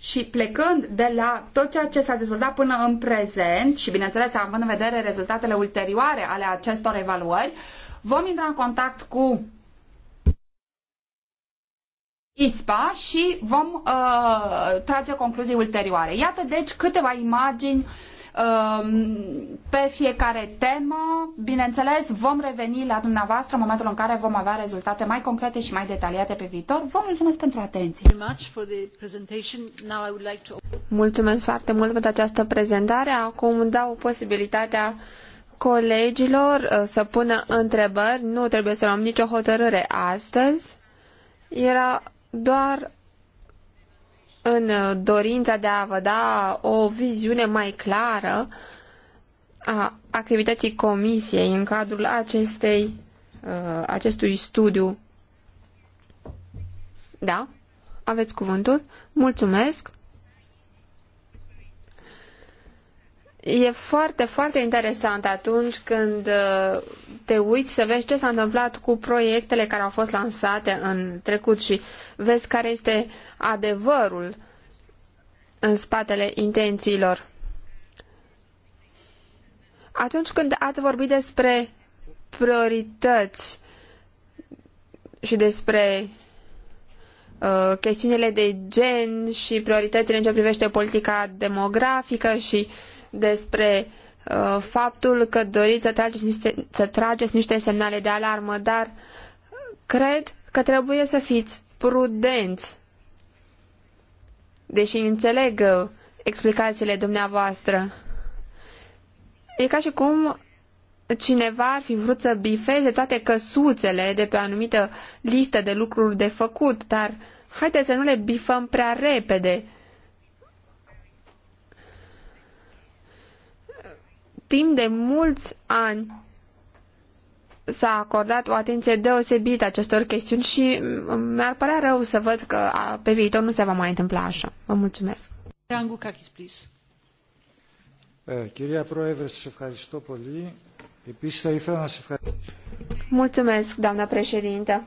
Și plecând de la tot ceea ce s-a dezvoltat până în prezent și, bineînțeles, având în vedere rezultatele ulterioare ale acestor evaluări, vom intra în contact cu ISPA și vom uh, trage concluzii ulterioare. Iată, deci, câteva imagini uh, Um, pe fiecare temă. Bineînțeles, vom reveni la dumneavoastră în momentul în care vom avea rezultate mai concrete și mai detaliate pe viitor. Vă mulțumesc pentru atenție. Mulțumesc foarte mult pentru această prezentare. Acum dau posibilitatea colegilor uh, să pună întrebări. Nu trebuie să luăm nicio hotărâre astăzi. Era doar în uh, dorința de a vă da o viziune mai clară a activității comisiei în cadrul acestei, uh, acestui studiu. Da? Aveți cuvântul? Mulțumesc! E foarte, foarte interesant atunci când uh, te uiți să vezi ce s-a întâmplat cu proiectele care au fost lansate în trecut și vezi care este adevărul în spatele intențiilor. Atunci când ați vorbit despre priorități și despre uh, chestiunile de gen și prioritățile în ce privește politica demografică și uh, despre uh, faptul că doriți să trageți, niște, să trageți niște semnale de alarmă, dar cred că trebuie să fiți prudenți. Deși înțeleg uh, explicațiile dumneavoastră. E ca și cum cineva ar fi vrut să bifeze toate căsuțele de pe o anumită listă de lucruri de făcut, dar haideți să nu le bifăm prea repede. timp de mulți ani s-a acordat o atenție deosebită acestor chestiuni și mm, mi-ar părea rău să văd că pe viitor nu se va mai întâmpla așa. Vă mulțumesc. Angukakis, please. Κυρία Πρόεδρε, σας ευχαριστώ πολύ. Επίσης θα ήθελα να σας ευχαριστήσω. Mulțumesc, doamna președintă.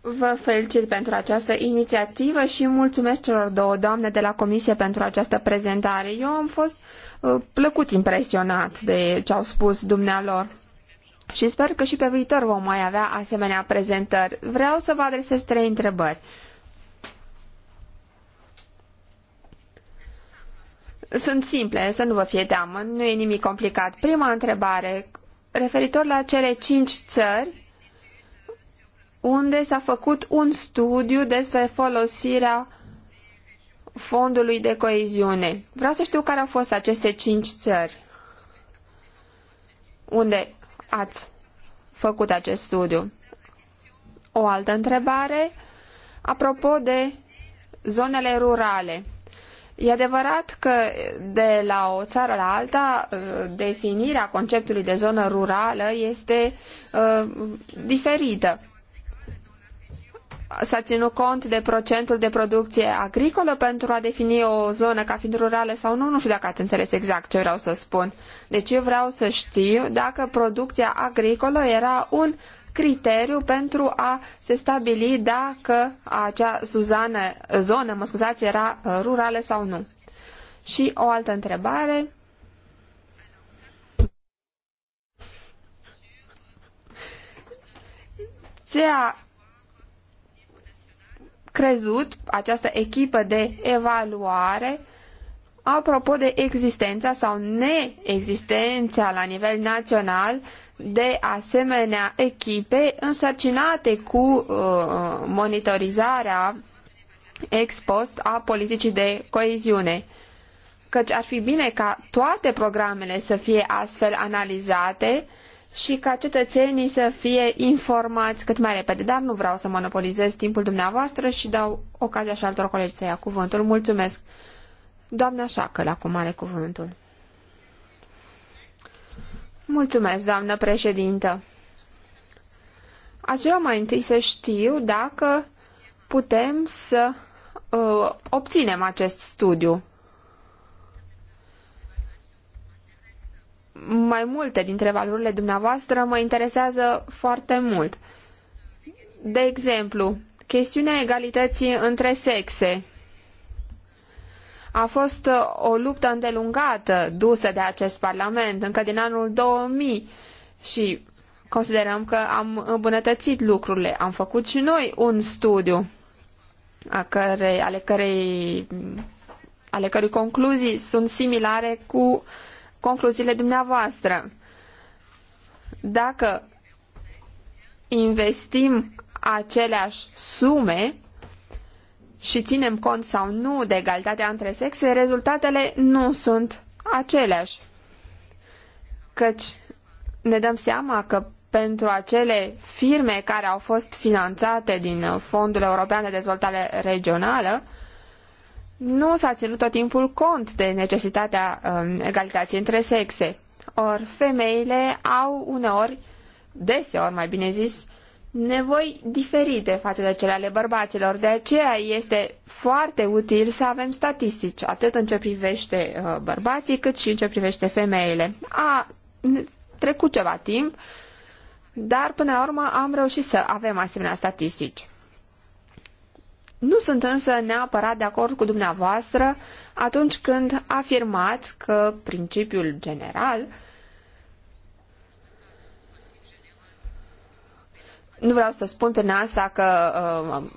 Vă felicit pentru această inițiativă și mulțumesc celor două doamne de la Comisie pentru această prezentare. Eu am fost uh, plăcut impresionat de ce au spus dumnealor și sper că și pe viitor vom mai avea asemenea prezentări. Vreau să vă adresez trei întrebări. Sunt simple, să nu vă fie teamă, nu e nimic complicat. Prima întrebare, referitor la cele cinci țări unde s-a făcut un studiu despre folosirea fondului de coeziune. Vreau să știu care au fost aceste cinci țări unde ați făcut acest studiu. O altă întrebare, apropo de zonele rurale. E adevărat că de la o țară la alta, uh, definirea conceptului de zonă rurală este uh, diferită. S-a ținut cont de procentul de producție agricolă pentru a defini o zonă ca fiind rurală sau nu? Nu știu dacă ați înțeles exact ce vreau să spun. Deci eu vreau să știu dacă producția agricolă era un criteriu pentru a se stabili dacă acea Suzană, zonă mă scuzați, era uh, rurală sau nu. Și o altă întrebare. Ce a crezut această echipă de evaluare apropo de existența sau neexistența la nivel național de asemenea echipe însărcinate cu uh, monitorizarea ex post a politicii de coeziune. Căci ar fi bine ca toate programele să fie astfel analizate și ca cetățenii să fie informați cât mai repede. Dar nu vreau să monopolizez timpul dumneavoastră și dau ocazia și altor colegi să ia cuvântul. Mulțumesc. Doamna Șacăl acum are cuvântul. Mulțumesc, doamnă președintă. Aș vrea mai întâi să știu dacă putem să uh, obținem acest studiu. mai multe dintre valorile dumneavoastră mă interesează foarte mult. De exemplu, chestiunea egalității între sexe a fost uh, o luptă îndelungată dusă de acest Parlament încă din anul 2000 și considerăm că am îmbunătățit lucrurile. Am făcut și noi un studiu a cărei, ale, cărei, ale cărui concluzii sunt similare cu uh, concluziile dumneavoastră. Dacă investim aceleași sume și ținem cont sau nu de egalitatea între sexe, rezultatele nu sunt aceleași. Căci ne dăm seama că pentru acele firme care au fost finanțate din Fondul European de Dezvoltare Regională, nu s-a ținut tot timpul cont de necesitatea um, egalității între sexe. Ori femeile au uneori, deseori mai bine zis, nevoi diferite față de cele ale bărbaților. De aceea este foarte util să avem statistici, atât în ce privește uh, bărbații, cât și în ce privește femeile. A trecut ceva timp, dar până la urmă am reușit să avem asemenea statistici. Nu sunt însă neapărat de acord cu dumneavoastră atunci când afirmați că principiul general nu vreau să spun prin asta că uh,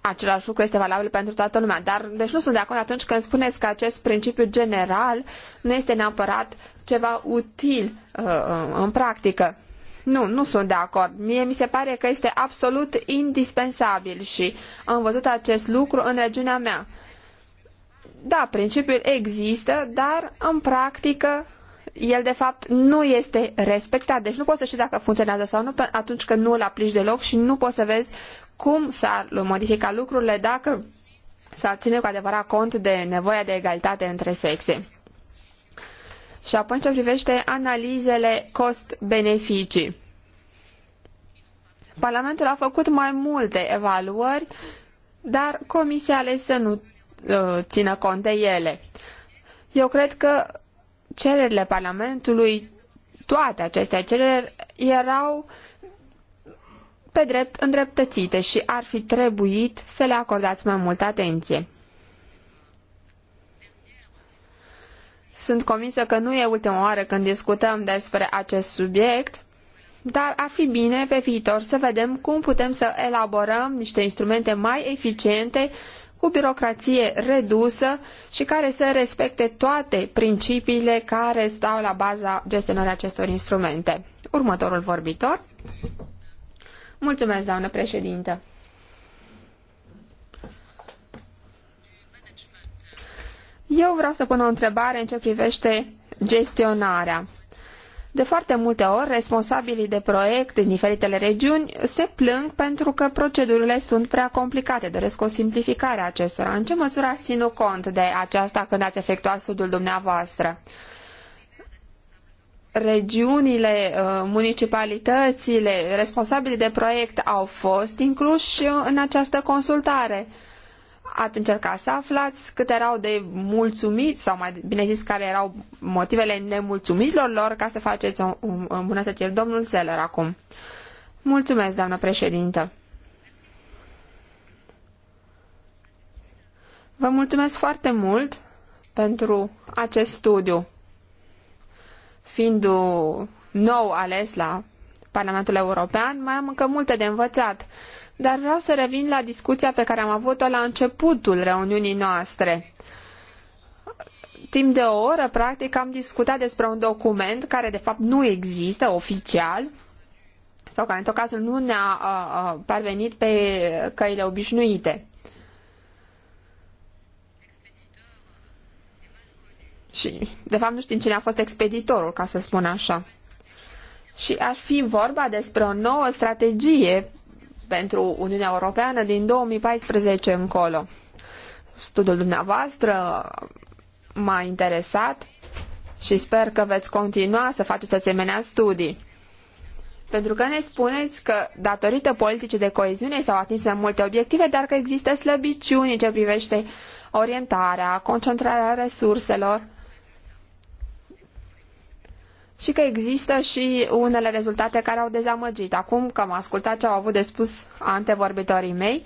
același lucru este valabil pentru toată lumea, dar deci nu sunt de acord atunci când spuneți că acest principiu general nu este neapărat ceva util uh, uh în practică. Nu, nu sunt de acord. Mie mi se pare că este absolut indispensabil și am văzut acest lucru în regiunea mea. Da, principiul există, dar în practică el de fapt nu este respectat. Deci nu poți să știi dacă funcționează sau nu atunci când nu îl aplici deloc și nu poți să vezi cum s-ar modifica lucrurile dacă s-ar ține cu adevărat cont de nevoia de egalitate între sexe. Și apoi ce privește analizele cost-beneficii. Parlamentul a făcut mai multe evaluări, dar comisia a ales să nu uh, țină cont de ele. Eu cred că cererile Parlamentului, toate aceste cereri, erau pe drept îndreptățite și ar fi trebuit să le acordați mai multă atenție. Sunt convinsă că nu e ultima oară când discutăm despre acest subiect, dar ar fi bine pe viitor să vedem cum putem să elaborăm niște instrumente mai eficiente, cu birocrație redusă și care să respecte toate principiile care stau la baza gestionării acestor instrumente. Următorul vorbitor. Mulțumesc, doamnă președintă. Eu vreau să pun o întrebare în ce privește gestionarea. De foarte multe ori, responsabilii de proiect din diferitele regiuni se plâng pentru că procedurile sunt prea complicate, doresc o simplificare a acestora. În ce măsură ați ținut cont de aceasta când ați efectuat studiul dumneavoastră? Regiunile, uh, municipalitățile, responsabilii de proiect au fost incluși în această consultare ați încercat să aflați cât erau de mulțumiți sau mai bine zis care erau motivele nemulțumirilor lor ca să faceți o îmbunătățire. Domnul Zeller acum. Mulțumesc, doamnă președintă. Vă mulțumesc foarte mult pentru acest studiu. Fiind nou ales la Parlamentul European, mai am încă multe de învățat dar vreau să revin la discuția pe care am avut-o la începutul reuniunii noastre. Timp de o oră, practic, am discutat despre un document care, de fapt, nu există oficial sau care, în tot cazul, nu ne-a uh, uh, parvenit pe căile obișnuite. Și, de fapt, nu știm cine a fost expeditorul, ca să spun așa. Și ar fi vorba despre o nouă strategie pentru Uniunea Europeană din 2014 încolo. Studiul dumneavoastră m-a interesat și sper că veți continua să faceți asemenea studii. Pentru că ne spuneți că, datorită politicii de coeziune, s-au atins mai multe obiective, dar că există slăbiciuni în ce privește orientarea, concentrarea resurselor și că există și unele rezultate care au dezamăgit. Acum că am ascultat ce au avut de spus antevorbitorii mei,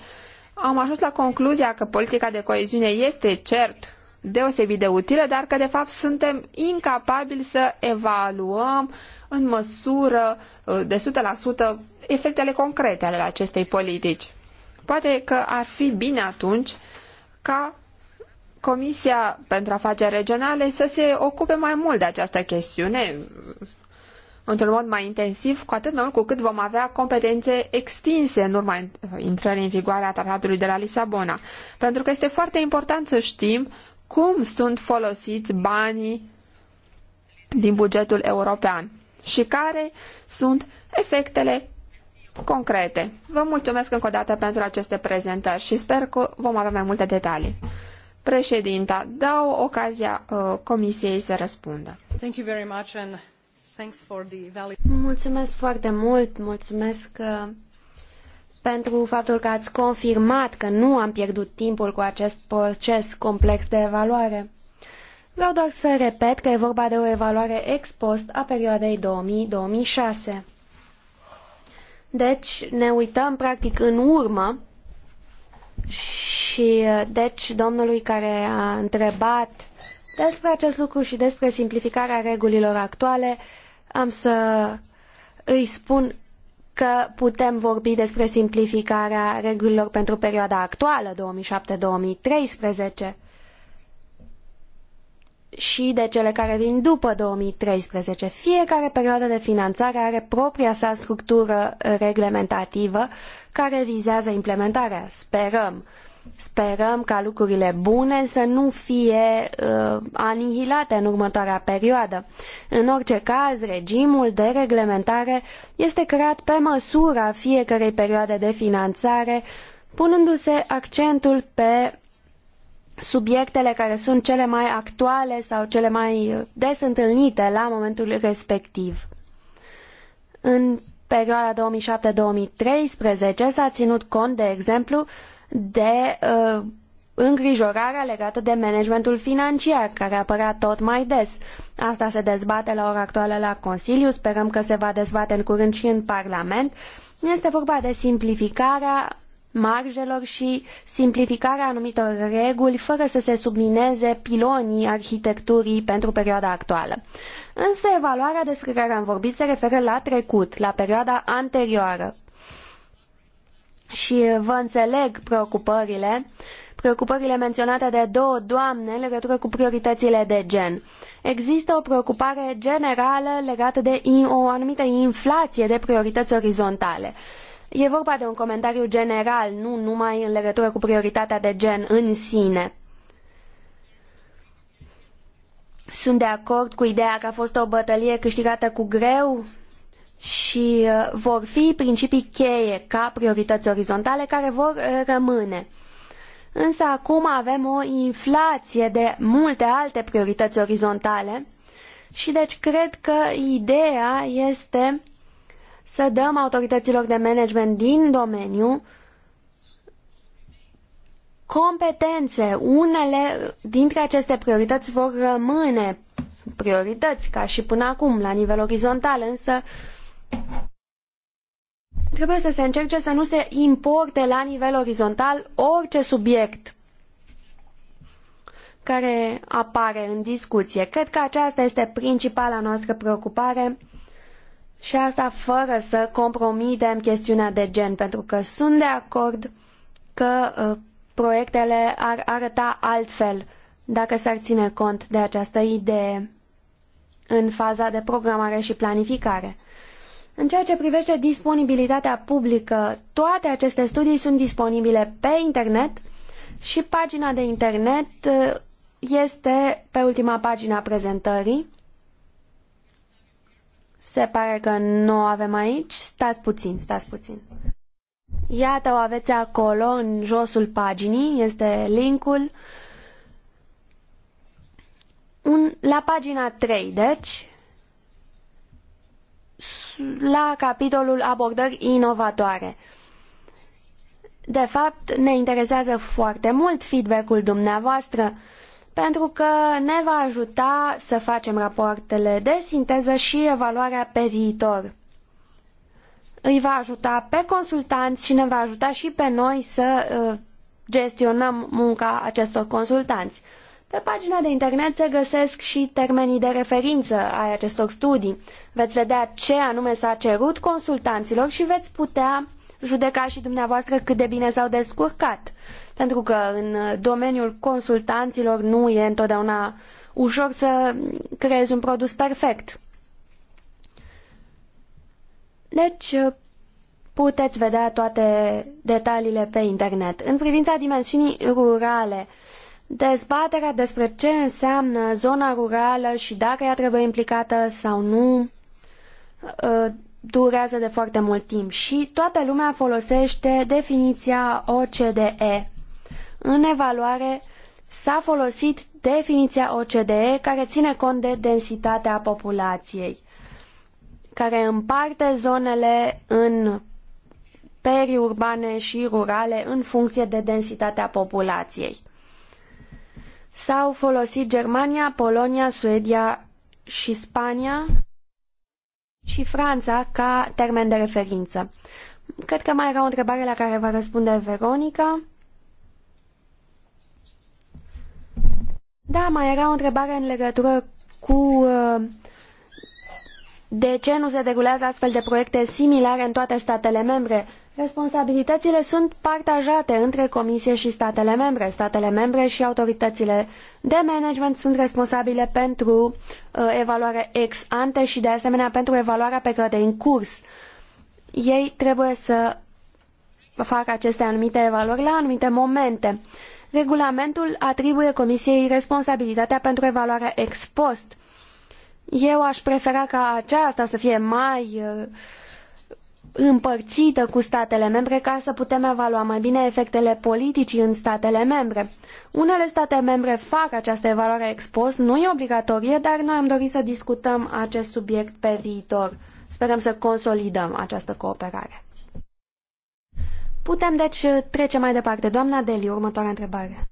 am ajuns la concluzia că politica de coeziune este cert deosebit de utilă, dar că de fapt suntem incapabili să evaluăm în măsură uh, de 100% efectele concrete ale acestei politici. Poate că ar fi bine atunci ca Comisia pentru Afaceri Regionale să se ocupe mai mult de această chestiune, într-un mod mai intensiv, cu atât mai mult cu cât vom avea competențe extinse în urma intrării în vigoare a tratatului de la Lisabona. Pentru că este foarte important să știm cum sunt folosiți banii din bugetul european și care sunt efectele concrete. Vă mulțumesc încă o dată pentru aceste prezentări și sper că vom avea mai multe detalii. Președinta, dau ocazia uh, comisiei să răspundă. Thank you very much and thanks for the Mulțumesc foarte mult, mulțumesc uh, pentru faptul că ați confirmat că nu am pierdut timpul cu acest proces complex de evaluare. Vreau doar să repet că e vorba de o evaluare ex post a perioadei 2000-2006. Deci ne uităm practic în urmă și uh, deci domnului care a întrebat despre acest lucru și despre simplificarea regulilor actuale, am să îi spun că putem vorbi despre simplificarea regulilor pentru perioada actuală, 2007-2013, și de cele care vin după 2013. Fiecare perioadă de finanțare are propria sa structură reglementativă care vizează implementarea. Sperăm. Sperăm ca lucrurile bune să nu fie uh, anihilate în următoarea perioadă. În orice caz, regimul de reglementare este creat pe măsura fiecărei perioade de finanțare, punându-se accentul pe subiectele care sunt cele mai actuale sau cele mai des întâlnite la momentul respectiv. În perioada 2007-2013 s-a ținut cont, de exemplu, de uh, îngrijorarea legată de managementul financiar, care apărea tot mai des. Asta se dezbate la ora actuală la Consiliu, sperăm că se va dezbate în curând și în Parlament. Este vorba de simplificarea marjelor și simplificarea anumitor reguli fără să se submineze pilonii arhitecturii pentru perioada actuală. Însă evaluarea despre care am vorbit se referă la trecut, la perioada anterioară. Și vă înțeleg preocupările, preocupările menționate de două doamne în legătură cu prioritățile de gen. Există o preocupare generală legată de o anumită inflație de priorități orizontale. E vorba de un comentariu general, nu numai în legătură cu prioritatea de gen în sine. Sunt de acord cu ideea că a fost o bătălie câștigată cu greu și uh, vor fi principii cheie ca priorități orizontale care vor uh, rămâne. Însă acum avem o inflație de multe alte priorități orizontale și deci cred că ideea este să dăm autorităților de management din domeniu competențe. Unele dintre aceste priorități vor rămâne priorități, ca și până acum, la nivel orizontal, însă trebuie să se încerce să nu se importe la nivel orizontal orice subiect care apare în discuție. Cred că aceasta este principala noastră preocupare și asta fără să compromitem chestiunea de gen, pentru că sunt de acord că uh, proiectele ar arăta altfel dacă s-ar ține cont de această idee în faza de programare și planificare. În ceea ce privește disponibilitatea publică, toate aceste studii sunt disponibile pe internet și pagina de internet uh, este pe ultima pagina prezentării se pare că nu o avem aici. Stați puțin, stați puțin. Iată, o aveți acolo, în josul paginii, este linkul. Un, la pagina 3, deci, la capitolul abordări inovatoare. De fapt, ne interesează foarte mult feedback-ul dumneavoastră pentru că ne va ajuta să facem rapoartele de sinteză și evaluarea pe viitor. Îi va ajuta pe consultanți și ne va ajuta și pe noi să uh, gestionăm munca acestor consultanți. Pe pagina de internet se găsesc și termenii de referință ai acestor studii. Veți vedea ce anume s-a cerut consultanților și veți putea judecați și dumneavoastră cât de bine s-au descurcat. Pentru că în domeniul consultanților nu e întotdeauna ușor să creezi un produs perfect. Deci, puteți vedea toate detaliile pe internet. În privința dimensiunii rurale, dezbaterea despre ce înseamnă zona rurală și dacă ea trebuie implicată sau nu durează de foarte mult timp și toată lumea folosește definiția OCDE. În evaluare s-a folosit definiția OCDE care ține cont de densitatea populației, care împarte zonele în periurbane și rurale în funcție de densitatea populației. S-au folosit Germania, Polonia, Suedia și Spania și Franța ca termen de referință. Cred că mai era o întrebare la care va răspunde Veronica. Da, mai era o întrebare în legătură cu uh, de ce nu se derulează astfel de proiecte similare în toate statele membre. Responsabilitățile sunt partajate între Comisie și statele membre. Statele membre și autoritățile de management sunt responsabile pentru uh, evaluarea ex ante și de asemenea pentru evaluarea pe care în curs. Ei trebuie să facă aceste anumite evaluări la anumite momente. Regulamentul atribuie Comisiei responsabilitatea pentru evaluarea ex post. Eu aș prefera ca aceasta să fie mai uh, împărțită cu statele membre ca să putem evalua mai bine efectele politicii în statele membre. Unele state membre fac această evaluare ex post, nu e obligatorie, dar noi am dorit să discutăm acest subiect pe viitor. Sperăm să consolidăm această cooperare. Putem deci trece mai departe. Doamna Deli, următoarea întrebare.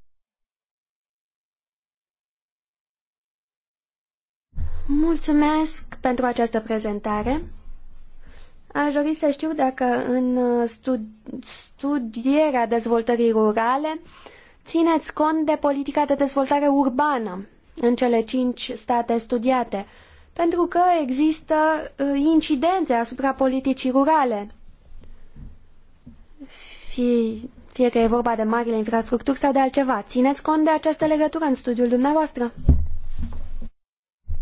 Mulțumesc pentru această prezentare. Aș dori să știu dacă în uh, studierea dezvoltării rurale țineți cont de politica de dezvoltare urbană în cele cinci state studiate, pentru că există uh, incidențe asupra politicii rurale. Fie, fie că e vorba de marile infrastructuri sau de altceva. Țineți cont de această legătură în studiul dumneavoastră?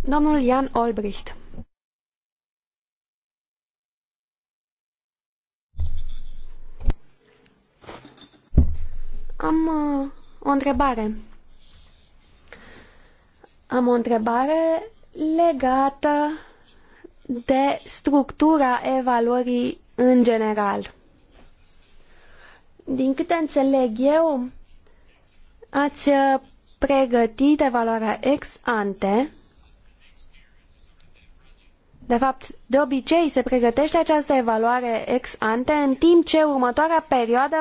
Domnul Jan Olbricht Am uh, o întrebare. Am o întrebare legată de structura evaluării în general. Din câte înțeleg eu, ați uh, pregătit evaluarea ex ante. De fapt, de obicei se pregătește această evaluare ex ante în timp ce următoarea perioadă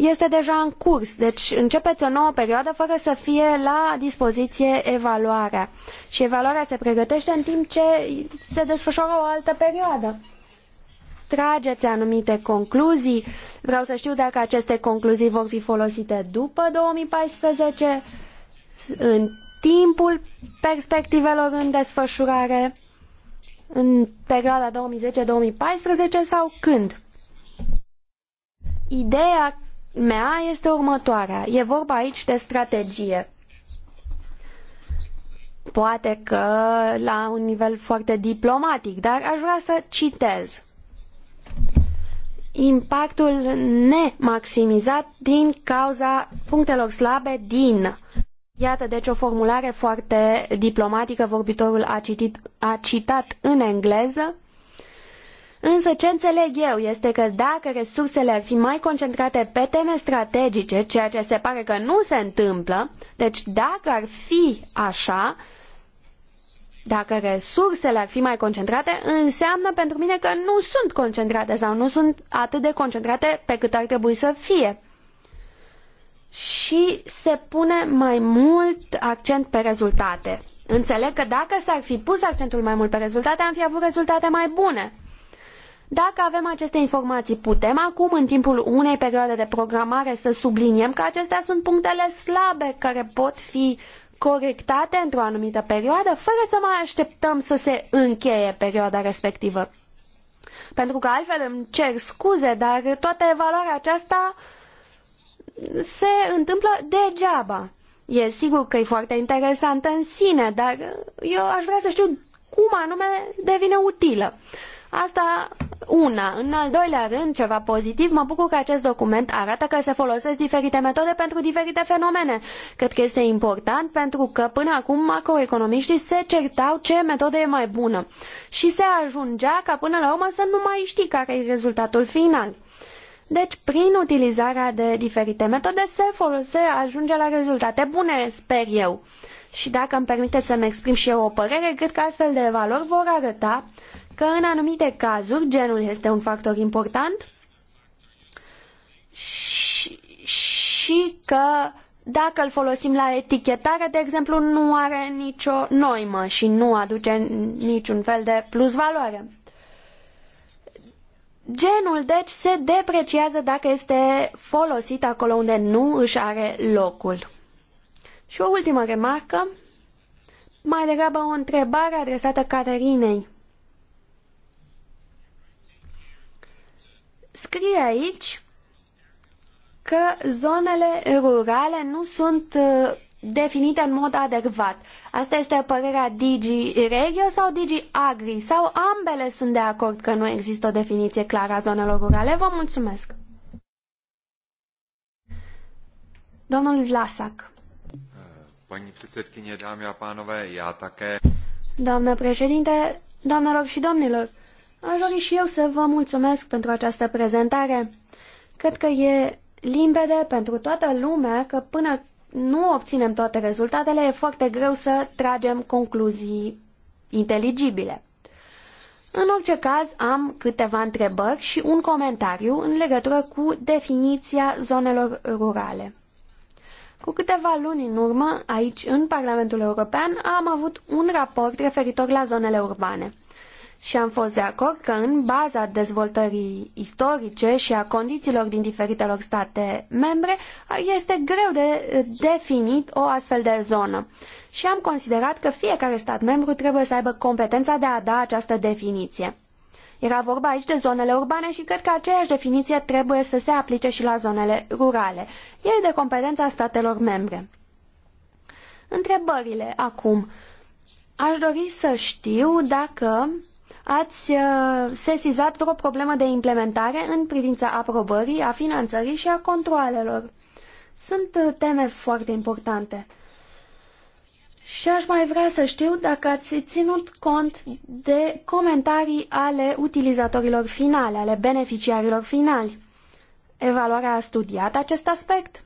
este deja în curs, deci începeți o nouă perioadă fără să fie la dispoziție evaluarea. Și evaluarea se pregătește în timp ce se desfășoară o altă perioadă. Trageți anumite concluzii. Vreau să știu dacă aceste concluzii vor fi folosite după 2014, în timpul perspectivelor în desfășurare, în perioada 2010-2014 sau când. Ideea mea este următoarea. E vorba aici de strategie. Poate că la un nivel foarte diplomatic, dar aș vrea să citez. Impactul nemaximizat din cauza punctelor slabe din. Iată deci o formulare foarte diplomatică, vorbitorul a, citit, a citat în engleză Însă ce înțeleg eu este că dacă resursele ar fi mai concentrate pe teme strategice, ceea ce se pare că nu se întâmplă, deci dacă ar fi așa, dacă resursele ar fi mai concentrate, înseamnă pentru mine că nu sunt concentrate sau nu sunt atât de concentrate pe cât ar trebui să fie. Și se pune mai mult accent pe rezultate. Înțeleg că dacă s-ar fi pus accentul mai mult pe rezultate, am fi avut rezultate mai bune. Dacă avem aceste informații, putem acum, în timpul unei perioade de programare, să subliniem că acestea sunt punctele slabe care pot fi corectate într-o anumită perioadă, fără să mai așteptăm să se încheie perioada respectivă. Pentru că altfel îmi cer scuze, dar toată evaluarea aceasta se întâmplă degeaba. E sigur că e foarte interesantă în sine, dar eu aș vrea să știu cum anume devine utilă. Asta una. În al doilea rând, ceva pozitiv, mă bucur că acest document arată că se folosesc diferite metode pentru diferite fenomene. Cred că este important pentru că până acum macroeconomiștii se certau ce metodă e mai bună și se ajungea ca până la urmă să nu mai știi care e rezultatul final. Deci, prin utilizarea de diferite metode, se folose, ajunge la rezultate bune, sper eu. Și dacă îmi permiteți să-mi exprim și eu o părere, cred că astfel de valori vor arăta că în anumite cazuri genul este un factor important și, și că dacă îl folosim la etichetare, de exemplu, nu are nicio noimă și nu aduce niciun fel de plus valoare. Genul, deci, se depreciază dacă este folosit acolo unde nu își are locul. Și o ultimă remarcă, mai degrabă o întrebare adresată Caterinei. Scrie aici că zonele rurale nu sunt uh, definite în mod adecvat. Asta este părerea Digi Regio sau Digi Agri sau ambele sunt de acord că nu există o definiție clară a zonelor rurale. Vă mulțumesc. Domnul Vlasac. Pani Doamnă președinte, doamnelor și domnilor, Aș dori și eu să vă mulțumesc pentru această prezentare. Cred că e limpede pentru toată lumea că până nu obținem toate rezultatele, e foarte greu să tragem concluzii inteligibile. În orice caz, am câteva întrebări și un comentariu în legătură cu definiția zonelor rurale. Cu câteva luni în urmă, aici, în Parlamentul European, am avut un raport referitor la zonele urbane și am fost de acord că în baza dezvoltării istorice și a condițiilor din diferitelor state membre este greu de definit o astfel de zonă. Și am considerat că fiecare stat membru trebuie să aibă competența de a da această definiție. Era vorba aici de zonele urbane și cred că aceeași definiție trebuie să se aplice și la zonele rurale. E de competența statelor membre. Întrebările acum. Aș dori să știu dacă ați uh, sesizat vreo problemă de implementare în privința aprobării, a finanțării și a controalelor. Sunt uh, teme foarte importante. Și aș mai vrea să știu dacă ați ținut cont de comentarii ale utilizatorilor finale, ale beneficiarilor finali. Evaluarea a studiat acest aspect?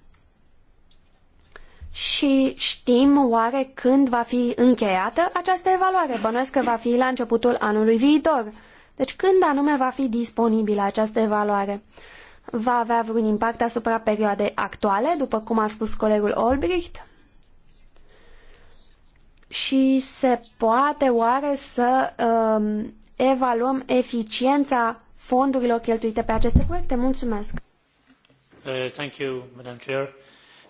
Și știm oare când va fi încheiată această evaluare? Bănuiesc că va fi la începutul anului viitor. Deci când anume va fi disponibilă această evaluare? Va avea vreun impact asupra perioadei actuale, după cum a spus colegul Olbricht? Și se poate oare să um, evaluăm eficiența fondurilor cheltuite pe aceste proiecte? Mulțumesc! Uh, thank you, Madam Chair.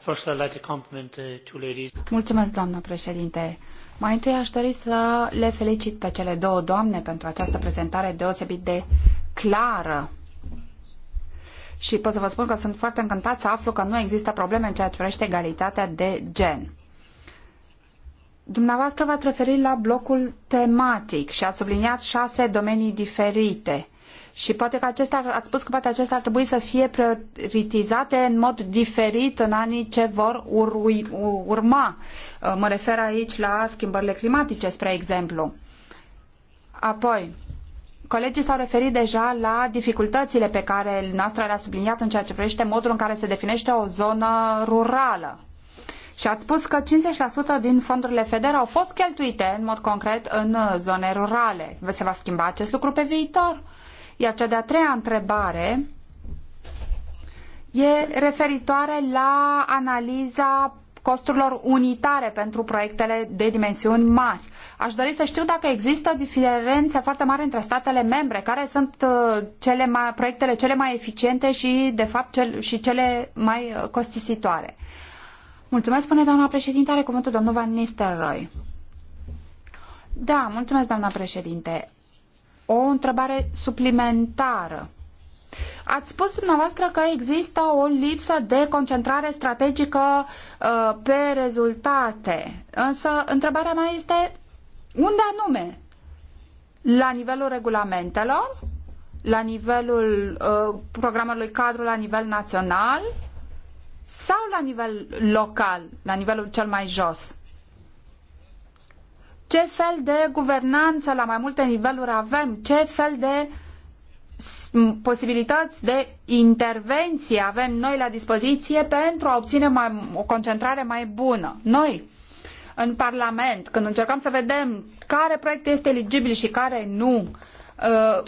Uh, Mulțumesc, președinte. Mai întâi aș dori să le felicit pe cele două doamne pentru această prezentare deosebit de clară și pot să vă spun că sunt foarte încântat să aflu că nu există probleme în ceea ce privește egalitatea de gen. Dumneavoastră v-ați referit la blocul tematic și ați subliniat șase domenii diferite și poate că acestea, ați spus că poate acestea ar trebui să fie prioritizate în mod diferit în anii ce vor ur, urma. Uh, mă refer aici la schimbările climatice, spre exemplu. Apoi, colegii s-au referit deja la dificultățile pe care noastră le-a subliniat în ceea ce privește modul în care se definește o zonă rurală. Și ați spus că 50% din fondurile FEDER au fost cheltuite în mod concret în zone rurale. Se va schimba acest lucru pe viitor? Uh, iar cea de-a treia întrebare e referitoare la analiza costurilor unitare pentru proiectele de dimensiuni mari. Aș dori să știu dacă există diferențe foarte mari între statele membre, care sunt uh, cele mai, proiectele cele mai eficiente și, de fapt, cel, și cele mai uh, costisitoare. Mulțumesc, spune doamna președinte, are cuvântul domnul Van Nistelrooy. Da, mulțumesc, doamna președinte o întrebare suplimentară. Ați spus dumneavoastră că există o lipsă de concentrare strategică uh, pe rezultate. Însă, întrebarea mea este unde anume? La nivelul regulamentelor? La nivelul uh, programului cadru la nivel național? Sau la nivel local, la nivelul cel mai jos? ce fel de guvernanță la mai multe niveluri avem, ce fel de posibilități de intervenție avem noi la dispoziție pentru a obține mai, o concentrare mai bună. Noi, în Parlament, când încercăm să vedem care proiect este eligibil și care nu, uh,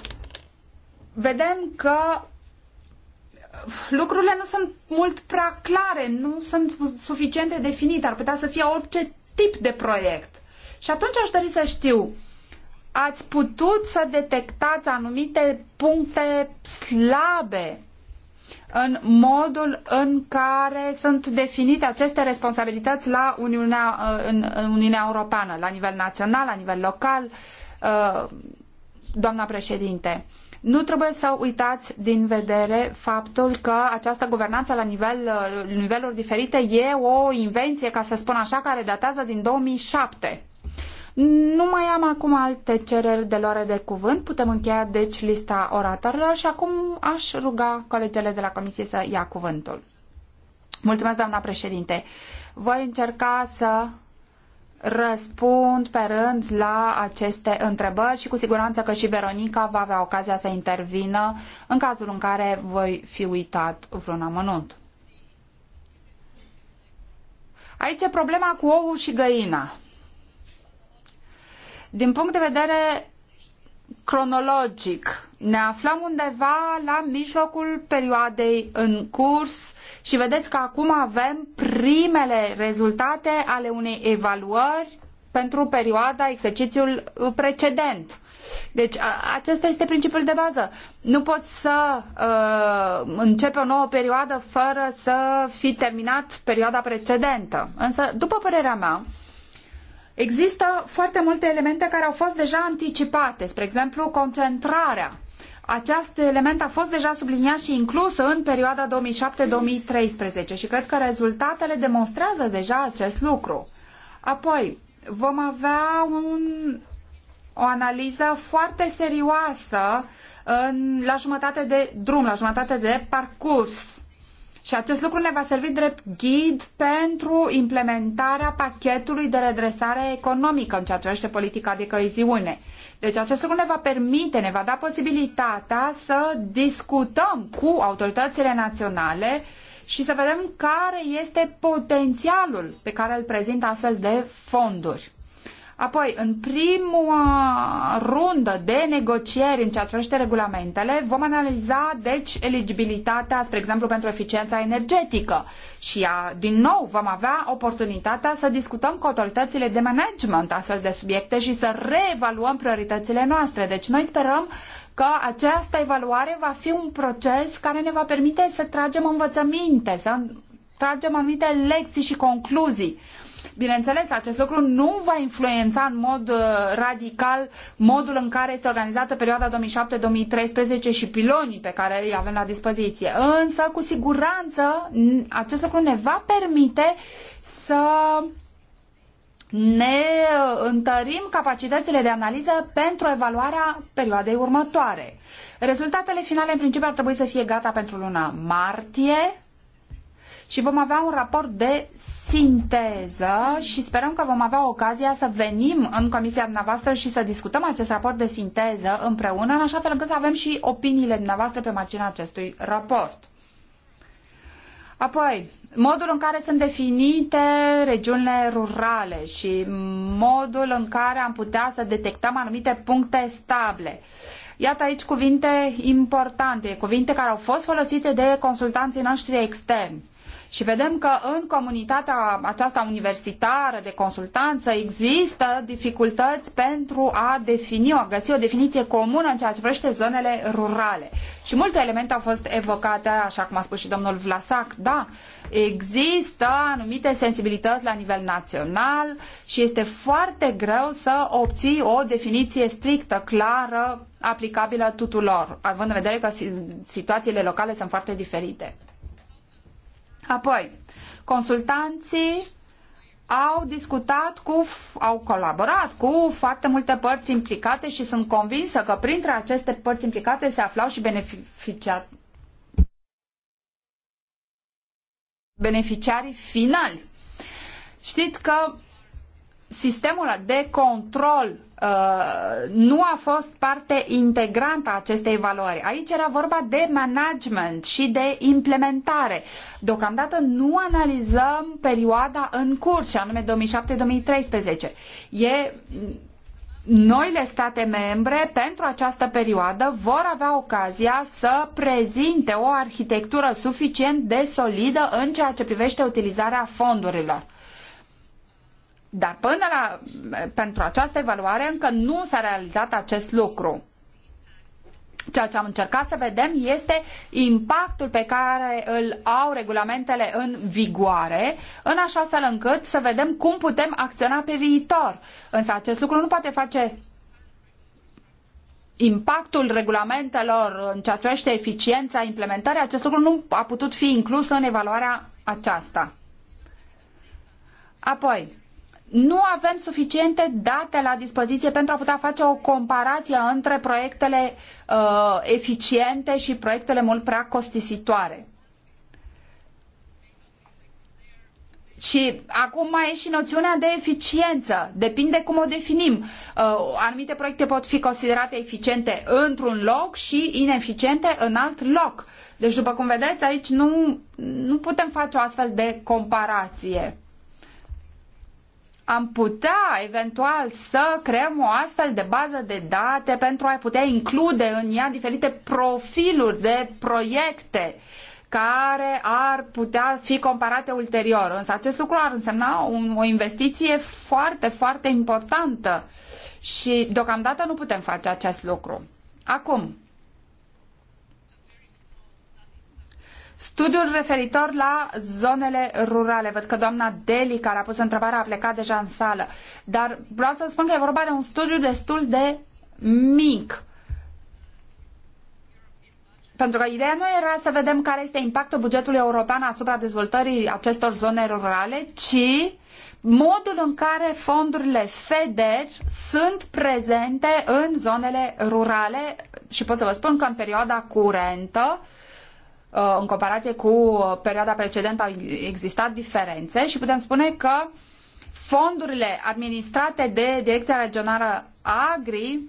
vedem că uh, lucrurile nu sunt mult prea clare, nu sunt suficient de definite, ar putea să fie orice tip de proiect. Și atunci aș dori să știu, ați putut să detectați anumite puncte slabe în modul în care sunt definite aceste responsabilități la Uniunea, uh, în, în Uniunea Europeană, la nivel național, la nivel local, uh, doamna președinte. Nu trebuie să uitați din vedere faptul că această guvernanță la nivel, uh, niveluri diferite e o invenție, ca să spun așa, care datează din 2007. Nu mai am acum alte cereri de luare de cuvânt. Putem încheia, deci, lista oratorilor și acum aș ruga colegele de la Comisie să ia cuvântul. Mulțumesc, doamna președinte. Voi încerca să răspund pe rând la aceste întrebări și cu siguranță că și Veronica va avea ocazia să intervină în cazul în care voi fi uitat vreun amănunt. Aici e problema cu oul și găina. Din punct de vedere cronologic, ne aflăm undeva la mijlocul perioadei în curs și vedeți că acum avem primele rezultate ale unei evaluări pentru perioada, exercițiul precedent. Deci acesta este principiul de bază. Nu poți să uh, începi o nouă perioadă fără să fi terminat perioada precedentă. Însă, după părerea mea, uh, Există foarte multe elemente care au fost deja anticipate, spre exemplu concentrarea. Acest element a fost deja subliniat și inclus în perioada 2007-2013 și cred că rezultatele demonstrează deja acest lucru. Apoi, vom avea un, o analiză foarte serioasă în, la jumătate de drum, la jumătate de parcurs și acest lucru ne va servi drept ghid pentru implementarea pachetului de redresare economică în ceea ce privește politica de coeziune. Deci acest lucru ne va permite, ne va da posibilitatea să discutăm cu autoritățile naționale și să vedem care este potențialul pe care îl prezintă astfel de fonduri. Apoi, în prima rundă de negocieri în ceea ce privește regulamentele, vom analiza, deci, eligibilitatea, spre exemplu, pentru eficiența energetică. Și, din nou, vom avea oportunitatea să discutăm cu autoritățile de management astfel de subiecte și să reevaluăm prioritățile noastre. Deci, noi sperăm că această evaluare va fi un proces care ne va permite să tragem învățăminte, să tragem anumite lecții și concluzii Bineînțeles, acest lucru nu va influența în mod uh, radical modul în care este organizată perioada 2007-2013 și pilonii pe care îi avem la dispoziție. Însă, cu siguranță, acest lucru ne va permite să ne întărim capacitățile de analiză pentru evaluarea perioadei următoare. Rezultatele finale, în principiu, ar trebui să fie gata pentru luna martie, și vom avea un raport de sinteză și sperăm că vom avea ocazia să venim în comisia dumneavoastră și să discutăm acest raport de sinteză împreună, în așa fel încât să avem și opiniile dumneavoastră pe marginea acestui raport. Apoi, modul în care sunt definite regiunile rurale și modul în care am putea să detectăm anumite puncte stable. Iată aici cuvinte importante, cuvinte care au fost folosite de consultanții noștri externi. Și vedem că în comunitatea aceasta universitară de consultanță există dificultăți pentru a defini, a găsi o definiție comună în ceea ce privește zonele rurale. Și multe elemente au fost evocate, așa cum a spus și domnul Vlasac, da, există anumite sensibilități la nivel național și este foarte greu să obții o definiție strictă, clară, aplicabilă tuturor, având în vedere că situațiile locale sunt foarte diferite. Apoi, consultanții au discutat cu, au colaborat cu foarte multe părți implicate și sunt convinsă că printre aceste părți implicate se aflau și beneficiat, beneficiarii finali. Știți că sistemul de control uh, nu a fost parte integrantă a acestei valori. Aici era vorba de management și de implementare. Deocamdată nu analizăm perioada în curs, și anume 2007-2013. E noile state membre pentru această perioadă vor avea ocazia să prezinte o arhitectură suficient de solidă în ceea ce privește utilizarea fondurilor. Dar până la, pentru această evaluare încă nu s-a realizat acest lucru. Ceea ce am încercat să vedem este impactul pe care îl au regulamentele în vigoare, în așa fel încât să vedem cum putem acționa pe viitor. Însă acest lucru nu poate face impactul regulamentelor în ceea ce privește eficiența implementării, acest lucru nu a putut fi inclus în evaluarea aceasta. Apoi, nu avem suficiente date la dispoziție pentru a putea face o comparație între proiectele uh, eficiente și proiectele mult prea costisitoare. Și acum mai e și noțiunea de eficiență. Depinde cum o definim. Uh, anumite proiecte pot fi considerate eficiente într-un loc și ineficiente în alt loc. Deci, după cum vedeți, aici nu, nu putem face o astfel de comparație am putea eventual să creăm o astfel de bază de date pentru a putea include în ea diferite profiluri de proiecte care ar putea fi comparate ulterior. Însă acest lucru ar însemna o investiție foarte, foarte importantă și deocamdată nu putem face acest lucru. Acum, Studiul referitor la zonele rurale. Văd că doamna Deli, care a pus întrebarea, a plecat deja în sală. Dar vreau să spun că e vorba de un studiu destul de mic. Pentru că ideea nu era să vedem care este impactul bugetului european asupra dezvoltării acestor zone rurale, ci modul în care fondurile FEDER sunt prezente în zonele rurale și pot să vă spun că în perioada curentă uh, Uh, în comparație cu uh, perioada precedentă au existat diferențe și putem spune că fondurile administrate de Direcția Regională Agri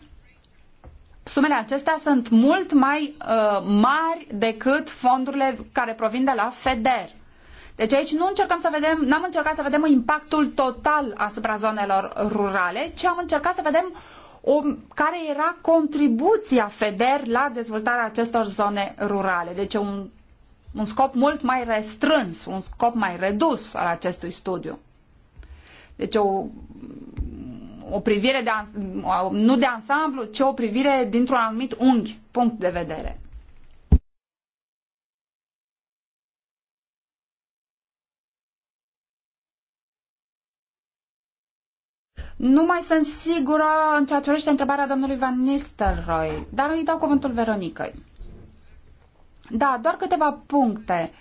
sumele acestea sunt mult mai uh, mari decât fondurile care provin de la FEDER. Deci aici nu încercăm să vedem, n-am încercat să vedem impactul total asupra zonelor rurale, ci am încercat să vedem o, care era contribuția FEDER la dezvoltarea acestor zone rurale. Deci un un scop mult mai restrâns, un scop mai redus al acestui studiu. Deci o, o privire de, nu de ansamblu, ci o privire dintr-un anumit unghi, punct de vedere. Nu mai sunt sigură în ceea ce privește întrebarea domnului Van Nistelrooy, dar îi dau cuvântul Veronicăi. Da, doar câteva puncte.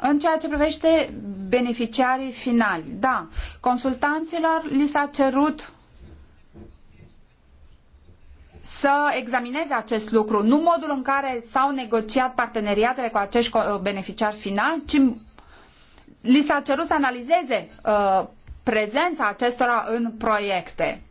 În ceea ce privește beneficiarii finali, da, consultanților li s-a cerut să examineze acest lucru, nu modul în care s-au negociat parteneriatele cu acești beneficiari finali, ci li s-a cerut să analizeze uh, prezența acestora în proiecte.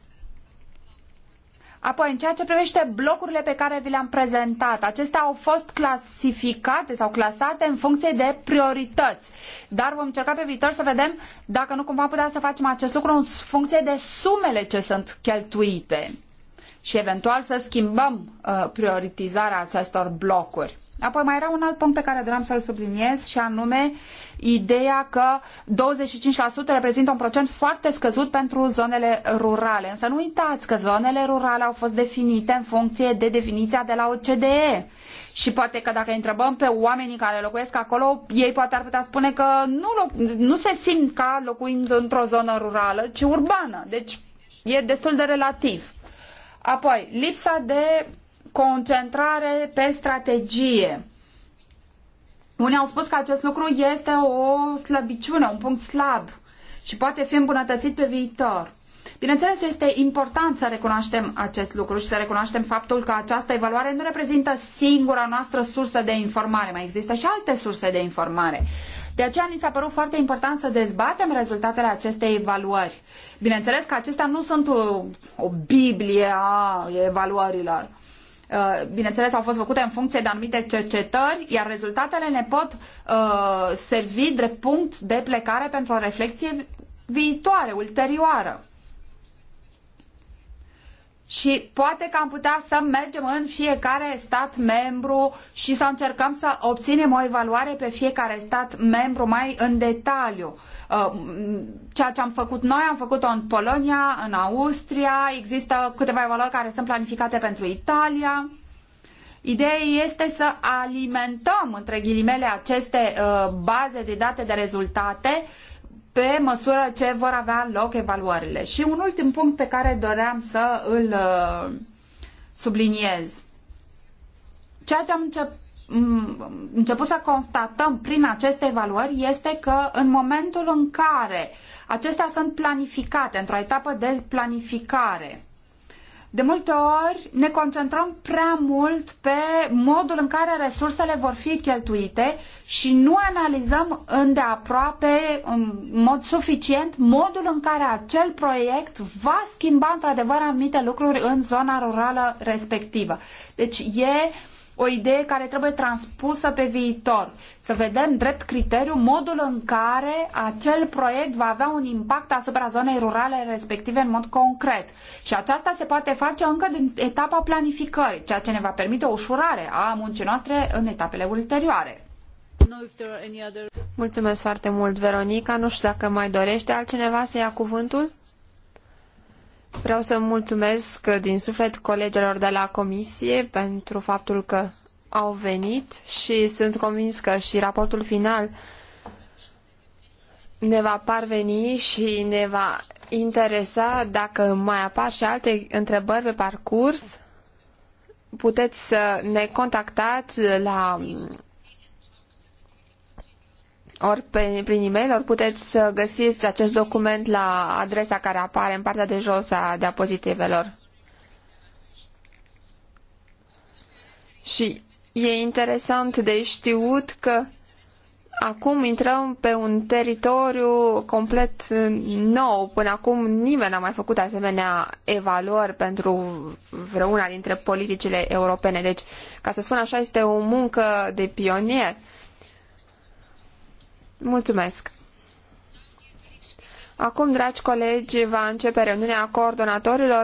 Apoi, în ceea ce privește blocurile pe care vi le-am prezentat, acestea au fost clasificate sau clasate în funcție de priorități. Dar vom încerca pe viitor să vedem dacă nu cumva putea să facem acest lucru în funcție de sumele ce sunt cheltuite și eventual să schimbăm uh, prioritizarea acestor blocuri. Apoi mai era un alt punct pe care doream să-l subliniez și anume ideea că 25% reprezintă un procent foarte scăzut pentru zonele rurale. Însă nu uitați că zonele rurale au fost definite în funcție de definiția de la OCDE. Și poate că dacă întrebăm pe oamenii care locuiesc acolo, ei poate ar putea spune că nu, nu se simt ca locuind într-o zonă rurală, ci urbană. Deci e destul de relativ. Apoi, lipsa de concentrare pe strategie. Unii au spus că acest lucru este o slăbiciune, un punct slab și poate fi îmbunătățit pe viitor. Bineînțeles, este important să recunoaștem acest lucru și să recunoaștem faptul că această evaluare nu reprezintă singura noastră sursă de informare. Mai există și alte surse de informare. De aceea ni s-a părut foarte important să dezbatem rezultatele acestei evaluări. Bineînțeles că acestea nu sunt o, o biblie a evaluărilor. Uh, Uh, bineînțeles, au fost făcute în funcție de anumite cercetări, iar rezultatele ne pot uh, servi drept punct de plecare pentru o reflexie viitoare, ulterioară și poate că am putea să mergem în fiecare stat membru și să încercăm să obținem o evaluare pe fiecare stat membru mai în detaliu. Uh, ceea ce am făcut noi, am făcut-o în Polonia, în Austria, există câteva evaluări care sunt planificate pentru Italia. Ideea este să alimentăm, între ghilimele, aceste uh, baze de date de rezultate pe măsură ce vor avea loc evaluările. Și un ultim punct pe care doream să îl uh, subliniez. Ceea ce am început început să constatăm prin aceste evaluări este că în momentul în care acestea sunt planificate, într-o etapă de planificare, de multe ori ne concentrăm prea mult pe modul în care resursele vor fi cheltuite și nu analizăm îndeaproape, în mod suficient, modul în care acel proiect va schimba într-adevăr anumite lucruri în zona rurală respectivă. Deci e o idee care trebuie transpusă pe viitor. Să vedem drept criteriu modul în care acel proiect va avea un impact asupra zonei rurale respective în mod concret. Și aceasta se poate face încă din etapa planificării, ceea ce ne va permite o ușurare a muncii noastre în etapele ulterioare. Mulțumesc foarte mult, Veronica. Nu știu dacă mai dorește altcineva să ia cuvântul. Vreau să mulțumesc din suflet colegilor de la comisie pentru faptul că au venit și sunt convins că și raportul final ne va parveni și ne va interesa dacă mai apar și alte întrebări pe parcurs puteți să ne contactați la ori pe, prin e-mail, ori puteți să găsiți acest document la adresa care apare în partea de jos a diapozitivelor. Și e interesant de știut că acum intrăm pe un teritoriu complet nou. Până acum nimeni n-a mai făcut asemenea evaluări pentru vreuna dintre politicile europene. Deci, ca să spun așa, este o muncă de pionier. Mulțumesc! Acum, dragi colegi, va începe reuniunea coordonatorilor.